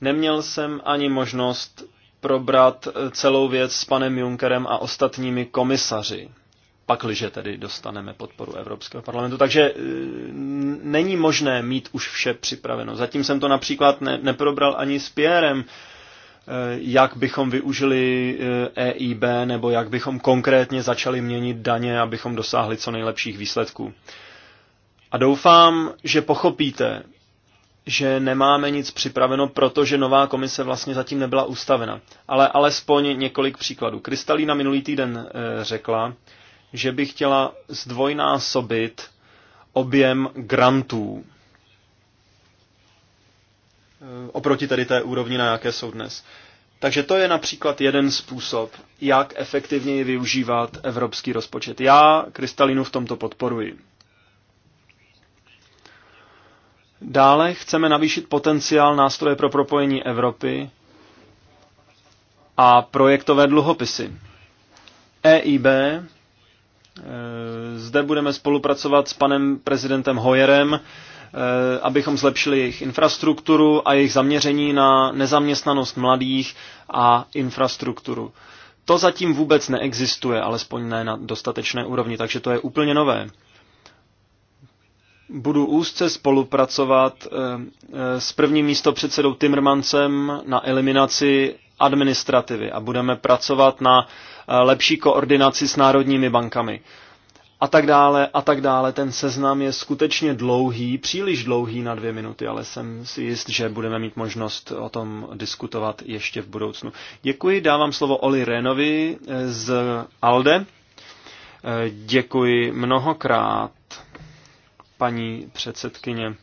neměl jsem ani možnost probrat eh, celou věc s panem Junckerem a ostatními komisaři pakliže tedy dostaneme podporu Evropského parlamentu. Takže e, není možné mít už vše připraveno. Zatím jsem to například ne, neprobral ani s Pierrem, e, jak bychom využili EIB e nebo jak bychom konkrétně začali měnit daně, abychom dosáhli co nejlepších výsledků. A doufám, že pochopíte, že nemáme nic připraveno, protože nová komise vlastně zatím nebyla ustavena. Ale alespoň několik příkladů. Kristalína minulý týden řekla, že by chtěla zdvojnásobit objem grantů e, oproti tedy té úrovni, na jaké jsou dnes. Takže to je například jeden způsob, jak efektivněji využívat evropský rozpočet. Já Kristalinu v tomto podporuji. Dále chceme navýšit potenciál nástroje pro propojení Evropy a projektové dluhopisy. EIB Eh, zde budeme spolupracovat s panem prezidentem Hoyerem, eh, abychom zlepšili jejich infrastrukturu a jejich zaměření na nezaměstnanost mladých a infrastrukturu. To zatím vůbec neexistuje, alespoň ne na dostatečné úrovni, takže to je úplně nové. Budu úzce spolupracovat eh, s prvním místopředsedou Timmermansem na eliminaci administrativy a budeme pracovat na eh, lepší koordinaci s národními bankami. A tak dále, a tak dále. Ten seznam je skutečně dlouhý, příliš dlouhý na dvě minuty, ale jsem si jist, že budeme mít možnost o tom diskutovat ještě v budoucnu. Děkuji, dávám slovo Oli Renovi eh, z ALDE. Eh, děkuji mnohokrát, paní předsedkyně.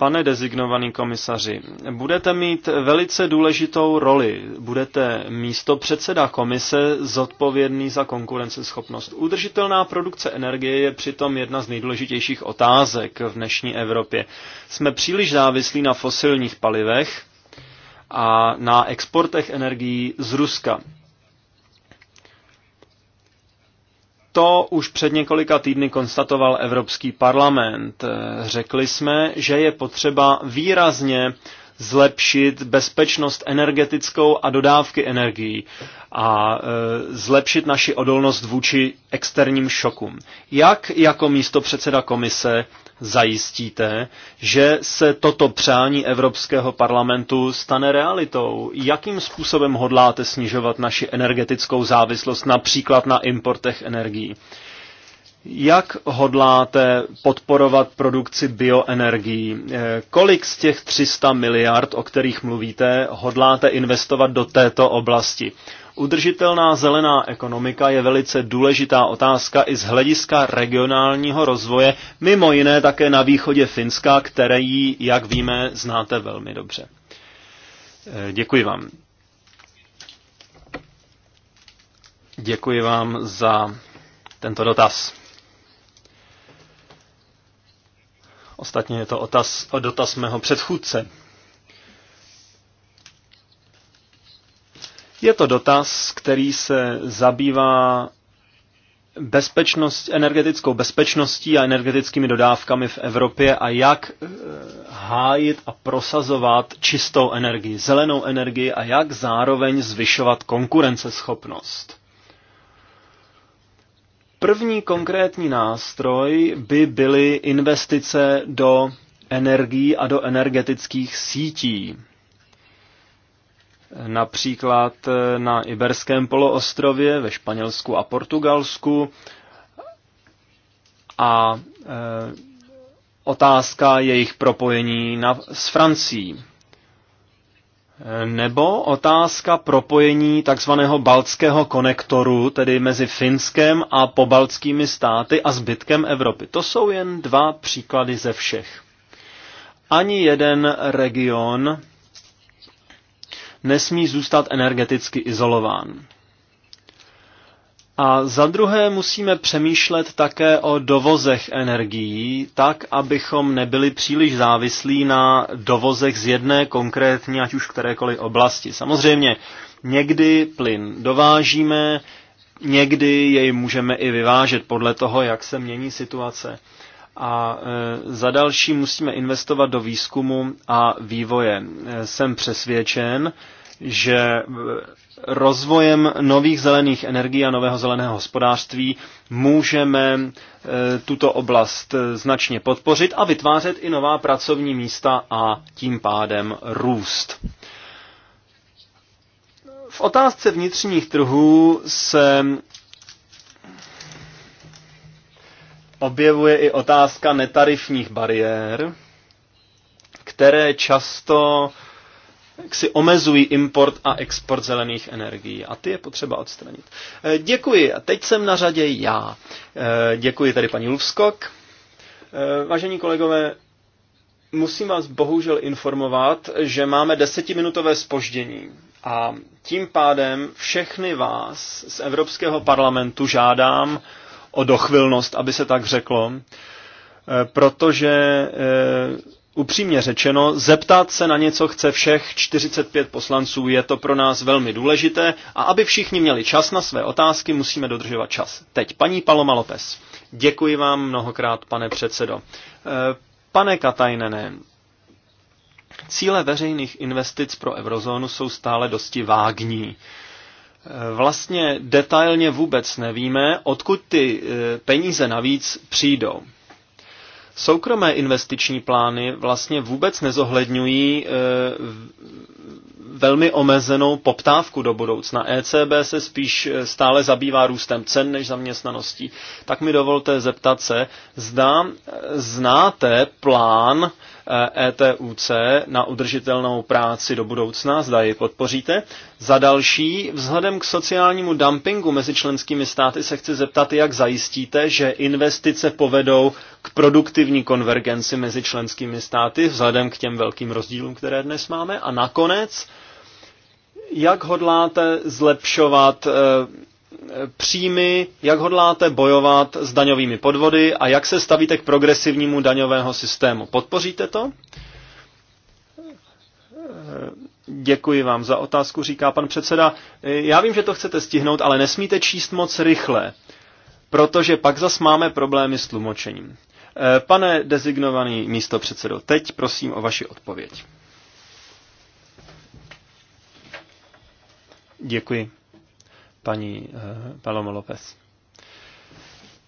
Pane dezignovaný komisaři, budete mít velice důležitou roli. Budete místo předseda komise zodpovědný za konkurenceschopnost. Udržitelná produkce energie je přitom jedna z nejdůležitějších otázek v dnešní Evropě. Jsme příliš závislí na fosilních palivech a na exportech energií z Ruska. To už před několika týdny konstatoval Evropský parlament. Řekli jsme, že je potřeba výrazně zlepšit bezpečnost energetickou a dodávky energií a e, zlepšit naši odolnost vůči externím šokům. Jak jako místo předseda komise zajistíte, že se toto přání Evropského parlamentu stane realitou? Jakým způsobem hodláte snižovat naši energetickou závislost například na importech energií? Jak hodláte podporovat produkci bioenergií? Eh, kolik z těch 300 miliard, o kterých mluvíte, hodláte investovat do této oblasti? Udržitelná zelená ekonomika je velice důležitá otázka i z hlediska regionálního rozvoje, mimo jiné také na východě Finska, které ji, jak víme, znáte velmi dobře. Eh, děkuji vám. Děkuji vám za tento dotaz. Ostatně je to otaz, dotaz mého předchůdce. Je to dotaz, který se zabývá bezpečnost, energetickou bezpečností a energetickými dodávkami v Evropě a jak eh, hájit a prosazovat čistou energii, zelenou energii a jak zároveň zvyšovat konkurenceschopnost. První konkrétní nástroj by byly investice do energií a do energetických sítí. Například na Iberském poloostrově, ve Španělsku a Portugalsku. A e, otázka jejich propojení na, s Francií. Nebo otázka propojení takzvaného baltského konektoru, tedy mezi Finskem a pobaltskými státy a zbytkem Evropy. To jsou jen dva příklady ze všech. Ani jeden region nesmí zůstat energeticky izolován. A za druhé musíme přemýšlet také o dovozech energií, tak, abychom nebyli příliš závislí na dovozech z jedné konkrétní, ať už kterékoliv oblasti. Samozřejmě někdy plyn dovážíme, někdy jej můžeme i vyvážet podle toho, jak se mění situace. A e, za další musíme investovat do výzkumu a vývoje. E, jsem přesvědčen, že e, rozvojem nových zelených energií a nového zeleného hospodářství můžeme e, tuto oblast e, značně podpořit a vytvářet i nová pracovní místa a tím pádem růst. V otázce vnitřních trhů se objevuje i otázka netarifních bariér, které často si omezují import a export zelených energií a ty je potřeba odstranit. Eh, děkuji a teď jsem na řadě já. Eh, děkuji tady paní Lufskok. Eh, vážení kolegové, musím vás bohužel informovat, že máme desetiminutové spoždění a tím pádem všechny vás z Evropského parlamentu žádám o dochvilnost, aby se tak řeklo, protože upřímně řečeno, zeptat se na něco chce všech 45 poslanců, je to pro nás velmi důležité a aby všichni měli čas na své otázky, musíme dodržovat čas. Teď paní Paloma López. Děkuji vám mnohokrát, pane předsedo. Eh, pane Katajnene, cíle veřejných investic pro eurozónu jsou stále dosti vágní. Eh, vlastně detailně vůbec nevíme, odkud ty eh, peníze navíc přijdou soukromé investiční plány vlastně vůbec nezohledňují eh, velmi omezenou poptávku do budoucna. ECB se spíš eh, stále zabývá růstem cen než zaměstnaností. Tak mi dovolte zeptat se, zda eh, znáte plán ETUC eh, e na udržitelnou práci do budoucna, zda ji podpoříte. Za další, vzhledem k sociálnímu dumpingu mezi členskými státy se chci zeptat, jak zajistíte, že investice povedou k produktivní konvergenci mezi členskými státy, vzhledem k těm velkým rozdílům, které dnes máme. A nakonec, jak hodláte zlepšovat eh, příjmy, jak hodláte bojovat s daňovými podvody a jak se stavíte k progresivnímu daňového systému. Podpoříte to? Děkuji vám za otázku, říká pan předseda. Já vím, že to chcete stihnout, ale nesmíte číst moc rychle, protože pak zas máme problémy s tlumočením. Pane dezignovaný místo předsedo, teď prosím o vaši odpověď. Děkuji paní eh, Paloma López.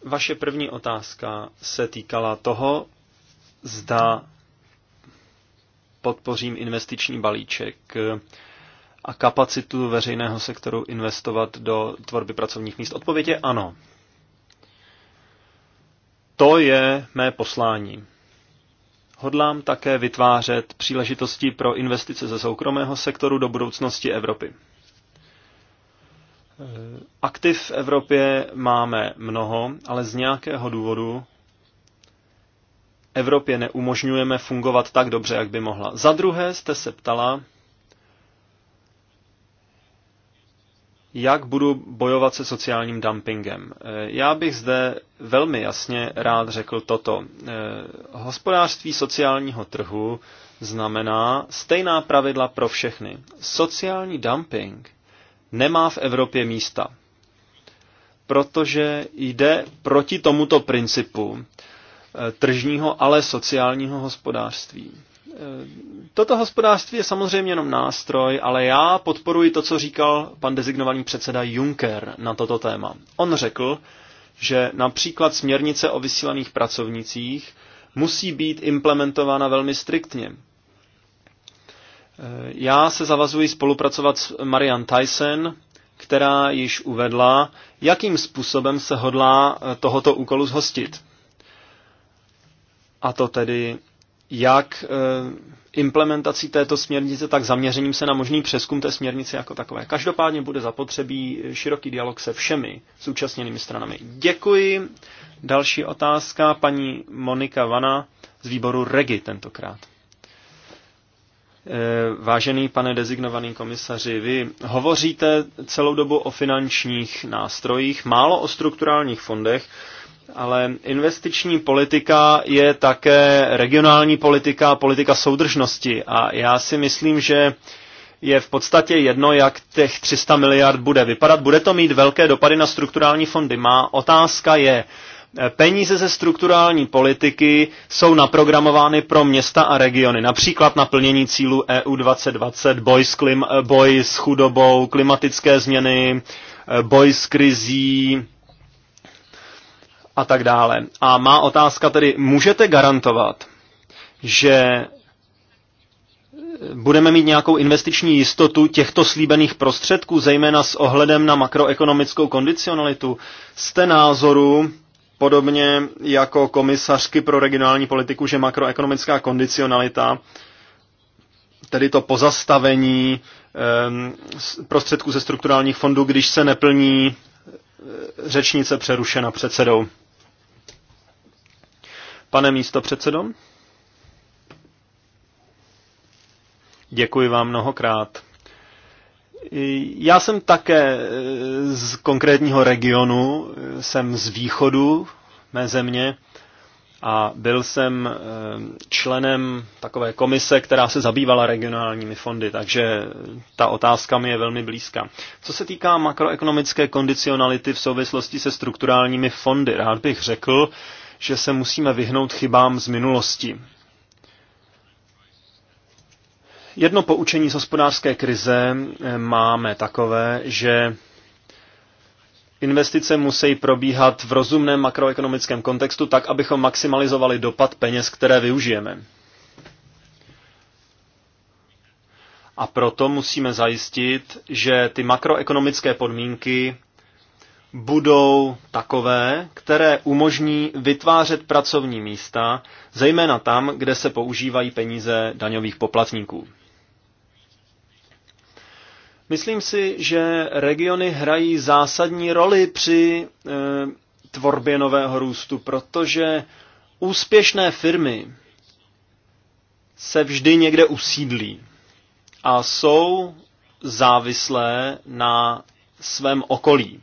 Vaše první otázka se týkala toho, zda podpořím investiční balíček eh, a kapacitu veřejného sektoru investovat do tvorby pracovních míst. Odpověď je ano. To je mé poslání. Hodlám také vytvářet příležitosti pro investice ze soukromého sektoru do budoucnosti Evropy. Aktiv v Evropě máme mnoho, ale z nějakého důvodu Evropě neumožňujeme fungovat tak dobře, jak by mohla. Za druhé jste se ptala, jak budu bojovat se sociálním dumpingem. Já bych zde velmi jasně rád řekl toto. Hospodářství sociálního trhu znamená stejná pravidla pro všechny. Sociální dumping – nemá v Evropě místa. Protože jde proti tomuto principu eh, tržního, ale sociálního hospodářství. Eh, toto hospodářství je samozřejmě jenom nástroj, ale já podporuji to, co říkal pan dezignovaný předseda Juncker na toto téma. On řekl, že například směrnice o vysílaných pracovnicích musí být implementována velmi striktně. Já se zavazuji spolupracovat s Marian Tyson, která již uvedla, jakým způsobem se hodlá eh, tohoto úkolu zhostit. A to tedy jak eh, implementací této směrnice, tak zaměřením se na možný přeskum té směrnice jako takové. Každopádně bude zapotřebí eh, široký dialog se všemi zúčastněnými stranami. Děkuji. Další otázka paní Monika Vana z výboru REGI tentokrát. Eh, vážený pane dezignovaný komisaři, vy hovoříte celou dobu o finančních nástrojích, málo o strukturálních fondech, ale investiční politika je také regionální politika, politika soudržnosti a já si myslím, že je v podstatě jedno, jak těch 300 miliard bude vypadat. Bude to mít velké dopady na strukturální fondy. Má otázka je, Eh, peníze ze strukturální politiky jsou naprogramovány pro města a regiony, například na plnění cílů EU 2020, boj s, klim, eh, boj s chudobou, klimatické změny, eh, boj s krizí a tak dále. A má otázka tedy, můžete garantovat, že budeme mít nějakou investiční jistotu těchto slíbených prostředků, zejména s ohledem na makroekonomickou kondicionalitu? Jste názoru, podobně jako komisařky pro regionální politiku, že makroekonomická kondicionalita, tedy to pozastavení prostředků ze strukturálních fondů, když se neplní e, řečnice přerušena předsedou. Pane místo předsedo, děkuji vám mnohokrát. Já jsem také e, z konkrétního regionu, e, jsem z východu mé země a byl jsem e, členem takové komise, která se zabývala regionálními fondy, takže ta otázka mi je velmi blízká. Co se týká makroekonomické kondicionality v souvislosti se strukturálními fondy, rád bych řekl, že se musíme vyhnout chybám z minulosti. Jedno poučení z hospodářské krize eh, máme takové, že investice musí probíhat v rozumném makroekonomickém kontextu tak, abychom maximalizovali dopad peněz, které využijeme. A proto musíme zajistit, že ty makroekonomické podmínky budou takové, které umožní vytvářet pracovní místa, zejména tam, kde se používají peníze daňových poplatníků. Myslím si, že regiony hrají zásadní roli při e, tvorbě nového růstu, protože úspěšné firmy se vždy někde usídlí a jsou závislé na svém okolí.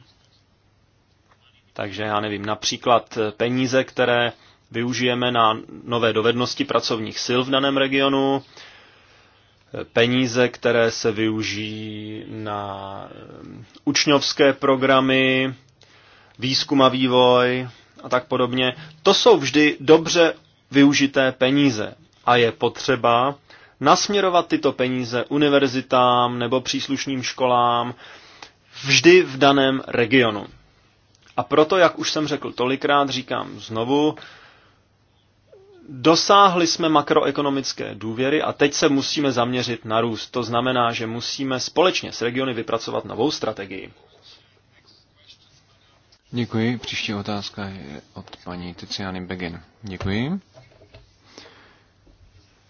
Takže já nevím, například peníze, které využijeme na nové dovednosti pracovních sil v daném regionu, peníze, které se využijí na um, učňovské programy, výzkum a vývoj a tak podobně. To jsou vždy dobře využité peníze a je potřeba nasměrovat tyto peníze univerzitám nebo příslušným školám vždy v daném regionu. A proto, jak už jsem řekl tolikrát, říkám znovu, Dosáhli jsme makroekonomické důvěry a teď se musíme zaměřit na růst. To znamená, že musíme společně s regiony vypracovat novou strategii. Děkuji. Příští otázka je od paní Tiziany Begin. Děkuji.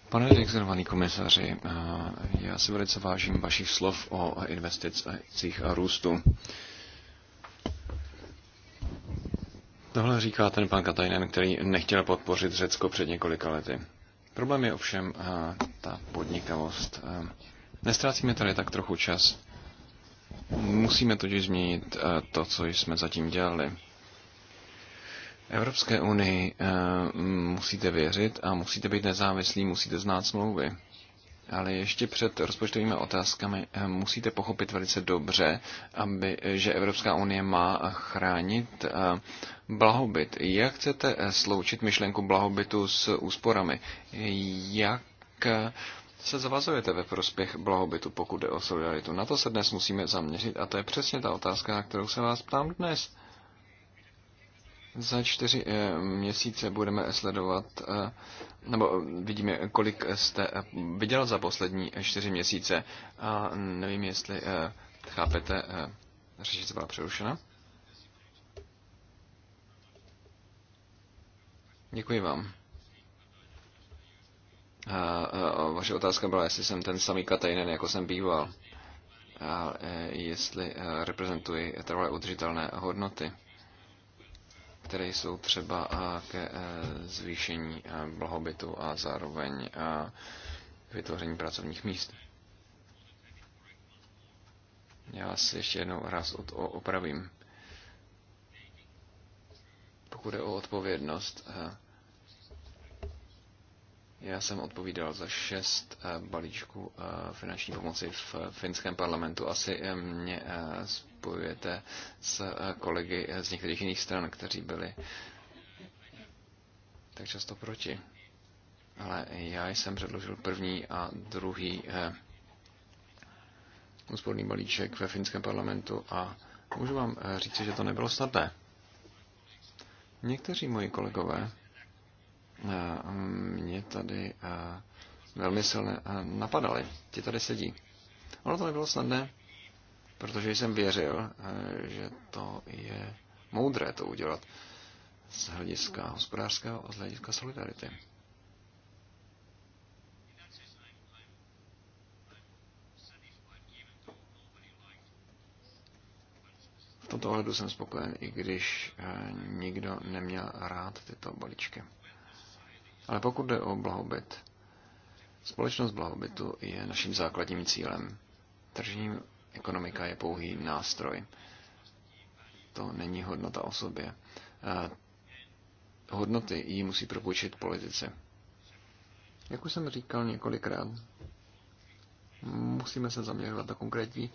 Pane dexerovaný komisaři, eh, já si velice vážím vašich slov o investicích a růstu. Tohle říká ten pan Katajnen, který nechtěl podpořit Řecko před několika lety. Problém je ovšem a, eh, ta podnikavost. A, eh, nestrácíme tady tak trochu čas. Musíme totiž změnit a, eh, to, co jsme zatím dělali. Evropské unii a, musíte věřit a musíte být nezávislí, musíte znát smlouvy. Ale ještě před rozpočtovými otázkami eh, musíte pochopit velice dobře, aby, eh, že Evropská unie má chránit eh, blahobyt. Jak chcete sloučit myšlenku blahobytu s úsporami? Jak se zavazujete ve prospěch blahobytu, pokud jde o solidaritu? Na to se dnes musíme zaměřit a to je přesně ta otázka, na kterou se vás ptám dnes. Za čtyři eh, měsíce budeme sledovat, eh, nebo eh, vidíme, kolik jste viděl za poslední čtyři měsíce. A nevím, jestli chápete, řečnice byla přerušena. Děkuji vám. Vaše otázka byla, jestli jsem ten samý Katajnen, jako jsem býval. A jestli reprezentuji trvalé udržitelné hodnoty které jsou třeba ke e, zvýšení e, blahobytu a zároveň k vytvoření pracovních míst. Já si ještě jednou raz opravím. Pokud je o odpovědnost, e, já jsem odpovídal za šest balíčků finanční pomoci v finském parlamentu. Asi mě spojujete s eh, kolegy z některých jiných stran, kteří byli tak často proti. Ale já jsem předložil první a druhý eh, úsporný balíček ve finském parlamentu a můžu vám eh, říct, že to nebylo snadné. Někteří moji kolegové mě tady velmi silně napadali. Ti tady sedí. Ono to nebylo snadné, protože jsem věřil, eh, že to je moudré to udělat z hlediska hospodářského a z hlediska solidarity. V tomto ohledu jsem spokojen, i když eh, nikdo neměl rád tyto balíčky. Ale pokud jde o blahobyt, společnost blahobytu je naším základním cílem. Tržním Ekonomika je pouhý nástroj. To není hodnota o sobě. Eh, hodnoty ji musí propůjčit politice. Jak už jsem říkal několikrát, musíme se zaměřovat na konkrétní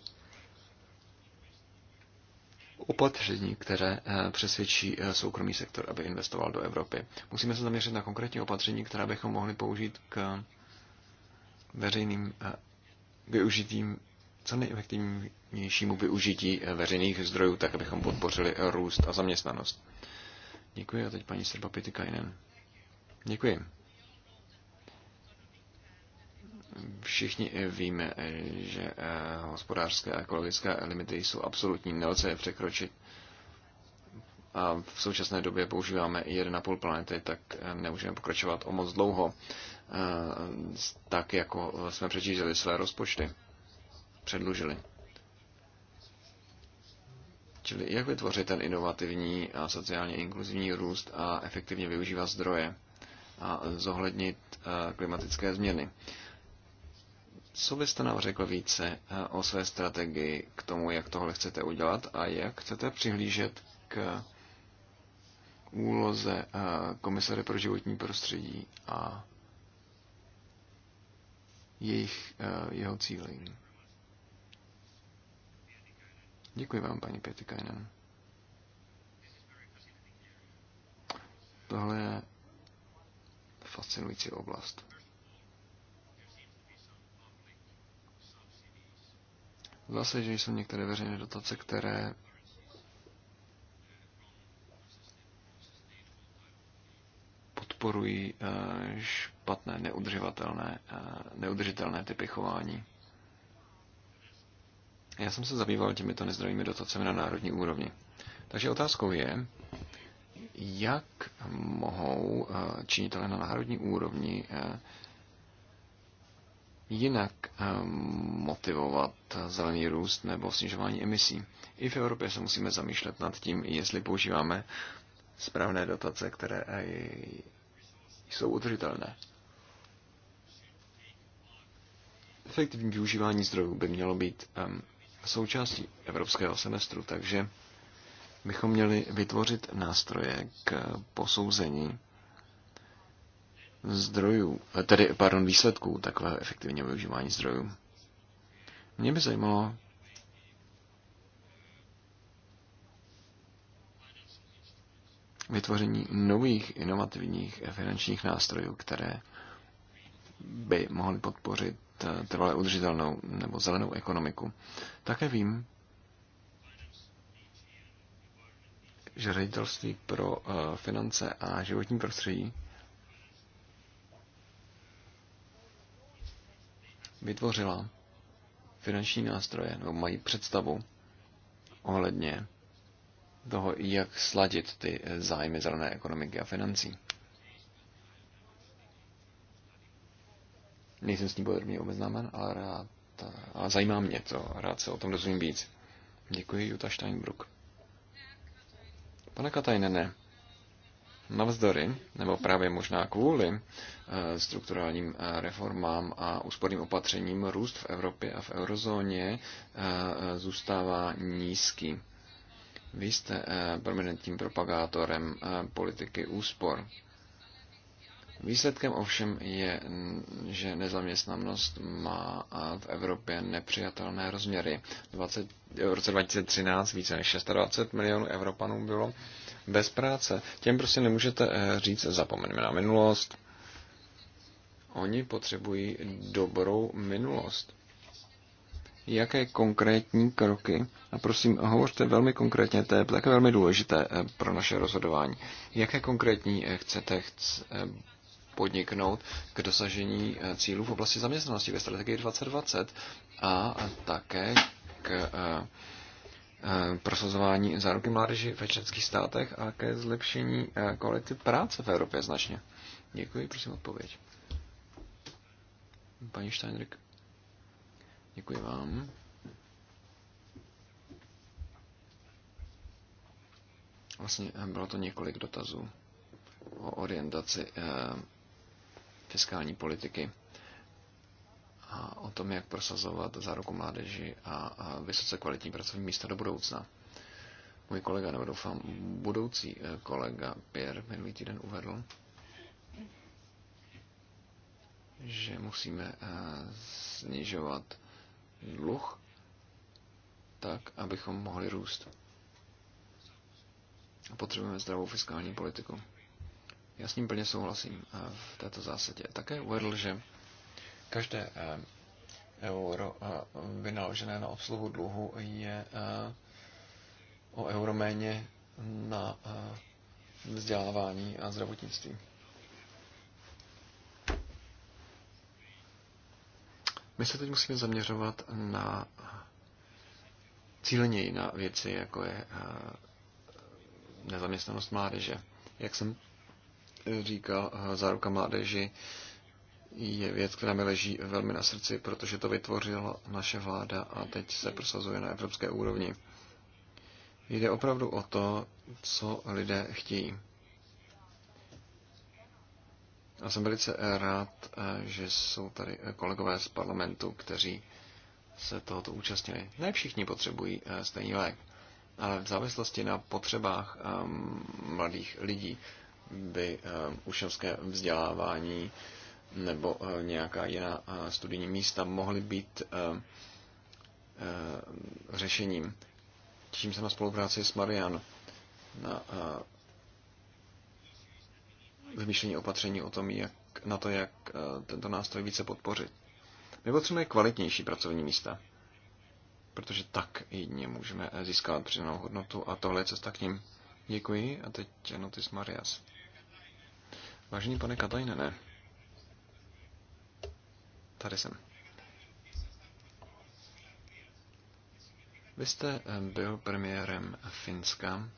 opatření, které eh, přesvědčí eh, soukromý sektor, aby investoval do Evropy. Musíme se zaměřit na konkrétní opatření, která bychom mohli použít k veřejným využitím co nejefektivnějšímu využití eh, veřejných zdrojů, tak abychom podpořili eh, růst a zaměstnanost. Děkuji a teď paní Srba Pitykainen. Děkuji. Všichni eh, víme, že hospodářské a ekologické limity jsou absolutní, nelze je překročit. A v současné době používáme 1,5 planety, tak nemůžeme pokračovat o moc dlouho, tak jako jsme přečížili své rozpočty předlužili. Čili jak vytvořit ten inovativní a sociálně inkluzivní růst a efektivně využívat zdroje a zohlednit eh, klimatické změny. Co byste nám řekl více eh, o své strategii k tomu, jak tohle chcete udělat a jak chcete přihlížet k úloze eh, komisary pro životní prostředí a jejich, jeho cílení? Děkuji vám, paní Pětikajnen. Tohle je fascinující oblast. Zase, že jsou některé veřejné dotace, které podporují eh, špatné, neudržitelné, eh, neudržitelné typy chování. Já jsem se zabýval těmito nezdravými dotacemi na národní úrovni. Takže otázkou je, jak mohou eh, činitelé na národní úrovni eh, jinak eh, motivovat zelený růst nebo snižování emisí. I v Evropě se musíme zamýšlet nad tím, jestli používáme správné dotace, které jsou udržitelné. Efektivní využívání zdrojů by mělo být součástí evropského semestru, takže bychom měli vytvořit nástroje k posouzení zdrojů, tedy, pardon, výsledků takového efektivního využívání zdrojů. Mě by zajímalo, vytvoření nových inovativních finančních nástrojů, které by mohly podpořit Eh, trvale udržitelnou nebo zelenou ekonomiku. Také vím, že ředitelství pro eh, finance a životní prostředí vytvořila finanční nástroje, nebo mají představu ohledně toho, jak sladit ty eh, zájmy zelené ekonomiky a financí. Nejsem s ním podrobně obeznámen, ale rád, a zajímá mě to, rád se o tom dozvím víc. Děkuji, Jutta Steinbrück. Pane ne. navzdory, nebo právě možná kvůli eh, strukturálním eh, reformám a úsporným opatřením růst v Evropě a v eurozóně eh, zůstává nízký. Vy jste prominentním propagátorem politiky úspor. Výsledkem ovšem je, že nezaměstnanost má v Evropě nepřijatelné rozměry. 20, v roce 2013 více než 26 milionů Evropanů bylo bez práce. Těm prostě nemůžete eh, říct, zapomeňme na minulost. Oni potřebují dobrou minulost. Jaké konkrétní kroky, a prosím, hovořte velmi konkrétně, to je také velmi důležité eh, pro naše rozhodování, jaké konkrétní eh, chcete chc, podniknout k dosažení eh, cílů v oblasti zaměstnanosti ve strategii 2020 a také k eh, eh, prosazování záruky mládeži ve členských státech a ke zlepšení kvality práce v Evropě značně. Děkuji, prosím odpověď. Paní Steinrich, děkuji vám. Vlastně bylo to několik dotazů o orientaci fiskální politiky a o tom, jak prosazovat záruku mládeži a, a vysoce kvalitní pracovní místa do budoucna. Můj kolega, nebo doufám budoucí eh, kolega Pierre minulý týden uvedl, že musíme eh, snižovat dluh tak, abychom mohli růst. A potřebujeme zdravou fiskální politiku. Já s ním plně souhlasím eh, v této zásadě. Také uvedl, že každé eh, euro eh, vynaložené na obsluhu dluhu je o euro méně na vzdělávání a zdravotnictví. My se teď musíme zaměřovat na cíleněji na věci, jako je nezaměstnanost mládeže. Jak jsem říkal, eh, záruka mládeži je věc, která mi leží velmi na srdci, protože to vytvořila naše vláda a teď se prosazuje na evropské úrovni. Jde opravdu o to, co lidé chtějí. A jsem velice rád, eh, že jsou tady eh, kolegové z parlamentu, kteří se tohoto účastnili. Ne všichni potřebují stejný lék, ale v závislosti na potřebách ehm, mladých lidí by eh, učňovské vzdělávání nebo eh, nějaká jiná eh, studijní místa mohly být řešením. Těším se na spolupráci s Marian na vymýšlení opatření o tom, jak, na to, jak tento nástroj více podpořit. My potřebujeme kvalitnější pracovní místa, protože tak jedině můžeme získat přidanou hodnotu a tohle je cesta k ním. Děkuji a teď Notis Marias. Vážený pane ne. tady jsem. Vy jste eh, byl premiérem Finska.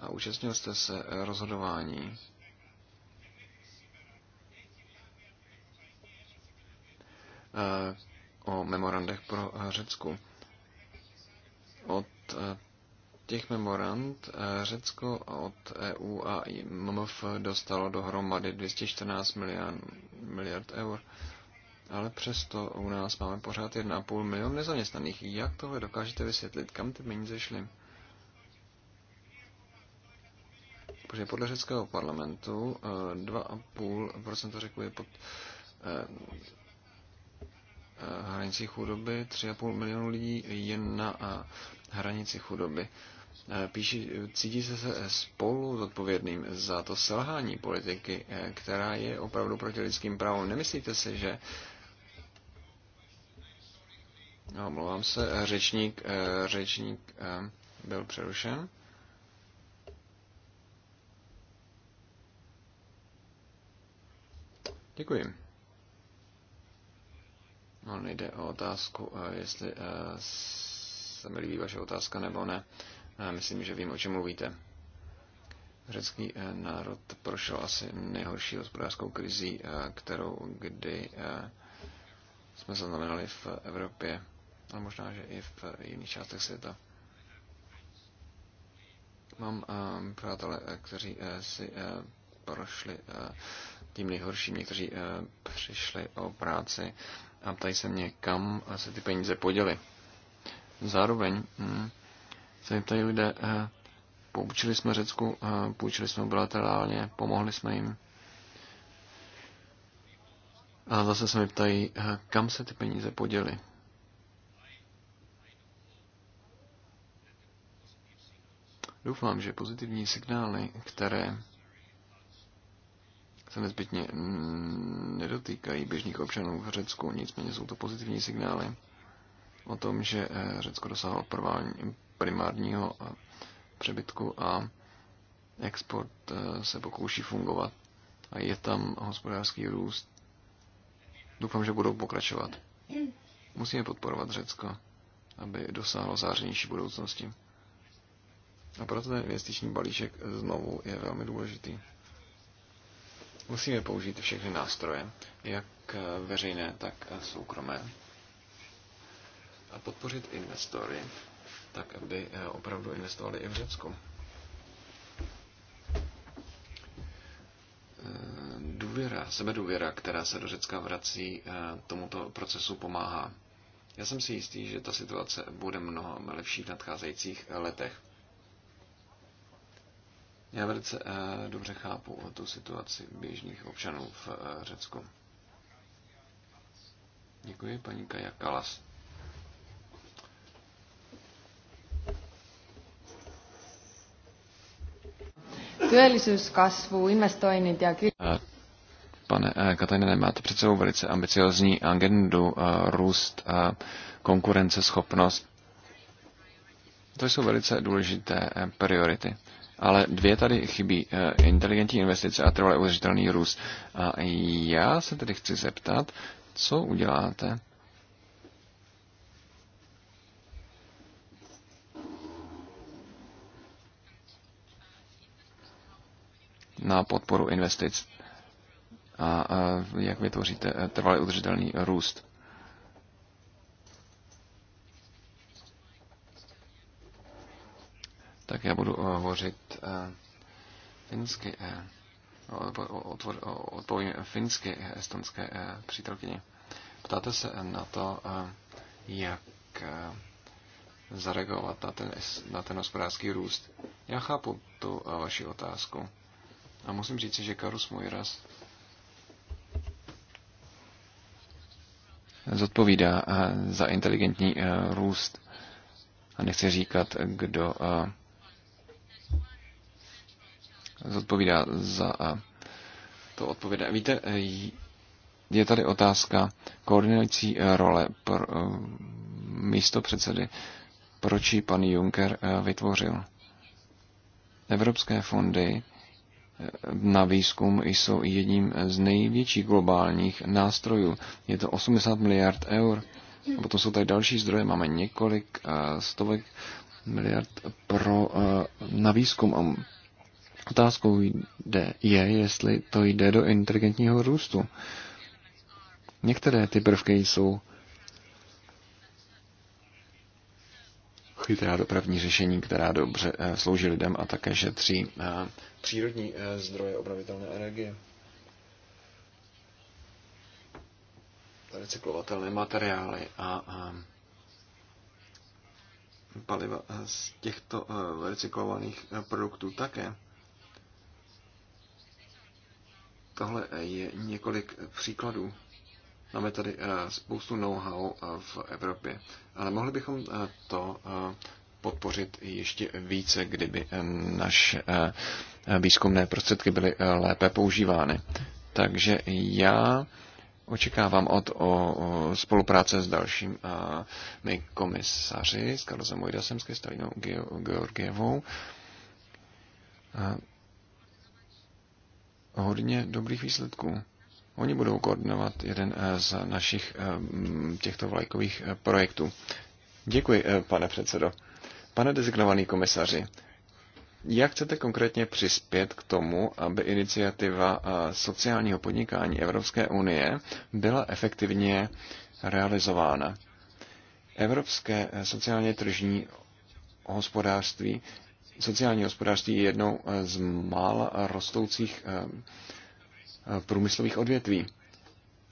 A účastnil jste se eh, rozhodování eh, o memorandech pro Řecku. Od těch memorand eh, Řecko od EU a MMF dostalo dohromady 214 miliard, miliard eur, ale přesto u nás máme pořád 1,5 milion nezaměstnaných. Jak tohle dokážete vysvětlit? Kam ty peníze šly? Protože podle řeckého parlamentu 2,5% řeku je pod eh, eh, hranici chudoby, 3,5 milionu lidí je na hranici chudoby píši, cítí se spolu zodpovědným za to selhání politiky, eh, která je opravdu proti lidským právům. Nemyslíte si, že No, omlouvám se, řečník, eh, řečník eh, byl přerušen. Děkuji. No, nejde o otázku, jestli se mi líbí vaše otázka nebo ne. Já myslím, že vím, o čem mluvíte. Řecký eh, národ prošel asi nejhorší hospodářskou krizí, eh, kterou kdy eh, jsme zaznamenali v Evropě a možná, že i v jiných částech světa. Mám přátelé, kteří si prošli tím nejhorším, někteří přišli o práci a ptají se mě, kam se ty peníze poděly. Zároveň hm, se jim tady lidé, eh, poučili jsme Řecku, eh, půjčili jsme bilaterálně, pomohli jsme jim. A zase se mi ptají, eh, kam se ty peníze poděly. Doufám, že pozitivní signály, které se nezbytně nedotýkají běžných občanů v Řecku, nicméně jsou to pozitivní signály o tom, že Řecko dosáhlo primárního přebytku a export eh, se pokouší fungovat a je tam hospodářský růst. Doufám, že budou pokračovat. Musíme podporovat Řecko, aby dosáhlo zářenější budoucnosti. A proto ten investiční balíček znovu je velmi důležitý. Musíme použít všechny nástroje, jak veřejné, tak soukromé, a podpořit investory tak aby eh, opravdu investovali i v Řecku. Eh, důvěra, důvěra, která se do Řecka vrací, eh, tomuto procesu pomáhá. Já jsem si jistý, že ta situace bude mnohem lepší v nadcházejících letech. Já velice dobře chápu tu situaci běžných občanů v Řecku. Děkuji, paní Kaja Kalas. työllisyyskasvu, investoinnit ja... Eh, pane eh, Katajnene, máte před sebou velice ambiciozní agendu, eh, růst, konkurenceschopnost. To jsou velice důležité priority. Ale dvě tady chybí. Inteligentní investice a trvalý udržitelný růst. A já se tedy chci zeptat, co uděláte na podporu investic a jak vytvoříte eh, trvalý udržitelný růst. Tak já budu eh, hovořit eh, finsky. Odpovím finsky estonské přítelkyni. Ptáte se na to, jak zareagovat na ten, na ten hospodářský růst. Já chápu tu vaši otázku. A musím říct, že Karus Mojras zodpovídá eh, za inteligentní eh, růst. A nechci říkat, kdo eh, zodpovídá za to odpovědné. Víte, je tady otázka koordinující role pro, místo předsedy, proč ji pan Juncker vytvořil. Evropské fondy na výzkum jsou jedním z největších globálních nástrojů. Je to 80 miliard eur. A potom jsou tady další zdroje, máme několik eh, stovek miliard pro, eh, na výzkum. A otázkou jde, je, jestli to jde do inteligentního růstu. Některé ty prvky jsou chytrá dopravní řešení, která dobře eh, slouží lidem a také šetří eh, přírodní eh, zdroje obnovitelné energie. recyklovatelné materiály a, a paliva z těchto recyklovaných produktů také. Tohle je několik příkladů. Máme tady eh, spoustu know-how eh, v Evropě, ale mohli bychom eh, to podpořit ještě více, kdyby naše výzkumné prostředky byly lépe používány. Takže já očekávám od o, o spolupráce s dalšími komisaři, s Karlozem Mojdasem, s Kristalinou Georgievou. hodně dobrých výsledků. Oni budou koordinovat jeden eh, z našich eh, těchto vlajkových eh, projektů. Děkuji, pane předsedo. Pane designovaný komisaři, jak chcete konkrétně přispět k tomu, aby iniciativa sociálního podnikání Evropské unie byla efektivně realizována? Evropské sociálně tržní hospodářství, sociální hospodářství je jednou z mála rostoucích průmyslových odvětví.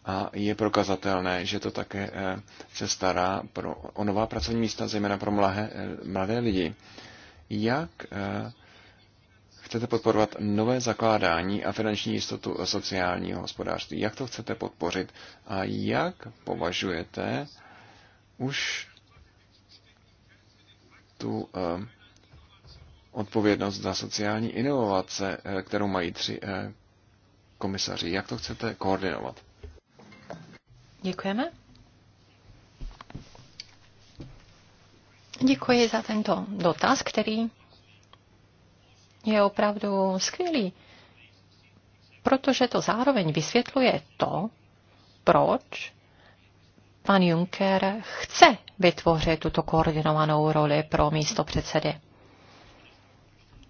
A je prokazatelné, že to také eh, se stará pro, o nová pracovní místa, zejména pro mladé, eh, mladé lidi. Jak eh, chcete podporovat nové zakládání a finanční jistotu sociálního hospodářství? Jak to chcete podpořit? A jak považujete už tu odpovědnost za sociální inovace, kterou mají tři komisaři. Jak to chcete koordinovat? Děkujeme. Děkuji za tento dotaz, který je opravdu skvělý, protože to zároveň vysvětluje to, proč pan Juncker chce vytvořit tuto koordinovanou roli pro místo předsedy.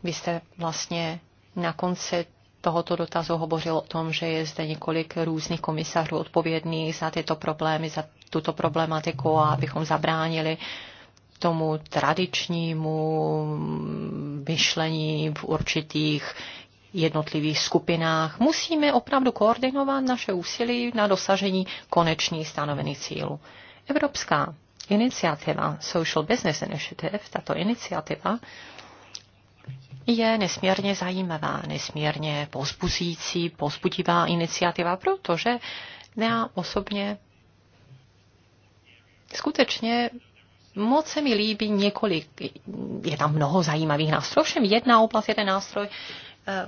Vy jste vlastně na konci tohoto dotazu hovořil o tom, že je zde několik různých komisařů odpovědných za tyto problémy, za tuto problematiku a abychom zabránili tomu tradičnímu myšlení v určitých jednotlivých skupinách. Musíme opravdu koordinovat naše úsilí na dosažení konečných stanovených cílů. Evropská iniciativa Social Business Initiative, tato iniciativa, je nesmírně zajímavá, nesmírně pozbuzící, pozbudivá iniciativa, protože já osobně skutečně moc se mi líbí několik, je tam mnoho zajímavých nástrojů, všem jedna oblast, jeden nástroj eh,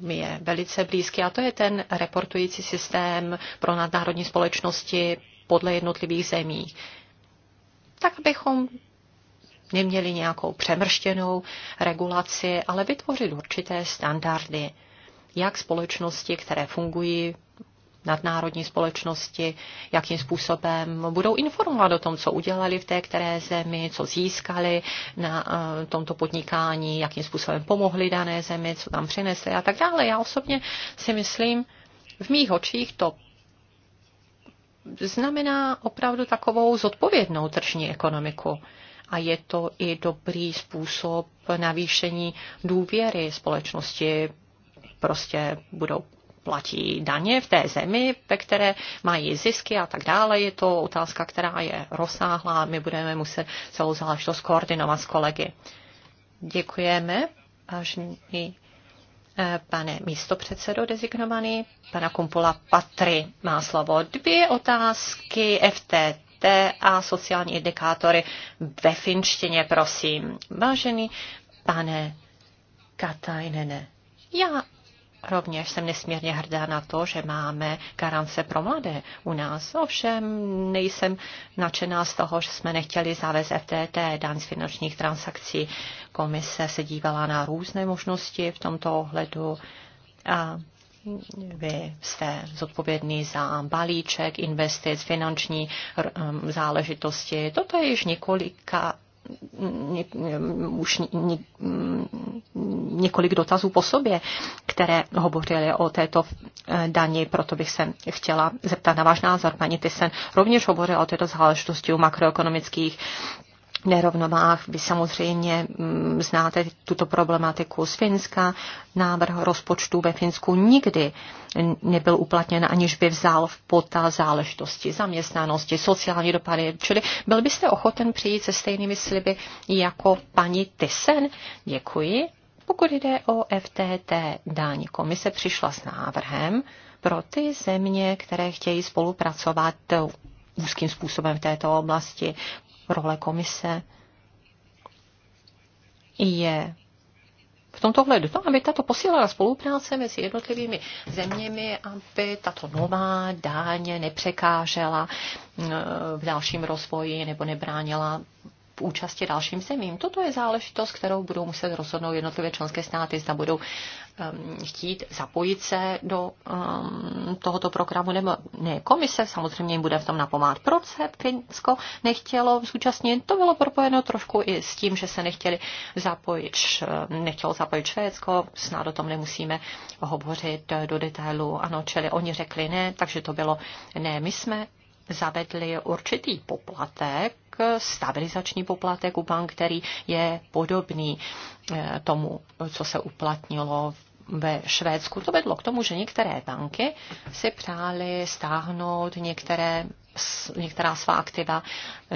mi je velice blízký a to je ten reportující systém pro nadnárodní společnosti podle jednotlivých zemí. Tak abychom neměli nějakou přemrštěnou regulaci, ale vytvořit určité standardy, jak společnosti, které fungují nadnárodní společnosti, jakým způsobem budou informovat o tom, co udělali v té které zemi, co získali na eh, tomto podnikání, jakým způsobem pomohli dané zemi, co tam přinesli a tak dále. Já osobně si myslím, v mých očích to znamená opravdu takovou zodpovědnou tržní ekonomiku a je to i dobrý způsob navýšení důvěry společnosti. Prostě budou platí daně v té zemi, ve které mají zisky a tak dále. Je to otázka, která je rozsáhlá a my budeme muset celou záležitost koordinovat s kolegy. Děkujeme, vážný eh, pane místopředsedo designovaný, pana Kumpula Patry má slovo. Dvě otázky FTT EFT a sociální indikátory ve finštině, prosím. Vážený pane Katajnene, já Rovněž jsem nesmírně hrdá na to, že máme garance pro mladé u nás. Ovšem nejsem nadšená z toho, že jsme nechtěli zavést FTT, dan z finančních transakcí. Komise se dívala na různé možnosti v tomto ohledu. A vy jste zodpovědný za balíček investic, finanční um, záležitosti. Toto je již několika ně, um, už ně, ně, um, několik dotazů po sobě, které hovořily o této eh, dani, proto bych se chtěla zeptat na váš názor. Paní Tysen rovněž hovořila o této záležitosti u makroekonomických nerovnovách. Vy samozřejmě mm, znáte tuto problematiku z Finska. Návrh rozpočtu ve Finsku nikdy nebyl uplatněn, aniž by vzal v pota záležitosti zaměstnanosti, sociální dopady. Čili byl byste ochoten přijít se stejnými sliby jako paní Tysen? Děkuji. Pokud jde o FTT daň, komise přišla s návrhem pro ty země, které chtějí spolupracovat uh, úzkým způsobem v této oblasti role komise je v tomto hledu to, aby tato posílala spolupráce mezi jednotlivými zeměmi, aby tato nová dáně nepřekážela mm, v dalším rozvoji nebo nebránila účasti dalším zemím. Toto je záležitost, kterou budou muset rozhodnout jednotlivé členské státy, zda budou um, chtít zapojit se do um, tohoto programu, nebo ne. Komise samozřejmě jim bude v tom napomáhat. proce. Finsko nechtělo zúčastnit? To bylo propojeno trošku i s tím, že se nechtěli zapojit, nechtělo zapojit Švédsko, snad o tom nemusíme hovořit do detailu. Ano, čili oni řekli ne, takže to bylo ne, my jsme zavedli určitý poplatek, stabilizační poplatek u bank, který je podobný eh, tomu, co se uplatnilo ve Švédsku. To vedlo k tomu, že některé banky si přáli stáhnout některé, některá svá aktiva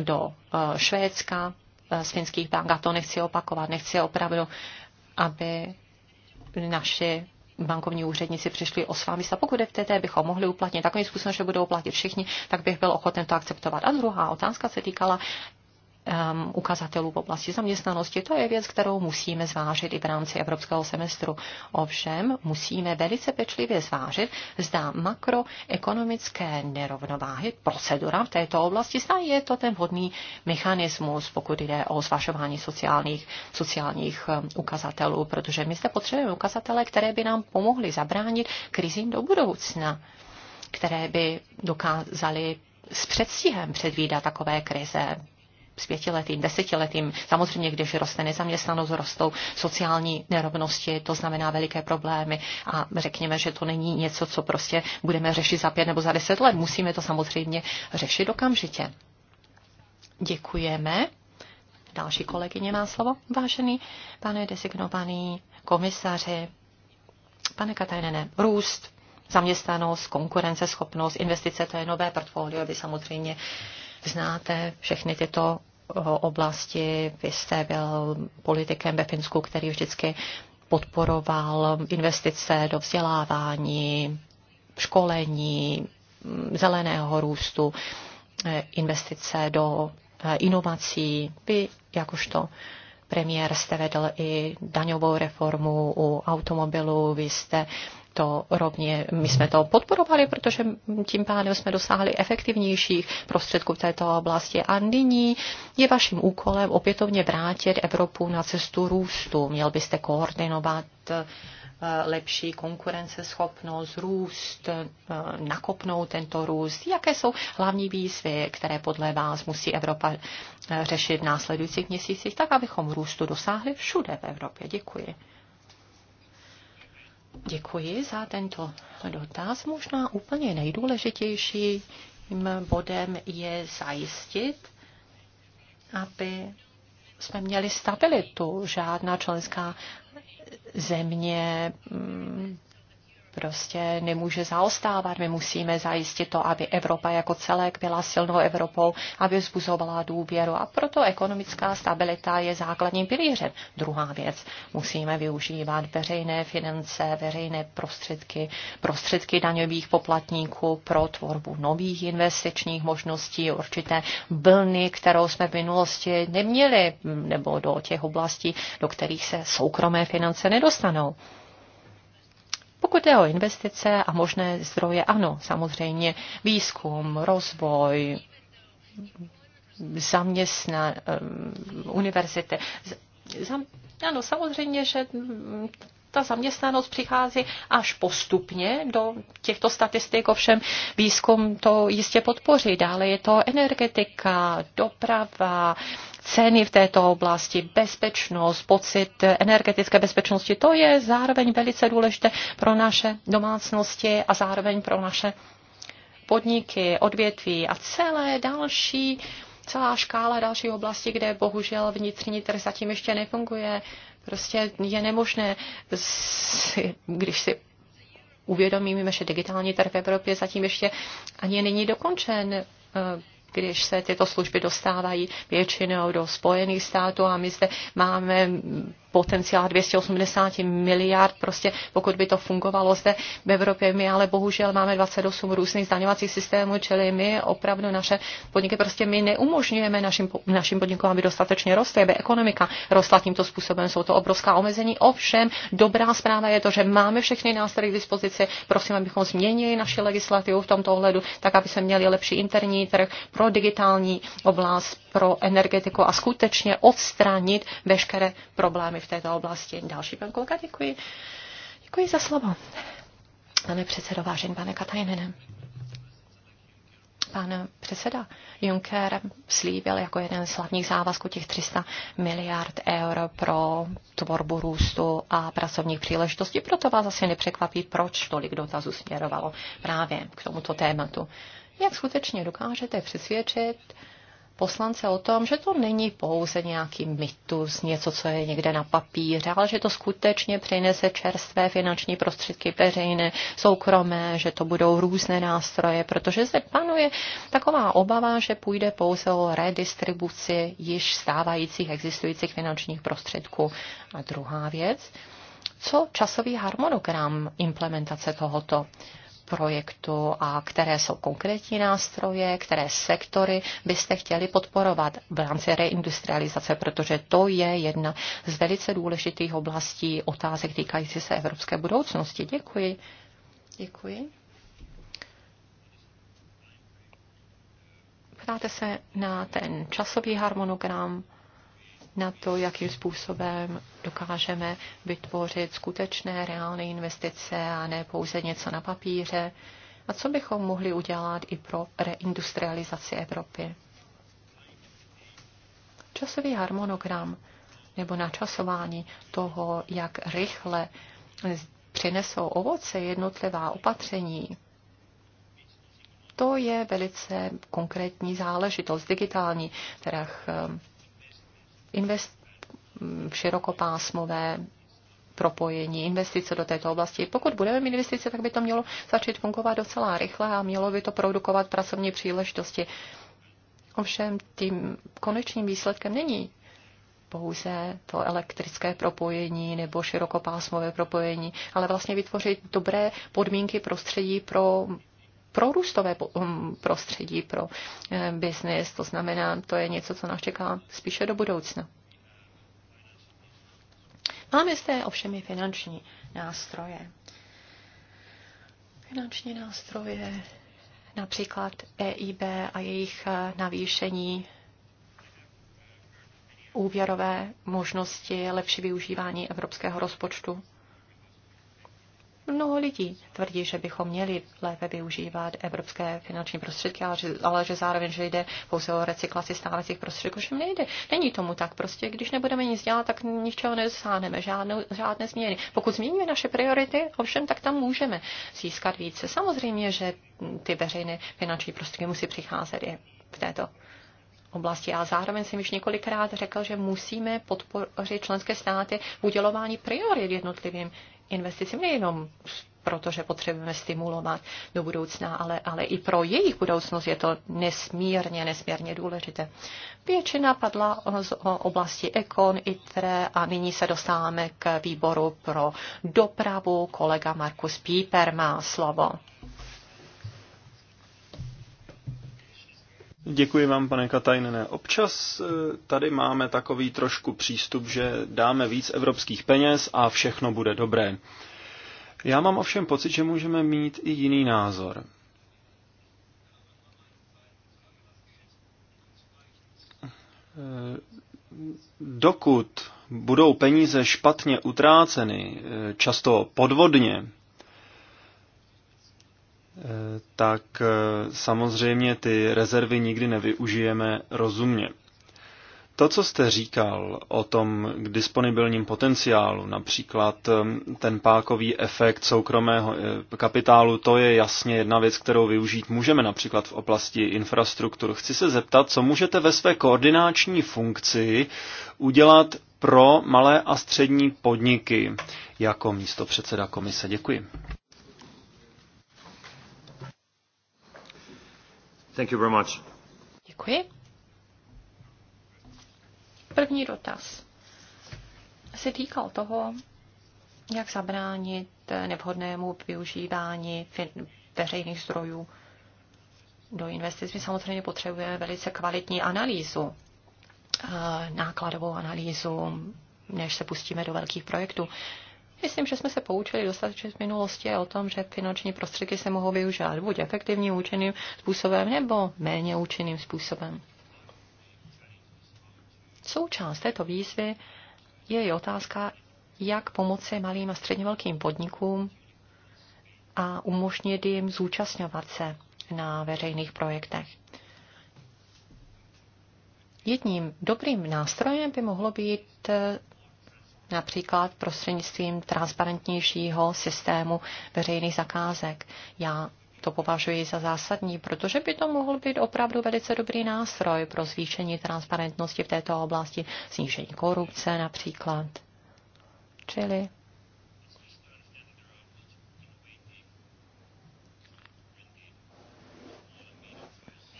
do eh, Švédska eh, z finských bank. A to nechci opakovat, nechci opravdu, aby naši bankovní úředníci přišli o svá místa. Pokud FTT bychom mohli uplatnit takovým způsobem, že budou platit všichni, tak bych byl ochoten to akceptovat. A druhá otázka se týkala um, ukazatelů v oblasti zaměstnanosti. To je věc, kterou musíme zvážit i v rámci evropského semestru. Ovšem musíme velice pečlivě zvážit, zda makroekonomické nerovnováhy, procedura v této oblasti, zda je to ten vhodný mechanismus, pokud jde o zvažování sociálních, sociálních um, ukazatelů, protože my zde potřebujeme ukazatele, které by nám pomohly zabránit krizím do budoucna které by dokázaly s předstihem předvídat takové krize s pětiletým, desetiletým. Samozřejmě, když roste nezaměstnanost, rostou sociální nerovnosti, to znamená veliké problémy a řekněme, že to není něco, co prostě budeme řešit za pět nebo za deset let. Musíme to samozřejmě řešit okamžitě. Děkujeme. Další kolegyně má slovo. Vážený pane designovaný komisaři, pane Katajnene, růst, zaměstnanost, konkurenceschopnost, investice, to je nové portfolio, aby samozřejmě uh, znáte všechny tyto eh, oblasti. Vy jste byl politikem ve Finsku, který vždycky podporoval investice do vzdělávání, školení, mm, zeleného růstu, eh, investice do eh, inovací. Vy jakožto premiér jste vedl i daňovou reformu u automobilů, vy jste to rovně, my jsme to podporovali, protože tím pádem jsme dosáhli efektivnějších prostředků v této oblasti. A nyní je vaším úkolem opětovně vrátit Evropu na cestu růstu. Měl byste koordinovat eh, lepší konkurenceschopnost, růst, eh, nakopnout tento růst? Jaké jsou hlavní výzvy, které podle vás musí Evropa eh, řešit v následujících měsících, tak abychom růstu dosáhli všude v Evropě? Děkuji. Děkuji za tento dotaz. Možná úplně nejdůležitějším bodem je zajistit, aby jsme měli stabilitu. Žádná členská země mm, prostě nemůže zaostávat. My musíme zajistit to, aby Evropa jako celek byla silnou Evropou, aby vzbuzovala důvěru. A proto ekonomická stabilita je základním pilířem. Druhá věc, musíme využívat veřejné finance, veřejné prostředky, prostředky daňových poplatníků pro tvorbu nových investičních možností, určité vlny, kterou jsme v minulosti neměli, nebo do těch oblastí, do kterých se soukromé finance nedostanou. Pokud je o investice a možné zdroje, ano, samozřejmě výzkum, rozvoj, zaměstna, eh, univerzity. Zam, ano, samozřejmě, že ta zaměstnanost přichází až postupně do těchto statistik, ovšem výzkum to jistě podpoří. Dále je to energetika, doprava, ceny v této oblasti, bezpečnost, pocit energetické bezpečnosti, to je zároveň velice důležité pro naše domácnosti a zároveň pro naše podniky, odvětví a celé další, celá škála další oblasti, kde bohužel vnitřní trh zatím ještě nefunguje. Prostě je nemožné, když si uvědomíme, že digitální trh v Evropě zatím ještě ani není dokončen eh, když se tyto služby dostávají většinou do Spojených států a my zde máme potenciál 280 miliard, prostě pokud by to fungovalo zde v Evropě, my ale bohužel máme 28 různých zdaňovacích systémů, čili my opravdu naše podniky prostě my neumožňujeme našim, našim podnikům, aby dostatečně rostly, aby ekonomika rostla tímto způsobem. Jsou to obrovská omezení. Ovšem, dobrá zpráva je to, že máme všechny nástroje k dispozici. Prosím, abychom změnili naši legislativu v tomto ohledu, tak aby se měli lepší interní trh pro digitální oblast, pro energetiku a skutečně odstranit veškeré problémy v této oblasti. Další pan kolega, děkuji. Děkuji za slovo. Pane předsedo, vážený pane Katajnenem. Pan předseda Juncker slíbil jako jeden z hlavních závazků těch 300 miliard eur pro tvorbu růstu a pracovních příležitostí. Proto vás asi nepřekvapí, proč tolik dotazů směrovalo právě k tomuto tématu. Jak skutečně dokážete přesvědčit poslance o tom, že to není pouze nějaký mytus, něco, co je někde na papíře, ale že to skutečně přinese čerstvé finanční prostředky veřejné, soukromé, že to budou různé nástroje, protože se panuje taková obava, že půjde pouze o redistribuci již stávajících existujících finančních prostředků. A druhá věc, co časový harmonogram implementace tohoto? projektu a které jsou konkrétní nástroje, které sektory byste chtěli podporovat v rámci reindustrializace, protože to je jedna z velice důležitých oblastí otázek týkající se evropské budoucnosti. Děkuji. Děkuji. Ptáte se na ten časový harmonogram na to, jakým způsobem dokážeme vytvořit skutečné reálné investice a ne pouze něco na papíře. A co bychom mohli udělat i pro reindustrializaci Evropy? Časový harmonogram nebo načasování toho, jak rychle přinesou ovoce jednotlivá opatření, to je velice konkrétní záležitost, digitální trh, invest, širokopásmové propojení, investice do této oblasti. Pokud budeme mít investice, tak by to mělo začít fungovat docela rychle a mělo by to produkovat pracovní příležitosti. Ovšem tím konečným výsledkem není pouze to elektrické propojení nebo širokopásmové propojení, ale vlastně vytvořit dobré podmínky prostředí pro prorůstové um, prostředí pro eh, biznis. To znamená, to je něco, co nás čeká spíše do budoucna. Máme zde ovšem i finanční nástroje. Finanční nástroje, například EIB a jejich eh, navýšení úvěrové možnosti, lepší využívání evropského rozpočtu. Mnoho lidí tvrdí, že bychom měli lépe využívat evropské finanční prostředky, ale že, ale že zároveň, že jde pouze o recyklaci stávajících prostředků, že nejde. Není tomu tak. Prostě když nebudeme nic dělat, tak ničeho nedosáhneme, žádnou, žádné změny. Pokud změníme naše priority, ovšem, tak tam můžeme získat více. Samozřejmě, že ty veřejné finanční prostředky musí přicházet i v této oblasti. A zároveň jsem již několikrát řekl, že musíme podpořit členské státy v udělování priorit jednotlivým investicím nejenom protože potřebujeme stimulovat do budoucna, ale, ale i pro jejich budoucnost je to nesmírně, nesmírně důležité. Většina padla z oblasti Ekon, ITRE a nyní se dostáváme k výboru pro dopravu. Kolega Markus Píper má slovo. Děkuji vám, pane Katajnene. Občas eh, tady máme takový trošku přístup, že dáme víc evropských peněz a všechno bude dobré. Já mám ovšem pocit, že můžeme mít i jiný názor. Eh, dokud budou peníze špatně utráceny, eh, často podvodně, tak eh, samozřejmě ty rezervy nikdy nevyužijeme rozumně. To, co jste říkal o tom disponibilním potenciálu, například eh, ten pákový efekt soukromého eh, kapitálu, to je jasně jedna věc, kterou využít můžeme například v oblasti infrastruktur. Chci se zeptat, co můžete ve své koordinační funkci udělat pro malé a střední podniky jako místo předseda komise. Děkuji. Thank you very much. Děkuji. První dotaz se týkal toho, jak zabránit nevhodnému využívání veřejných zdrojů do investic. My samozřejmě potřebujeme velice kvalitní analýzu, eh, nákladovou analýzu, než se pustíme do velkých projektů. Myslím, že jsme se poučili dostatečně z minulosti o tom, že finanční prostředky se mohou využívat buď efektivním účinným způsobem nebo méně účinným způsobem. Součást této výzvy je i otázka, jak pomoci malým a středně velkým podnikům a umožnit jim zúčastňovat se na veřejných projektech. Jedním dobrým nástrojem by mohlo být eh, například prostřednictvím transparentnějšího systému veřejných zakázek. Já to považuji za zásadní, protože by to mohl být opravdu velice dobrý nástroj pro zvýšení transparentnosti v této oblasti, snížení korupce například. Čili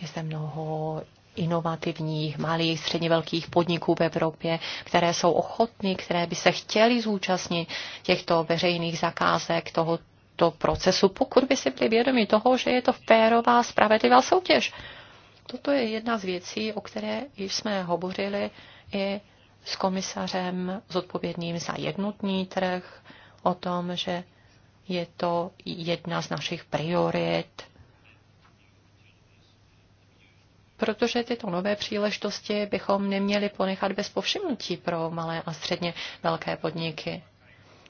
je zde mnoho inovativních, malých, středně velkých podniků v Evropě, které jsou ochotny, které by se chtěly zúčastnit těchto veřejných zakázek, tohoto procesu, pokud by si byli vědomi toho, že je to férová, spravedlivá soutěž. Toto je jedna z věcí, o které již jsme hovořili i s komisařem zodpovědným za jednotný trh, o tom, že je to jedna z našich priorit protože tyto nové příležitosti bychom neměli ponechat bez povšimnutí pro malé a středně velké podniky.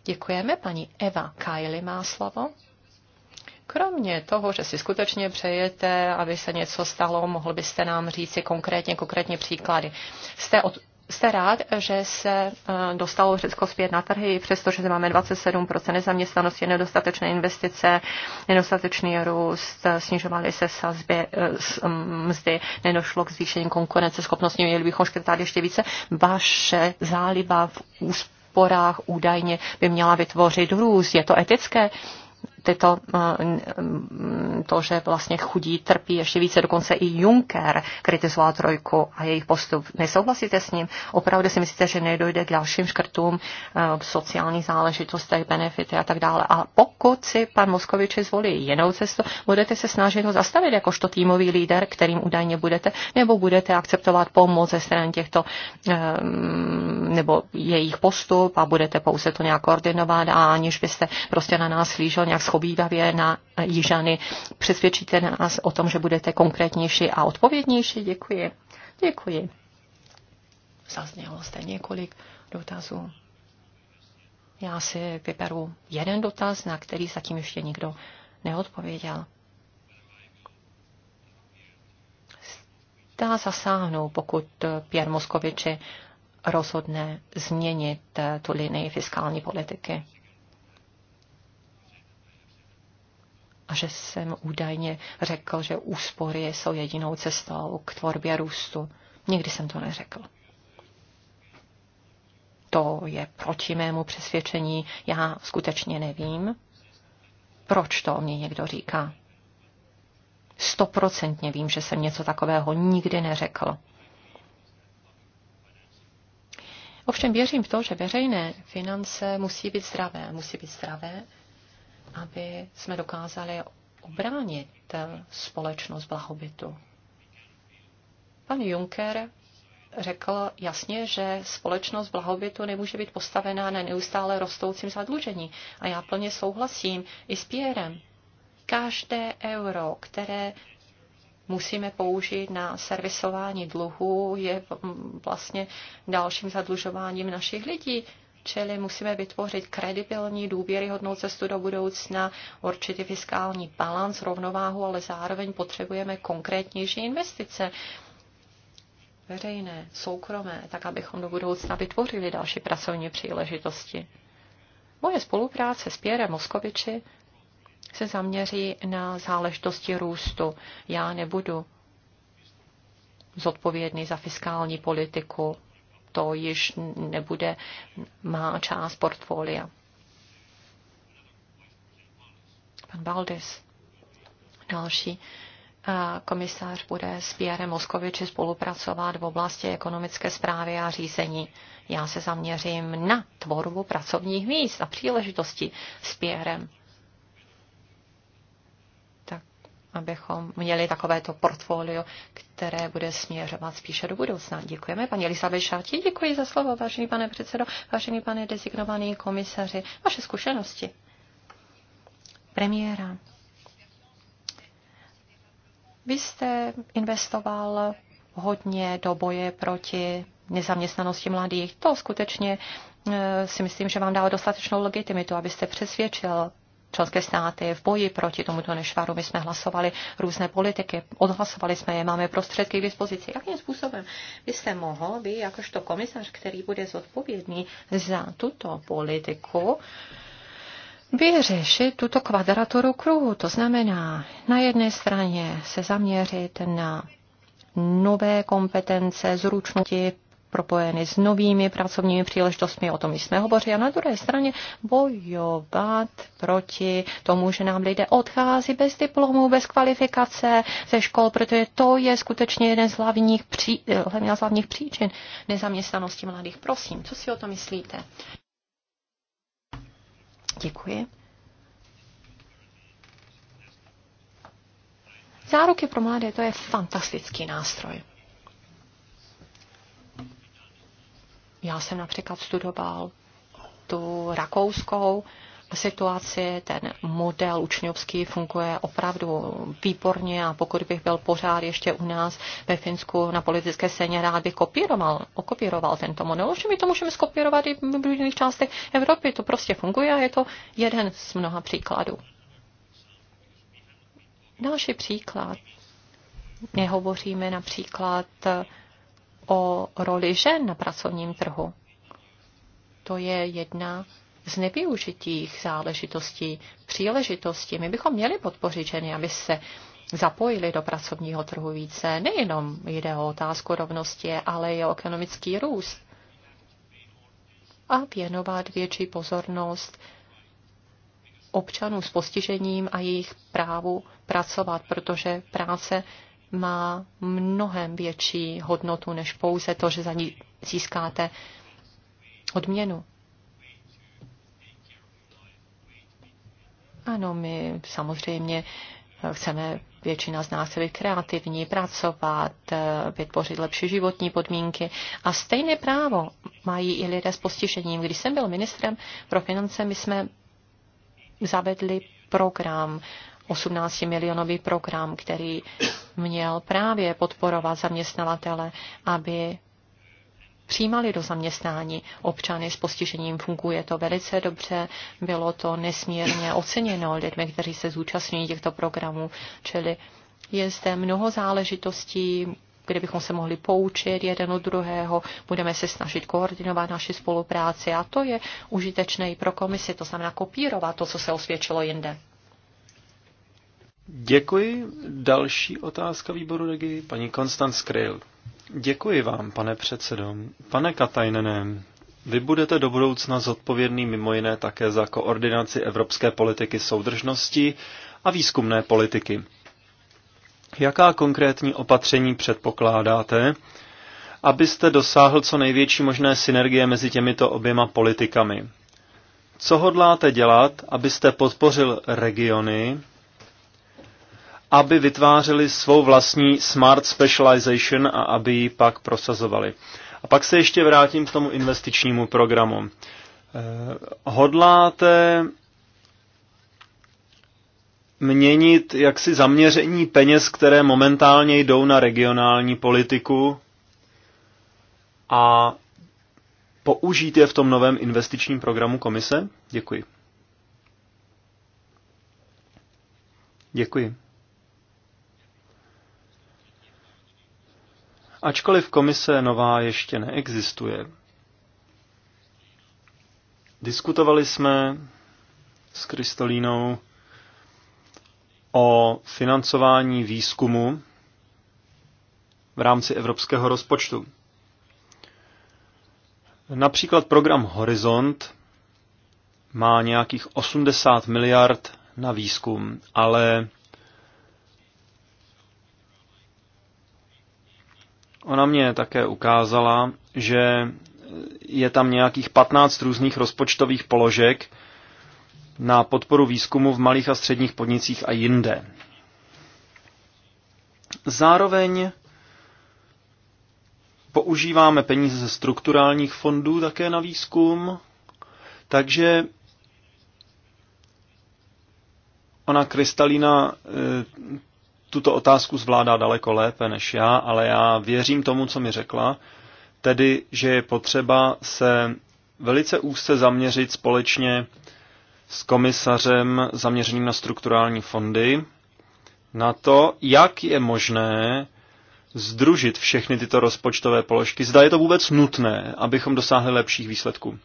Děkujeme. Paní Eva Kajli má slovo. Kromě toho, že si skutečně přejete, aby se něco stalo, mohl byste nám říci konkrétně, konkrétně příklady. Jste od, jste rád, že se eh, dostalo Řecko zpět na trhy, přestože máme 27% nezaměstnanosti, nedostatečné investice, nedostatečný růst, snižovaly se sazby, eh, mm, mzdy, nedošlo k zvýšení konkurenceschopnosti, měli bychom škrtat ještě více. Vaše záliba v úsporách údajně by měla vytvořit růst. Je to etické? tyto, eh, to, že vlastně chudí trpí ještě více, dokonce i Juncker kritizoval trojku a jejich postup. Nesouhlasíte s ním? Opravdu si myslíte, že nedojde k dalším škrtům eh, v sociálních záležitostech, benefity a tak dále. A pokud si pan Moskovič zvolí jinou cestu, budete se snažit ho zastavit jakožto týmový líder, kterým údajně budete, nebo budete akceptovat pomoc ze strany těchto eh, nebo jejich postup a budete pouze to nějak koordinovat a aniž byste prostě na nás slížel, nějak pobývavě na Jižany. Přesvědčíte nás o tom, že budete konkrétnější a odpovědnější. Děkuji. Děkuji. Zaznělo zde několik dotazů. Já si vyberu jeden dotaz, na který zatím ještě nikdo neodpověděl. Dá zasáhnout, pokud Pierre Moskoviči rozhodne změnit eh, tu linii fiskální politiky. a že jsem údajně řekl, že úspory jsou jedinou cestou k tvorbě růstu. Nikdy jsem to neřekl. To je proti mému přesvědčení. Já skutečně nevím, proč to o mě někdo říká. Stoprocentně vím, že jsem něco takového nikdy neřekl. Ovšem věřím v to, že veřejné finance musí být zdravé. Musí být zdravé aby jsme dokázali obránit společnost blahobytu. Pan Juncker řekl jasně, že společnost blahobytu nemůže být postavená na neustále rostoucím zadlužení. A já plně souhlasím i s Pierrem. Každé euro, které musíme použít na servisování dluhu, je vlastně dalším zadlužováním našich lidí čili musíme vytvořit kredibilní, důvěryhodnou cestu do budoucna, určitě fiskální balans, rovnováhu, ale zároveň potřebujeme konkrétnější investice veřejné, soukromé, tak abychom do budoucna vytvořili další pracovní příležitosti. Moje spolupráce s Pěrem Moskoviči se zaměří na záležitosti růstu. Já nebudu zodpovědný za fiskální politiku to již nebude má část portfolia. Pan Baldis, další eh, komisář bude s Pierrem Moskoviči spolupracovat v oblasti ekonomické zprávy a řízení. Já se zaměřím na tvorbu pracovních míst a příležitosti s Pierrem. abychom měli takovéto portfolio, které bude směřovat spíše do budoucna. Děkujeme, paní Elisabeth Šáti, děkuji za slovo, vážený pane předsedo, vážený pane designovaný komisaři, vaše zkušenosti. Premiéra. Vy jste investoval hodně do boje proti nezaměstnanosti mladých. To skutečně eh, si myslím, že vám dalo dostatečnou legitimitu, abyste přesvědčil členské státy v boji proti tomuto nešvaru. My jsme hlasovali různé politiky, odhlasovali jsme je, máme prostředky k dispozici. Jakým způsobem byste mohl vy, jakožto komisař, který bude zodpovědný za tuto politiku, vyřešit tuto kvadraturu kruhu. To znamená, na jedné straně se zaměřit na nové kompetence, zručnosti, propojeny s novými pracovními příležitostmi, o tom jsme hovořili, a na druhé straně bojovat proti tomu, že nám lidé odchází bez diplomů, bez kvalifikace ze škol, protože to je skutečně jeden z hlavních, pří, z hlavních příčin nezaměstnanosti mladých. Prosím, co si o to myslíte? Děkuji. Záruky pro mladé to je fantastický nástroj. Já jsem například studoval tu rakouskou situaci, ten model učňovský funguje opravdu výborně a pokud bych byl pořád ještě u nás ve Finsku na politické scéně, rád bych kopíroval, okopíroval tento model. Že my to můžeme skopírovat i v jiných částech Evropy, to prostě funguje a je to jeden z mnoha příkladů. Další příklad. Nehovoříme například o roli žen na pracovním trhu. To je jedna z nevyužitých záležitostí, příležitostí. My bychom měli podpořit ženy, aby se zapojili do pracovního trhu více. Nejenom jde o otázku rovnosti, ale i o ekonomický růst. A věnovat větší pozornost občanů s postižením a jejich právu pracovat, protože práce má mnohem větší hodnotu než pouze to, že za ní získáte odměnu. Ano, my samozřejmě chceme, většina z nás být kreativní, pracovat, vytvořit lepší životní podmínky. A stejné právo mají i lidé s postižením. Když jsem byl ministrem pro finance, my jsme zavedli program 18-milionový program, který měl právě podporovat zaměstnavatele, aby přijímali do zaměstnání občany s postižením. Funguje to velice dobře, bylo to nesmírně oceněno lidmi, kteří se zúčastňují těchto programů, čili je zde mnoho záležitostí, kde bychom se mohli poučit jeden od druhého, budeme se snažit koordinovat naši spolupráci a to je užitečné i pro komisi, to znamená kopírovat to, co se osvědčilo jinde. Děkuji. Další otázka výboru regi, paní Konstanz Kryl. Děkuji vám, pane předsedo. Pane Katajnené, vy budete do budoucna zodpovědný mimo jiné také za koordinaci evropské politiky soudržnosti a výzkumné politiky. Jaká konkrétní opatření předpokládáte, abyste dosáhl co největší možné synergie mezi těmito oběma politikami? Co hodláte dělat, abyste podpořil regiony, aby vytvářeli svou vlastní smart specialization a aby ji pak prosazovali. A pak se ještě vrátím k tomu investičnímu programu. Eh, hodláte měnit jaksi zaměření peněz, které momentálně jdou na regionální politiku a použít je v tom novém investičním programu komise? Děkuji. Děkuji. Ačkoliv komise nová ještě neexistuje, diskutovali jsme s Kristolínou o financování výzkumu v rámci evropského rozpočtu. Například program Horizont má nějakých 80 miliard na výzkum, ale Ona mě také ukázala, že je tam nějakých 15 různých rozpočtových položek na podporu výzkumu v malých a středních podnicích a jinde. Zároveň používáme peníze ze strukturálních fondů také na výzkum, takže ona Kristalina eh, tuto otázku zvládá daleko lépe než já, ale já věřím tomu, co mi řekla, tedy, že je potřeba se velice úzce zaměřit společně s komisařem zaměřeným na strukturální fondy na to, jak je možné združit všechny tyto rozpočtové položky. Zda je to vůbec nutné, abychom dosáhli lepších výsledků.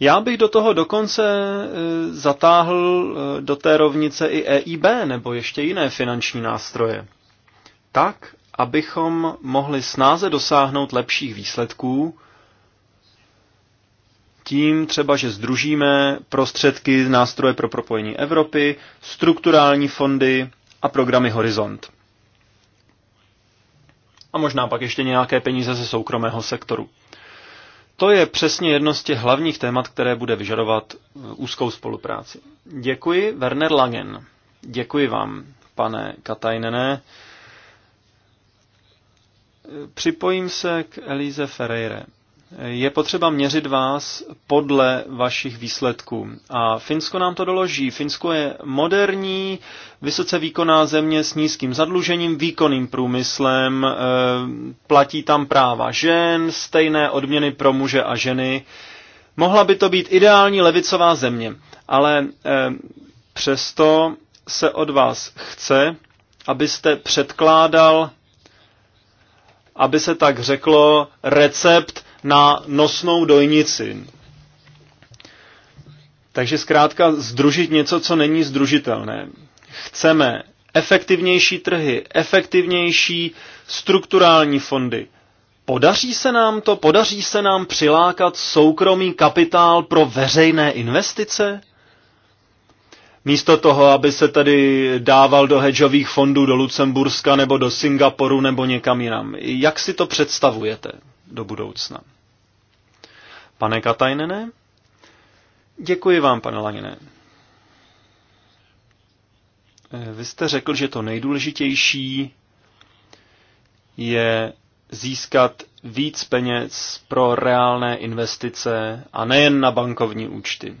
Já bych do toho dokonce e, zatáhl e, do té rovnice i EIB nebo ještě jiné finanční nástroje. Tak, abychom mohli snáze dosáhnout lepších výsledků, tím třeba, že združíme prostředky nástroje pro propojení Evropy, strukturální fondy a programy Horizont. A možná pak ještě nějaké peníze ze soukromého sektoru. To je přesně jedno z těch hlavních témat, které bude vyžadovat eh, úzkou spolupráci. Děkuji, Werner Langen. Děkuji vám, pane Katajnené. Eh, připojím se k Elize Ferreire je potřeba měřit vás podle vašich výsledků. A Finsko nám to doloží. Finsko je moderní, vysoce výkonná země s nízkým zadlužením, výkonným průmyslem, eh, platí tam práva žen, stejné odměny pro muže a ženy. Mohla by to být ideální levicová země, ale eh, přesto se od vás chce, abyste předkládal, aby se tak řeklo, recept na nosnou dojnici. Takže zkrátka združit něco, co není združitelné. Chceme efektivnější trhy, efektivnější strukturální fondy. Podaří se nám to? Podaří se nám přilákat soukromý kapitál pro veřejné investice? Místo toho, aby se tady dával do hedžových fondů do Lucemburska nebo do Singapuru nebo někam jinam. Jak si to představujete do budoucna? Pane Katajnene? Děkuji vám, pane Laněné. Eh, vy jste řekl, že to nejdůležitější je získat víc peněz pro reálné investice a nejen na bankovní účty.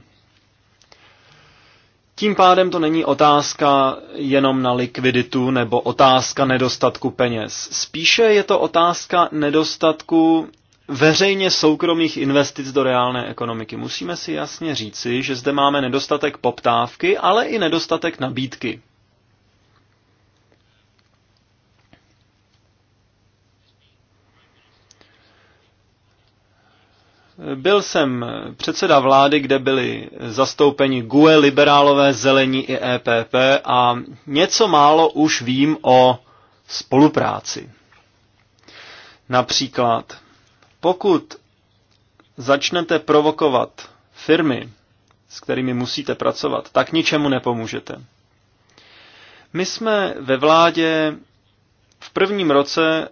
Tím pádem to není otázka jenom na likviditu nebo otázka nedostatku peněz. Spíše je to otázka nedostatku veřejně soukromých investic do reálné ekonomiky. Musíme si jasně říci, že zde máme nedostatek poptávky, ale i nedostatek nabídky. Byl jsem předseda vlády, kde byli zastoupeni GUE, liberálové, zelení i EPP a něco málo už vím o spolupráci. Například pokud začnete provokovat firmy, s kterými musíte pracovat, tak ničemu nepomůžete. My jsme ve vládě v prvním roce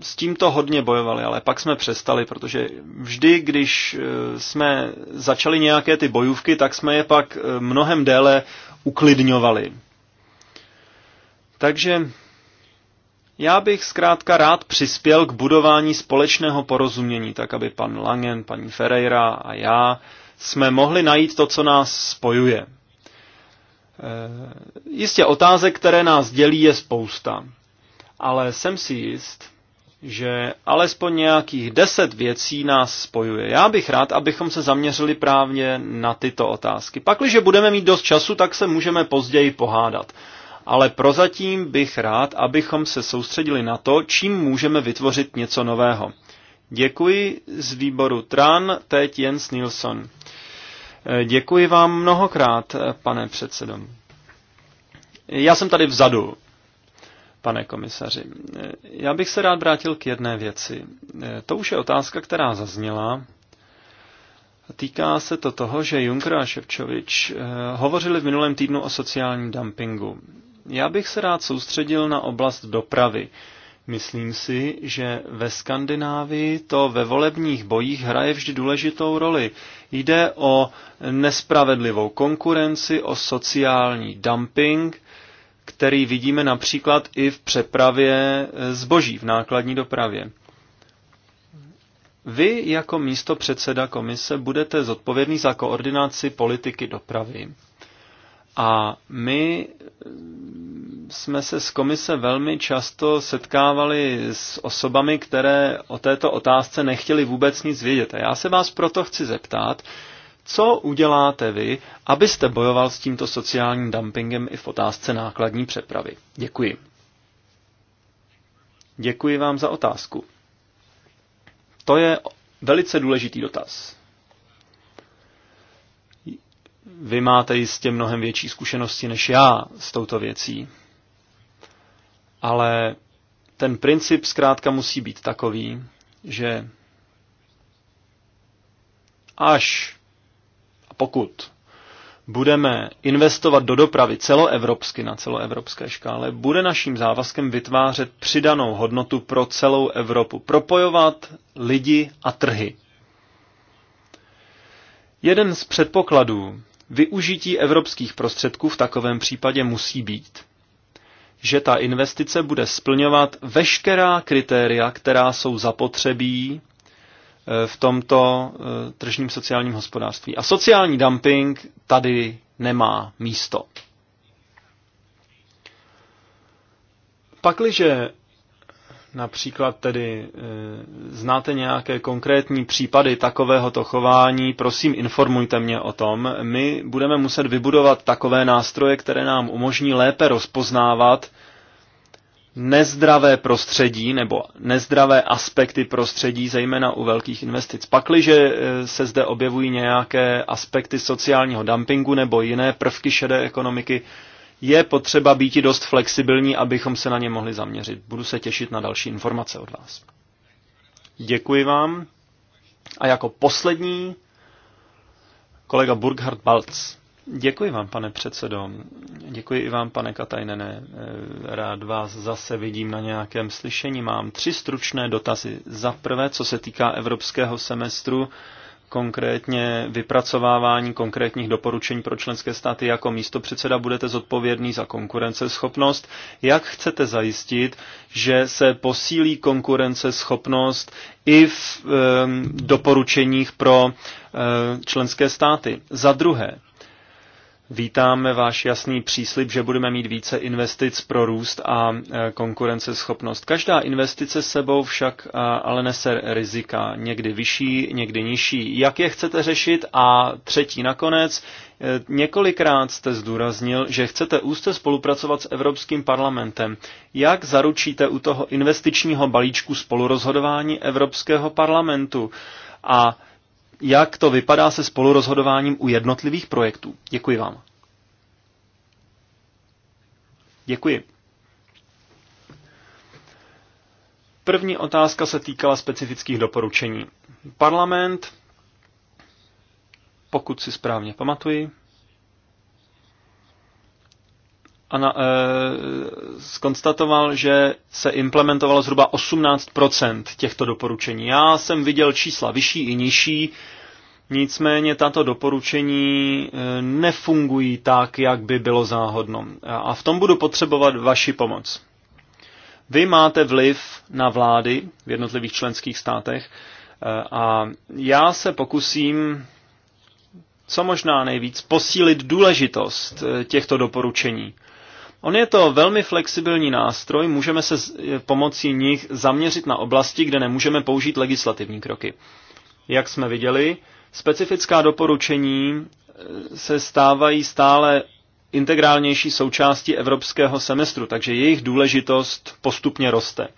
s tímto hodně bojovali, ale pak jsme přestali, protože vždy, když e, jsme začali nějaké ty bojůvky, tak jsme je pak e, mnohem déle uklidňovali. Takže já bych zkrátka rád přispěl k budování společného porozumění, tak aby pan Langen, paní Ferreira a já jsme mohli najít to, co nás spojuje. Eh, jistě otázek, které nás dělí, je spousta, ale jsem si jist, že alespoň nějakých deset věcí nás spojuje. Já bych rád, abychom se zaměřili právě na tyto otázky. Pakliže budeme mít dost času, tak se můžeme později pohádat ale prozatím bych rád, abychom se soustředili na to, čím můžeme vytvořit něco nového. Děkuji z výboru TRAN, teď Jens Nilsson. Eh, děkuji vám mnohokrát, eh, pane předsedo. Já jsem tady vzadu, pane komisaři. Eh, já bych se rád vrátil k jedné věci. To už je otázka, která zazněla. Týká se to toho, že Juncker a Ševčovič hovořili v minulém týdnu o sociálním dumpingu. Já bych se rád soustředil na oblast dopravy. Myslím si, že ve Skandinávii to ve volebních bojích hraje vždy důležitou roli. Jde o nespravedlivou konkurenci, o sociální dumping, který vidíme například i v přepravě zboží v nákladní dopravě. Vy jako místo předseda komise budete zodpovědný za koordinaci politiky dopravy a my eh, jsme se z komise velmi často setkávali s osobami, které o této otázce nechtěli vůbec nic vědět. A já se vás proto chci zeptat, co uděláte vy, abyste bojoval s tímto sociálním dumpingem i v otázce nákladní přepravy? Děkuji. Děkuji vám za otázku. To je velice důležitý dotaz. Vy máte jistě mnohem větší zkušenosti než já s touto věcí. Ale ten princip zkrátka musí být takový, že až a pokud budeme investovat do dopravy celoevropsky na celoevropské škále, bude naším závazkem vytvářet přidanou hodnotu pro celou Evropu, propojovat lidi a trhy. Jeden z předpokladů Využití evropských prostředků v takovém případě musí být, že ta investice bude splňovat veškerá kritéria, která jsou zapotřebí e, v tomto e, tržním sociálním hospodářství. A sociální dumping tady nemá místo. Pakliže Například tedy e, znáte nějaké konkrétní případy takovéhoto chování, prosím informujte mě o tom. My budeme muset vybudovat takové nástroje, které nám umožní lépe rozpoznávat nezdravé prostředí nebo nezdravé aspekty prostředí, zejména u velkých investic. Pakliže e, se zde objevují nějaké aspekty sociálního dumpingu nebo jiné prvky šedé ekonomiky, je potřeba být i dost flexibilní, abychom se na ně mohli zaměřit. Budu se těšit na další informace od vás. Děkuji vám. A jako poslední kolega Burghard Balc. Děkuji vám, pane předsedo. Děkuji i vám, pane Katajnene. Eh, rád vás zase vidím na nějakém slyšení. Mám tři stručné dotazy. Za prvé, co se týká evropského semestru, konkrétně vypracovávání konkrétních doporučení pro členské státy jako místo předseda budete zodpovědný za konkurenceschopnost. Jak chcete zajistit, že se posílí konkurenceschopnost i v e, doporučeních pro e, členské státy? Za druhé, Vítáme váš jasný příslip, že budeme mít více investic pro růst a e, konkurenceschopnost. Každá investice sebou však e, ale nese rizika, někdy vyšší, někdy nižší. Jak je chcete řešit? A třetí nakonec, e, několikrát jste zdůraznil, že chcete úzce spolupracovat s Evropským parlamentem. Jak zaručíte u toho investičního balíčku spolurozhodování Evropského parlamentu? A jak to vypadá se spolurozhodováním u jednotlivých projektů. Děkuji vám. Děkuji. První otázka se týkala specifických doporučení. Parlament, pokud si správně pamatuji, ana, e, eh, skonstatoval, že se implementovalo zhruba 18 těchto doporučení. Já jsem viděl čísla vyšší i nižší, nicméně tato doporučení e, nefungují tak, jak by bylo záhodno. A v tom budu potřebovat vaši pomoc. Vy máte vliv na vlády v jednotlivých členských státech eh, a já se pokusím co možná nejvíc posílit důležitost těchto doporučení. On je to velmi flexibilní nástroj, můžeme se e, pomocí nich zaměřit na oblasti, kde nemůžeme použít legislativní kroky. Jak jsme viděli, specifická doporučení e, se stávají stále integrálnější součástí evropského semestru, takže jejich důležitost postupně roste.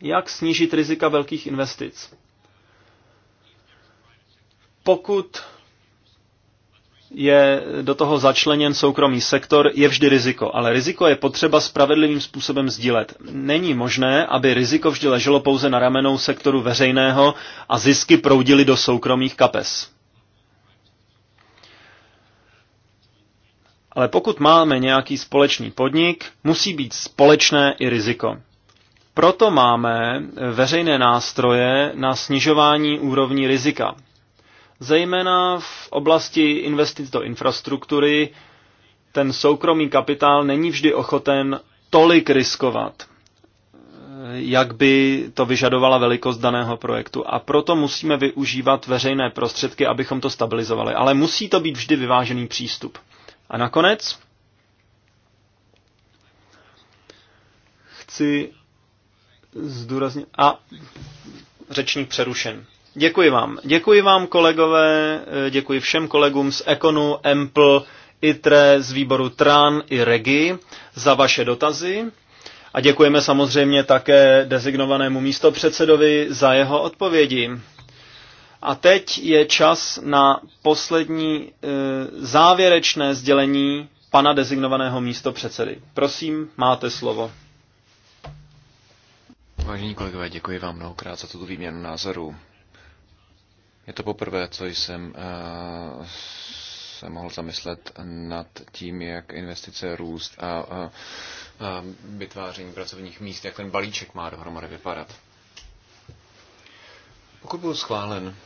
Jak snížit rizika velkých investic? Pokud je do toho začleněn soukromý sektor, je vždy riziko. Ale riziko je potřeba spravedlivým způsobem sdílet. Není možné, aby riziko vždy leželo pouze na ramenou sektoru veřejného a zisky proudily do soukromých kapes. Ale pokud máme nějaký společný podnik, musí být společné i riziko. Proto máme veřejné nástroje na snižování úrovní rizika, Zejména v oblasti investic do infrastruktury ten soukromý kapitál není vždy ochoten tolik riskovat, jak by to vyžadovala velikost daného projektu. A proto musíme využívat veřejné prostředky, abychom to stabilizovali. Ale musí to být vždy vyvážený přístup. A nakonec chci zdůraznit... A řečník přerušen. Děkuji vám. Děkuji vám, kolegové, eh, děkuji všem kolegům z Ekonu, Empl, ITRE, z výboru TRAN i REGI za vaše dotazy. A děkujeme samozřejmě také dezignovanému místopředsedovi za jeho odpovědi. A teď je čas na poslední e, závěrečné sdělení pana dezignovaného místopředsedy. Prosím, máte slovo. Vážení kolegové, děkuji vám mnohokrát za tuto výměnu názorů. Je to poprvé, co jsem eh, se mohl zamyslet nad tím, jak investice, růst a, a, vytváření pracovních míst, jak ten balíček má dohromady vypadat. Pokud byl schválen,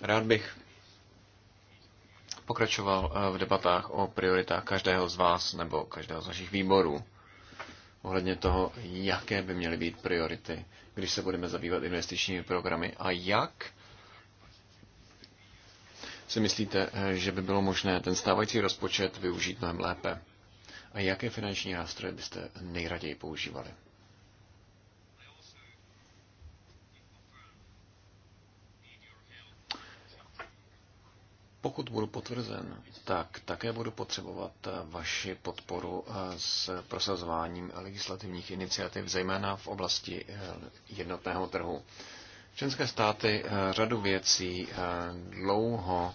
rád bych pokračoval eh, v debatách o prioritách každého z vás nebo každého z vašich výborů ohledně toho, jaké by měly být priority, když se budeme zabývat investičními programy a jak si myslíte, že by bylo možné ten stávající rozpočet využít mnohem lépe? A jaké finanční nástroje byste nejraději používali? Pokud budu potvrzen, tak také budu potřebovat eh, vaši podporu eh, s prosazováním legislativních iniciativ, zejména v oblasti eh, jednotného trhu. Členské státy řadu věcí dlouho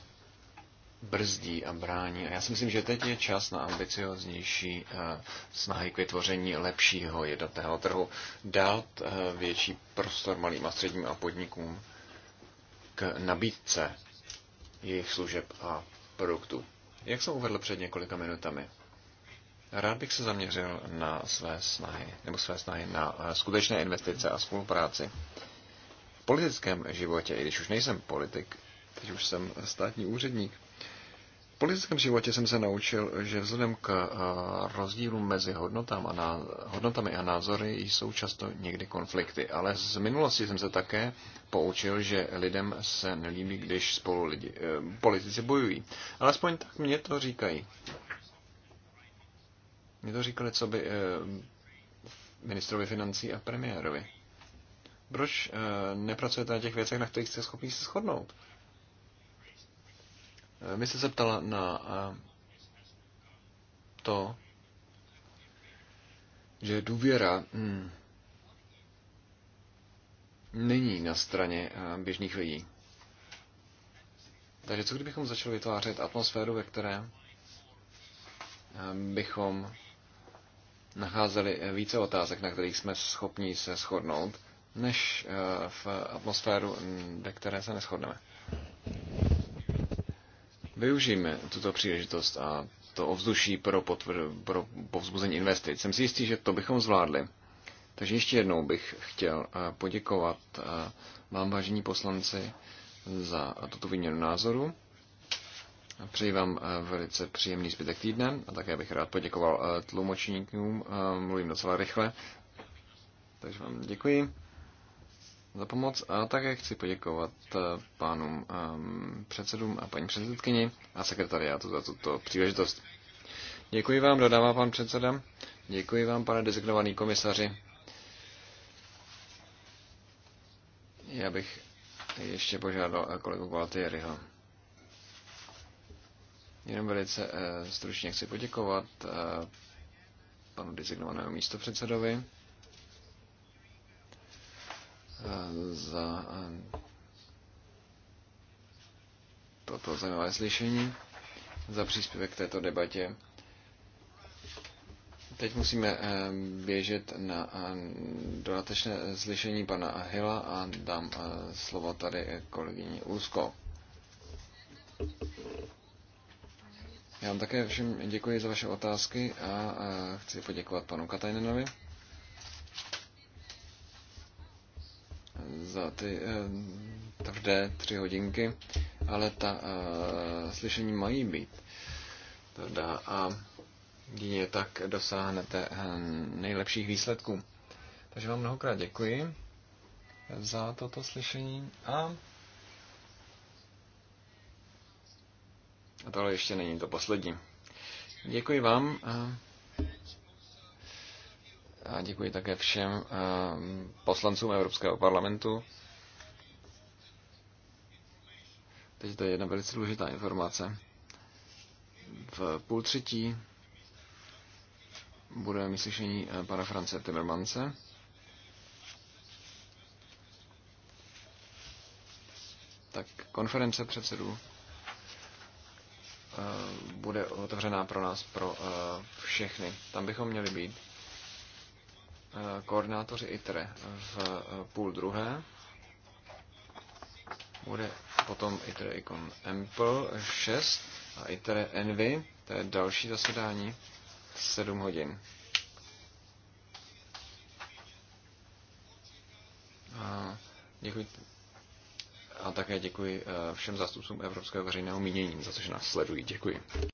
brzdí a brání. A já si myslím, že teď je čas na ambicioznější snahy k vytvoření lepšího jednotného trhu, dát větší prostor malým a středním a podnikům k nabídce jejich služeb a produktů. Jak jsem uvedl před několika minutami, rád bych se zaměřil na své snahy, nebo své snahy na eh, skutečné investice a spolupráci. V politickém životě, i když už nejsem politik, teď už jsem státní úředník, politickém životě jsem se naučil, že vzhledem k eh, rozdílům mezi hodnotami a ná, hodnotami a názory jsou často někdy konflikty. Ale z minulosti jsem se také poučil, že lidem se nelíbí, když spolu lidi, eh, politici bojují. Alespoň tak mě to říkají. Mě to říkali, co by eh, ministrovi financí a premiérovi. Proč eh, nepracujete na těch věcech, na kterých jste schopni se shodnout? Vy eh, se zeptala na eh, to, že důvěra hmm, není na straně eh, běžných lidí. Takže co kdybychom začali vytvářet atmosféru, ve které bychom nacházeli více otázek, na kterých jsme schopni se shodnout, než v atmosféru, hm, ve které se neschodneme využijeme tuto příležitost a to ovzduší pro, potvr- pro povzbuzení investic. Jsem si jistý, že to bychom zvládli. Takže ještě jednou bych chtěl eh, poděkovat eh, vám, vážení poslanci, za tuto výměnu názoru. Přeji vám eh, velice příjemný zbytek týdne a také bych rád poděkoval tlumočníkům. Mluvím docela rychle, takže vám děkuji za pomoc a také chci poděkovat eh, pánům eh, předsedům a paní předsedkyni a sekretariátu za tuto příležitost. Děkuji vám, dodává pan předseda. Děkuji vám, pane designovaný komisaři. Já bych ještě požádal eh, kolegu Valtieriho. Jenom velice stručně chci poděkovat panu designovanému místopředsedovi za eh, toto zajímavé slyšení, za příspěvek k této debatě. Teď musíme eh, běžet na eh, dodatečné slyšení pana Hila a dám slovo tady kolegyni Úzko. Já vám také všem děkuji za vaše otázky a chci poděkovat panu Katajnenovi. za ty eh, tvrdé tři hodinky, ale ta eh, slyšení mají být tvrdá a jedině tak dosáhnete eh, nejlepších výsledků. Takže vám mnohokrát děkuji za toto slyšení a a tohle ještě není to poslední. Děkuji vám a děkuji také všem eh, poslancům Evropského parlamentu. Teď to je jedna velice důležitá informace. V půl třetí bude slyšení eh, pana France Timmermanse. Tak konference předsedů eh, bude otevřená pro nás, pro všechny. Tam bychom měli být koordinátoři ITRE v eh, půl druhé. Bude potom ITRE Icon Ample 6 a ITRE Envy, to je další zasedání, 7 hodin. A děkuji a také děkuji eh, všem zástupcům Evropského veřejného mínění, za to, že nás sledují. Děkuji.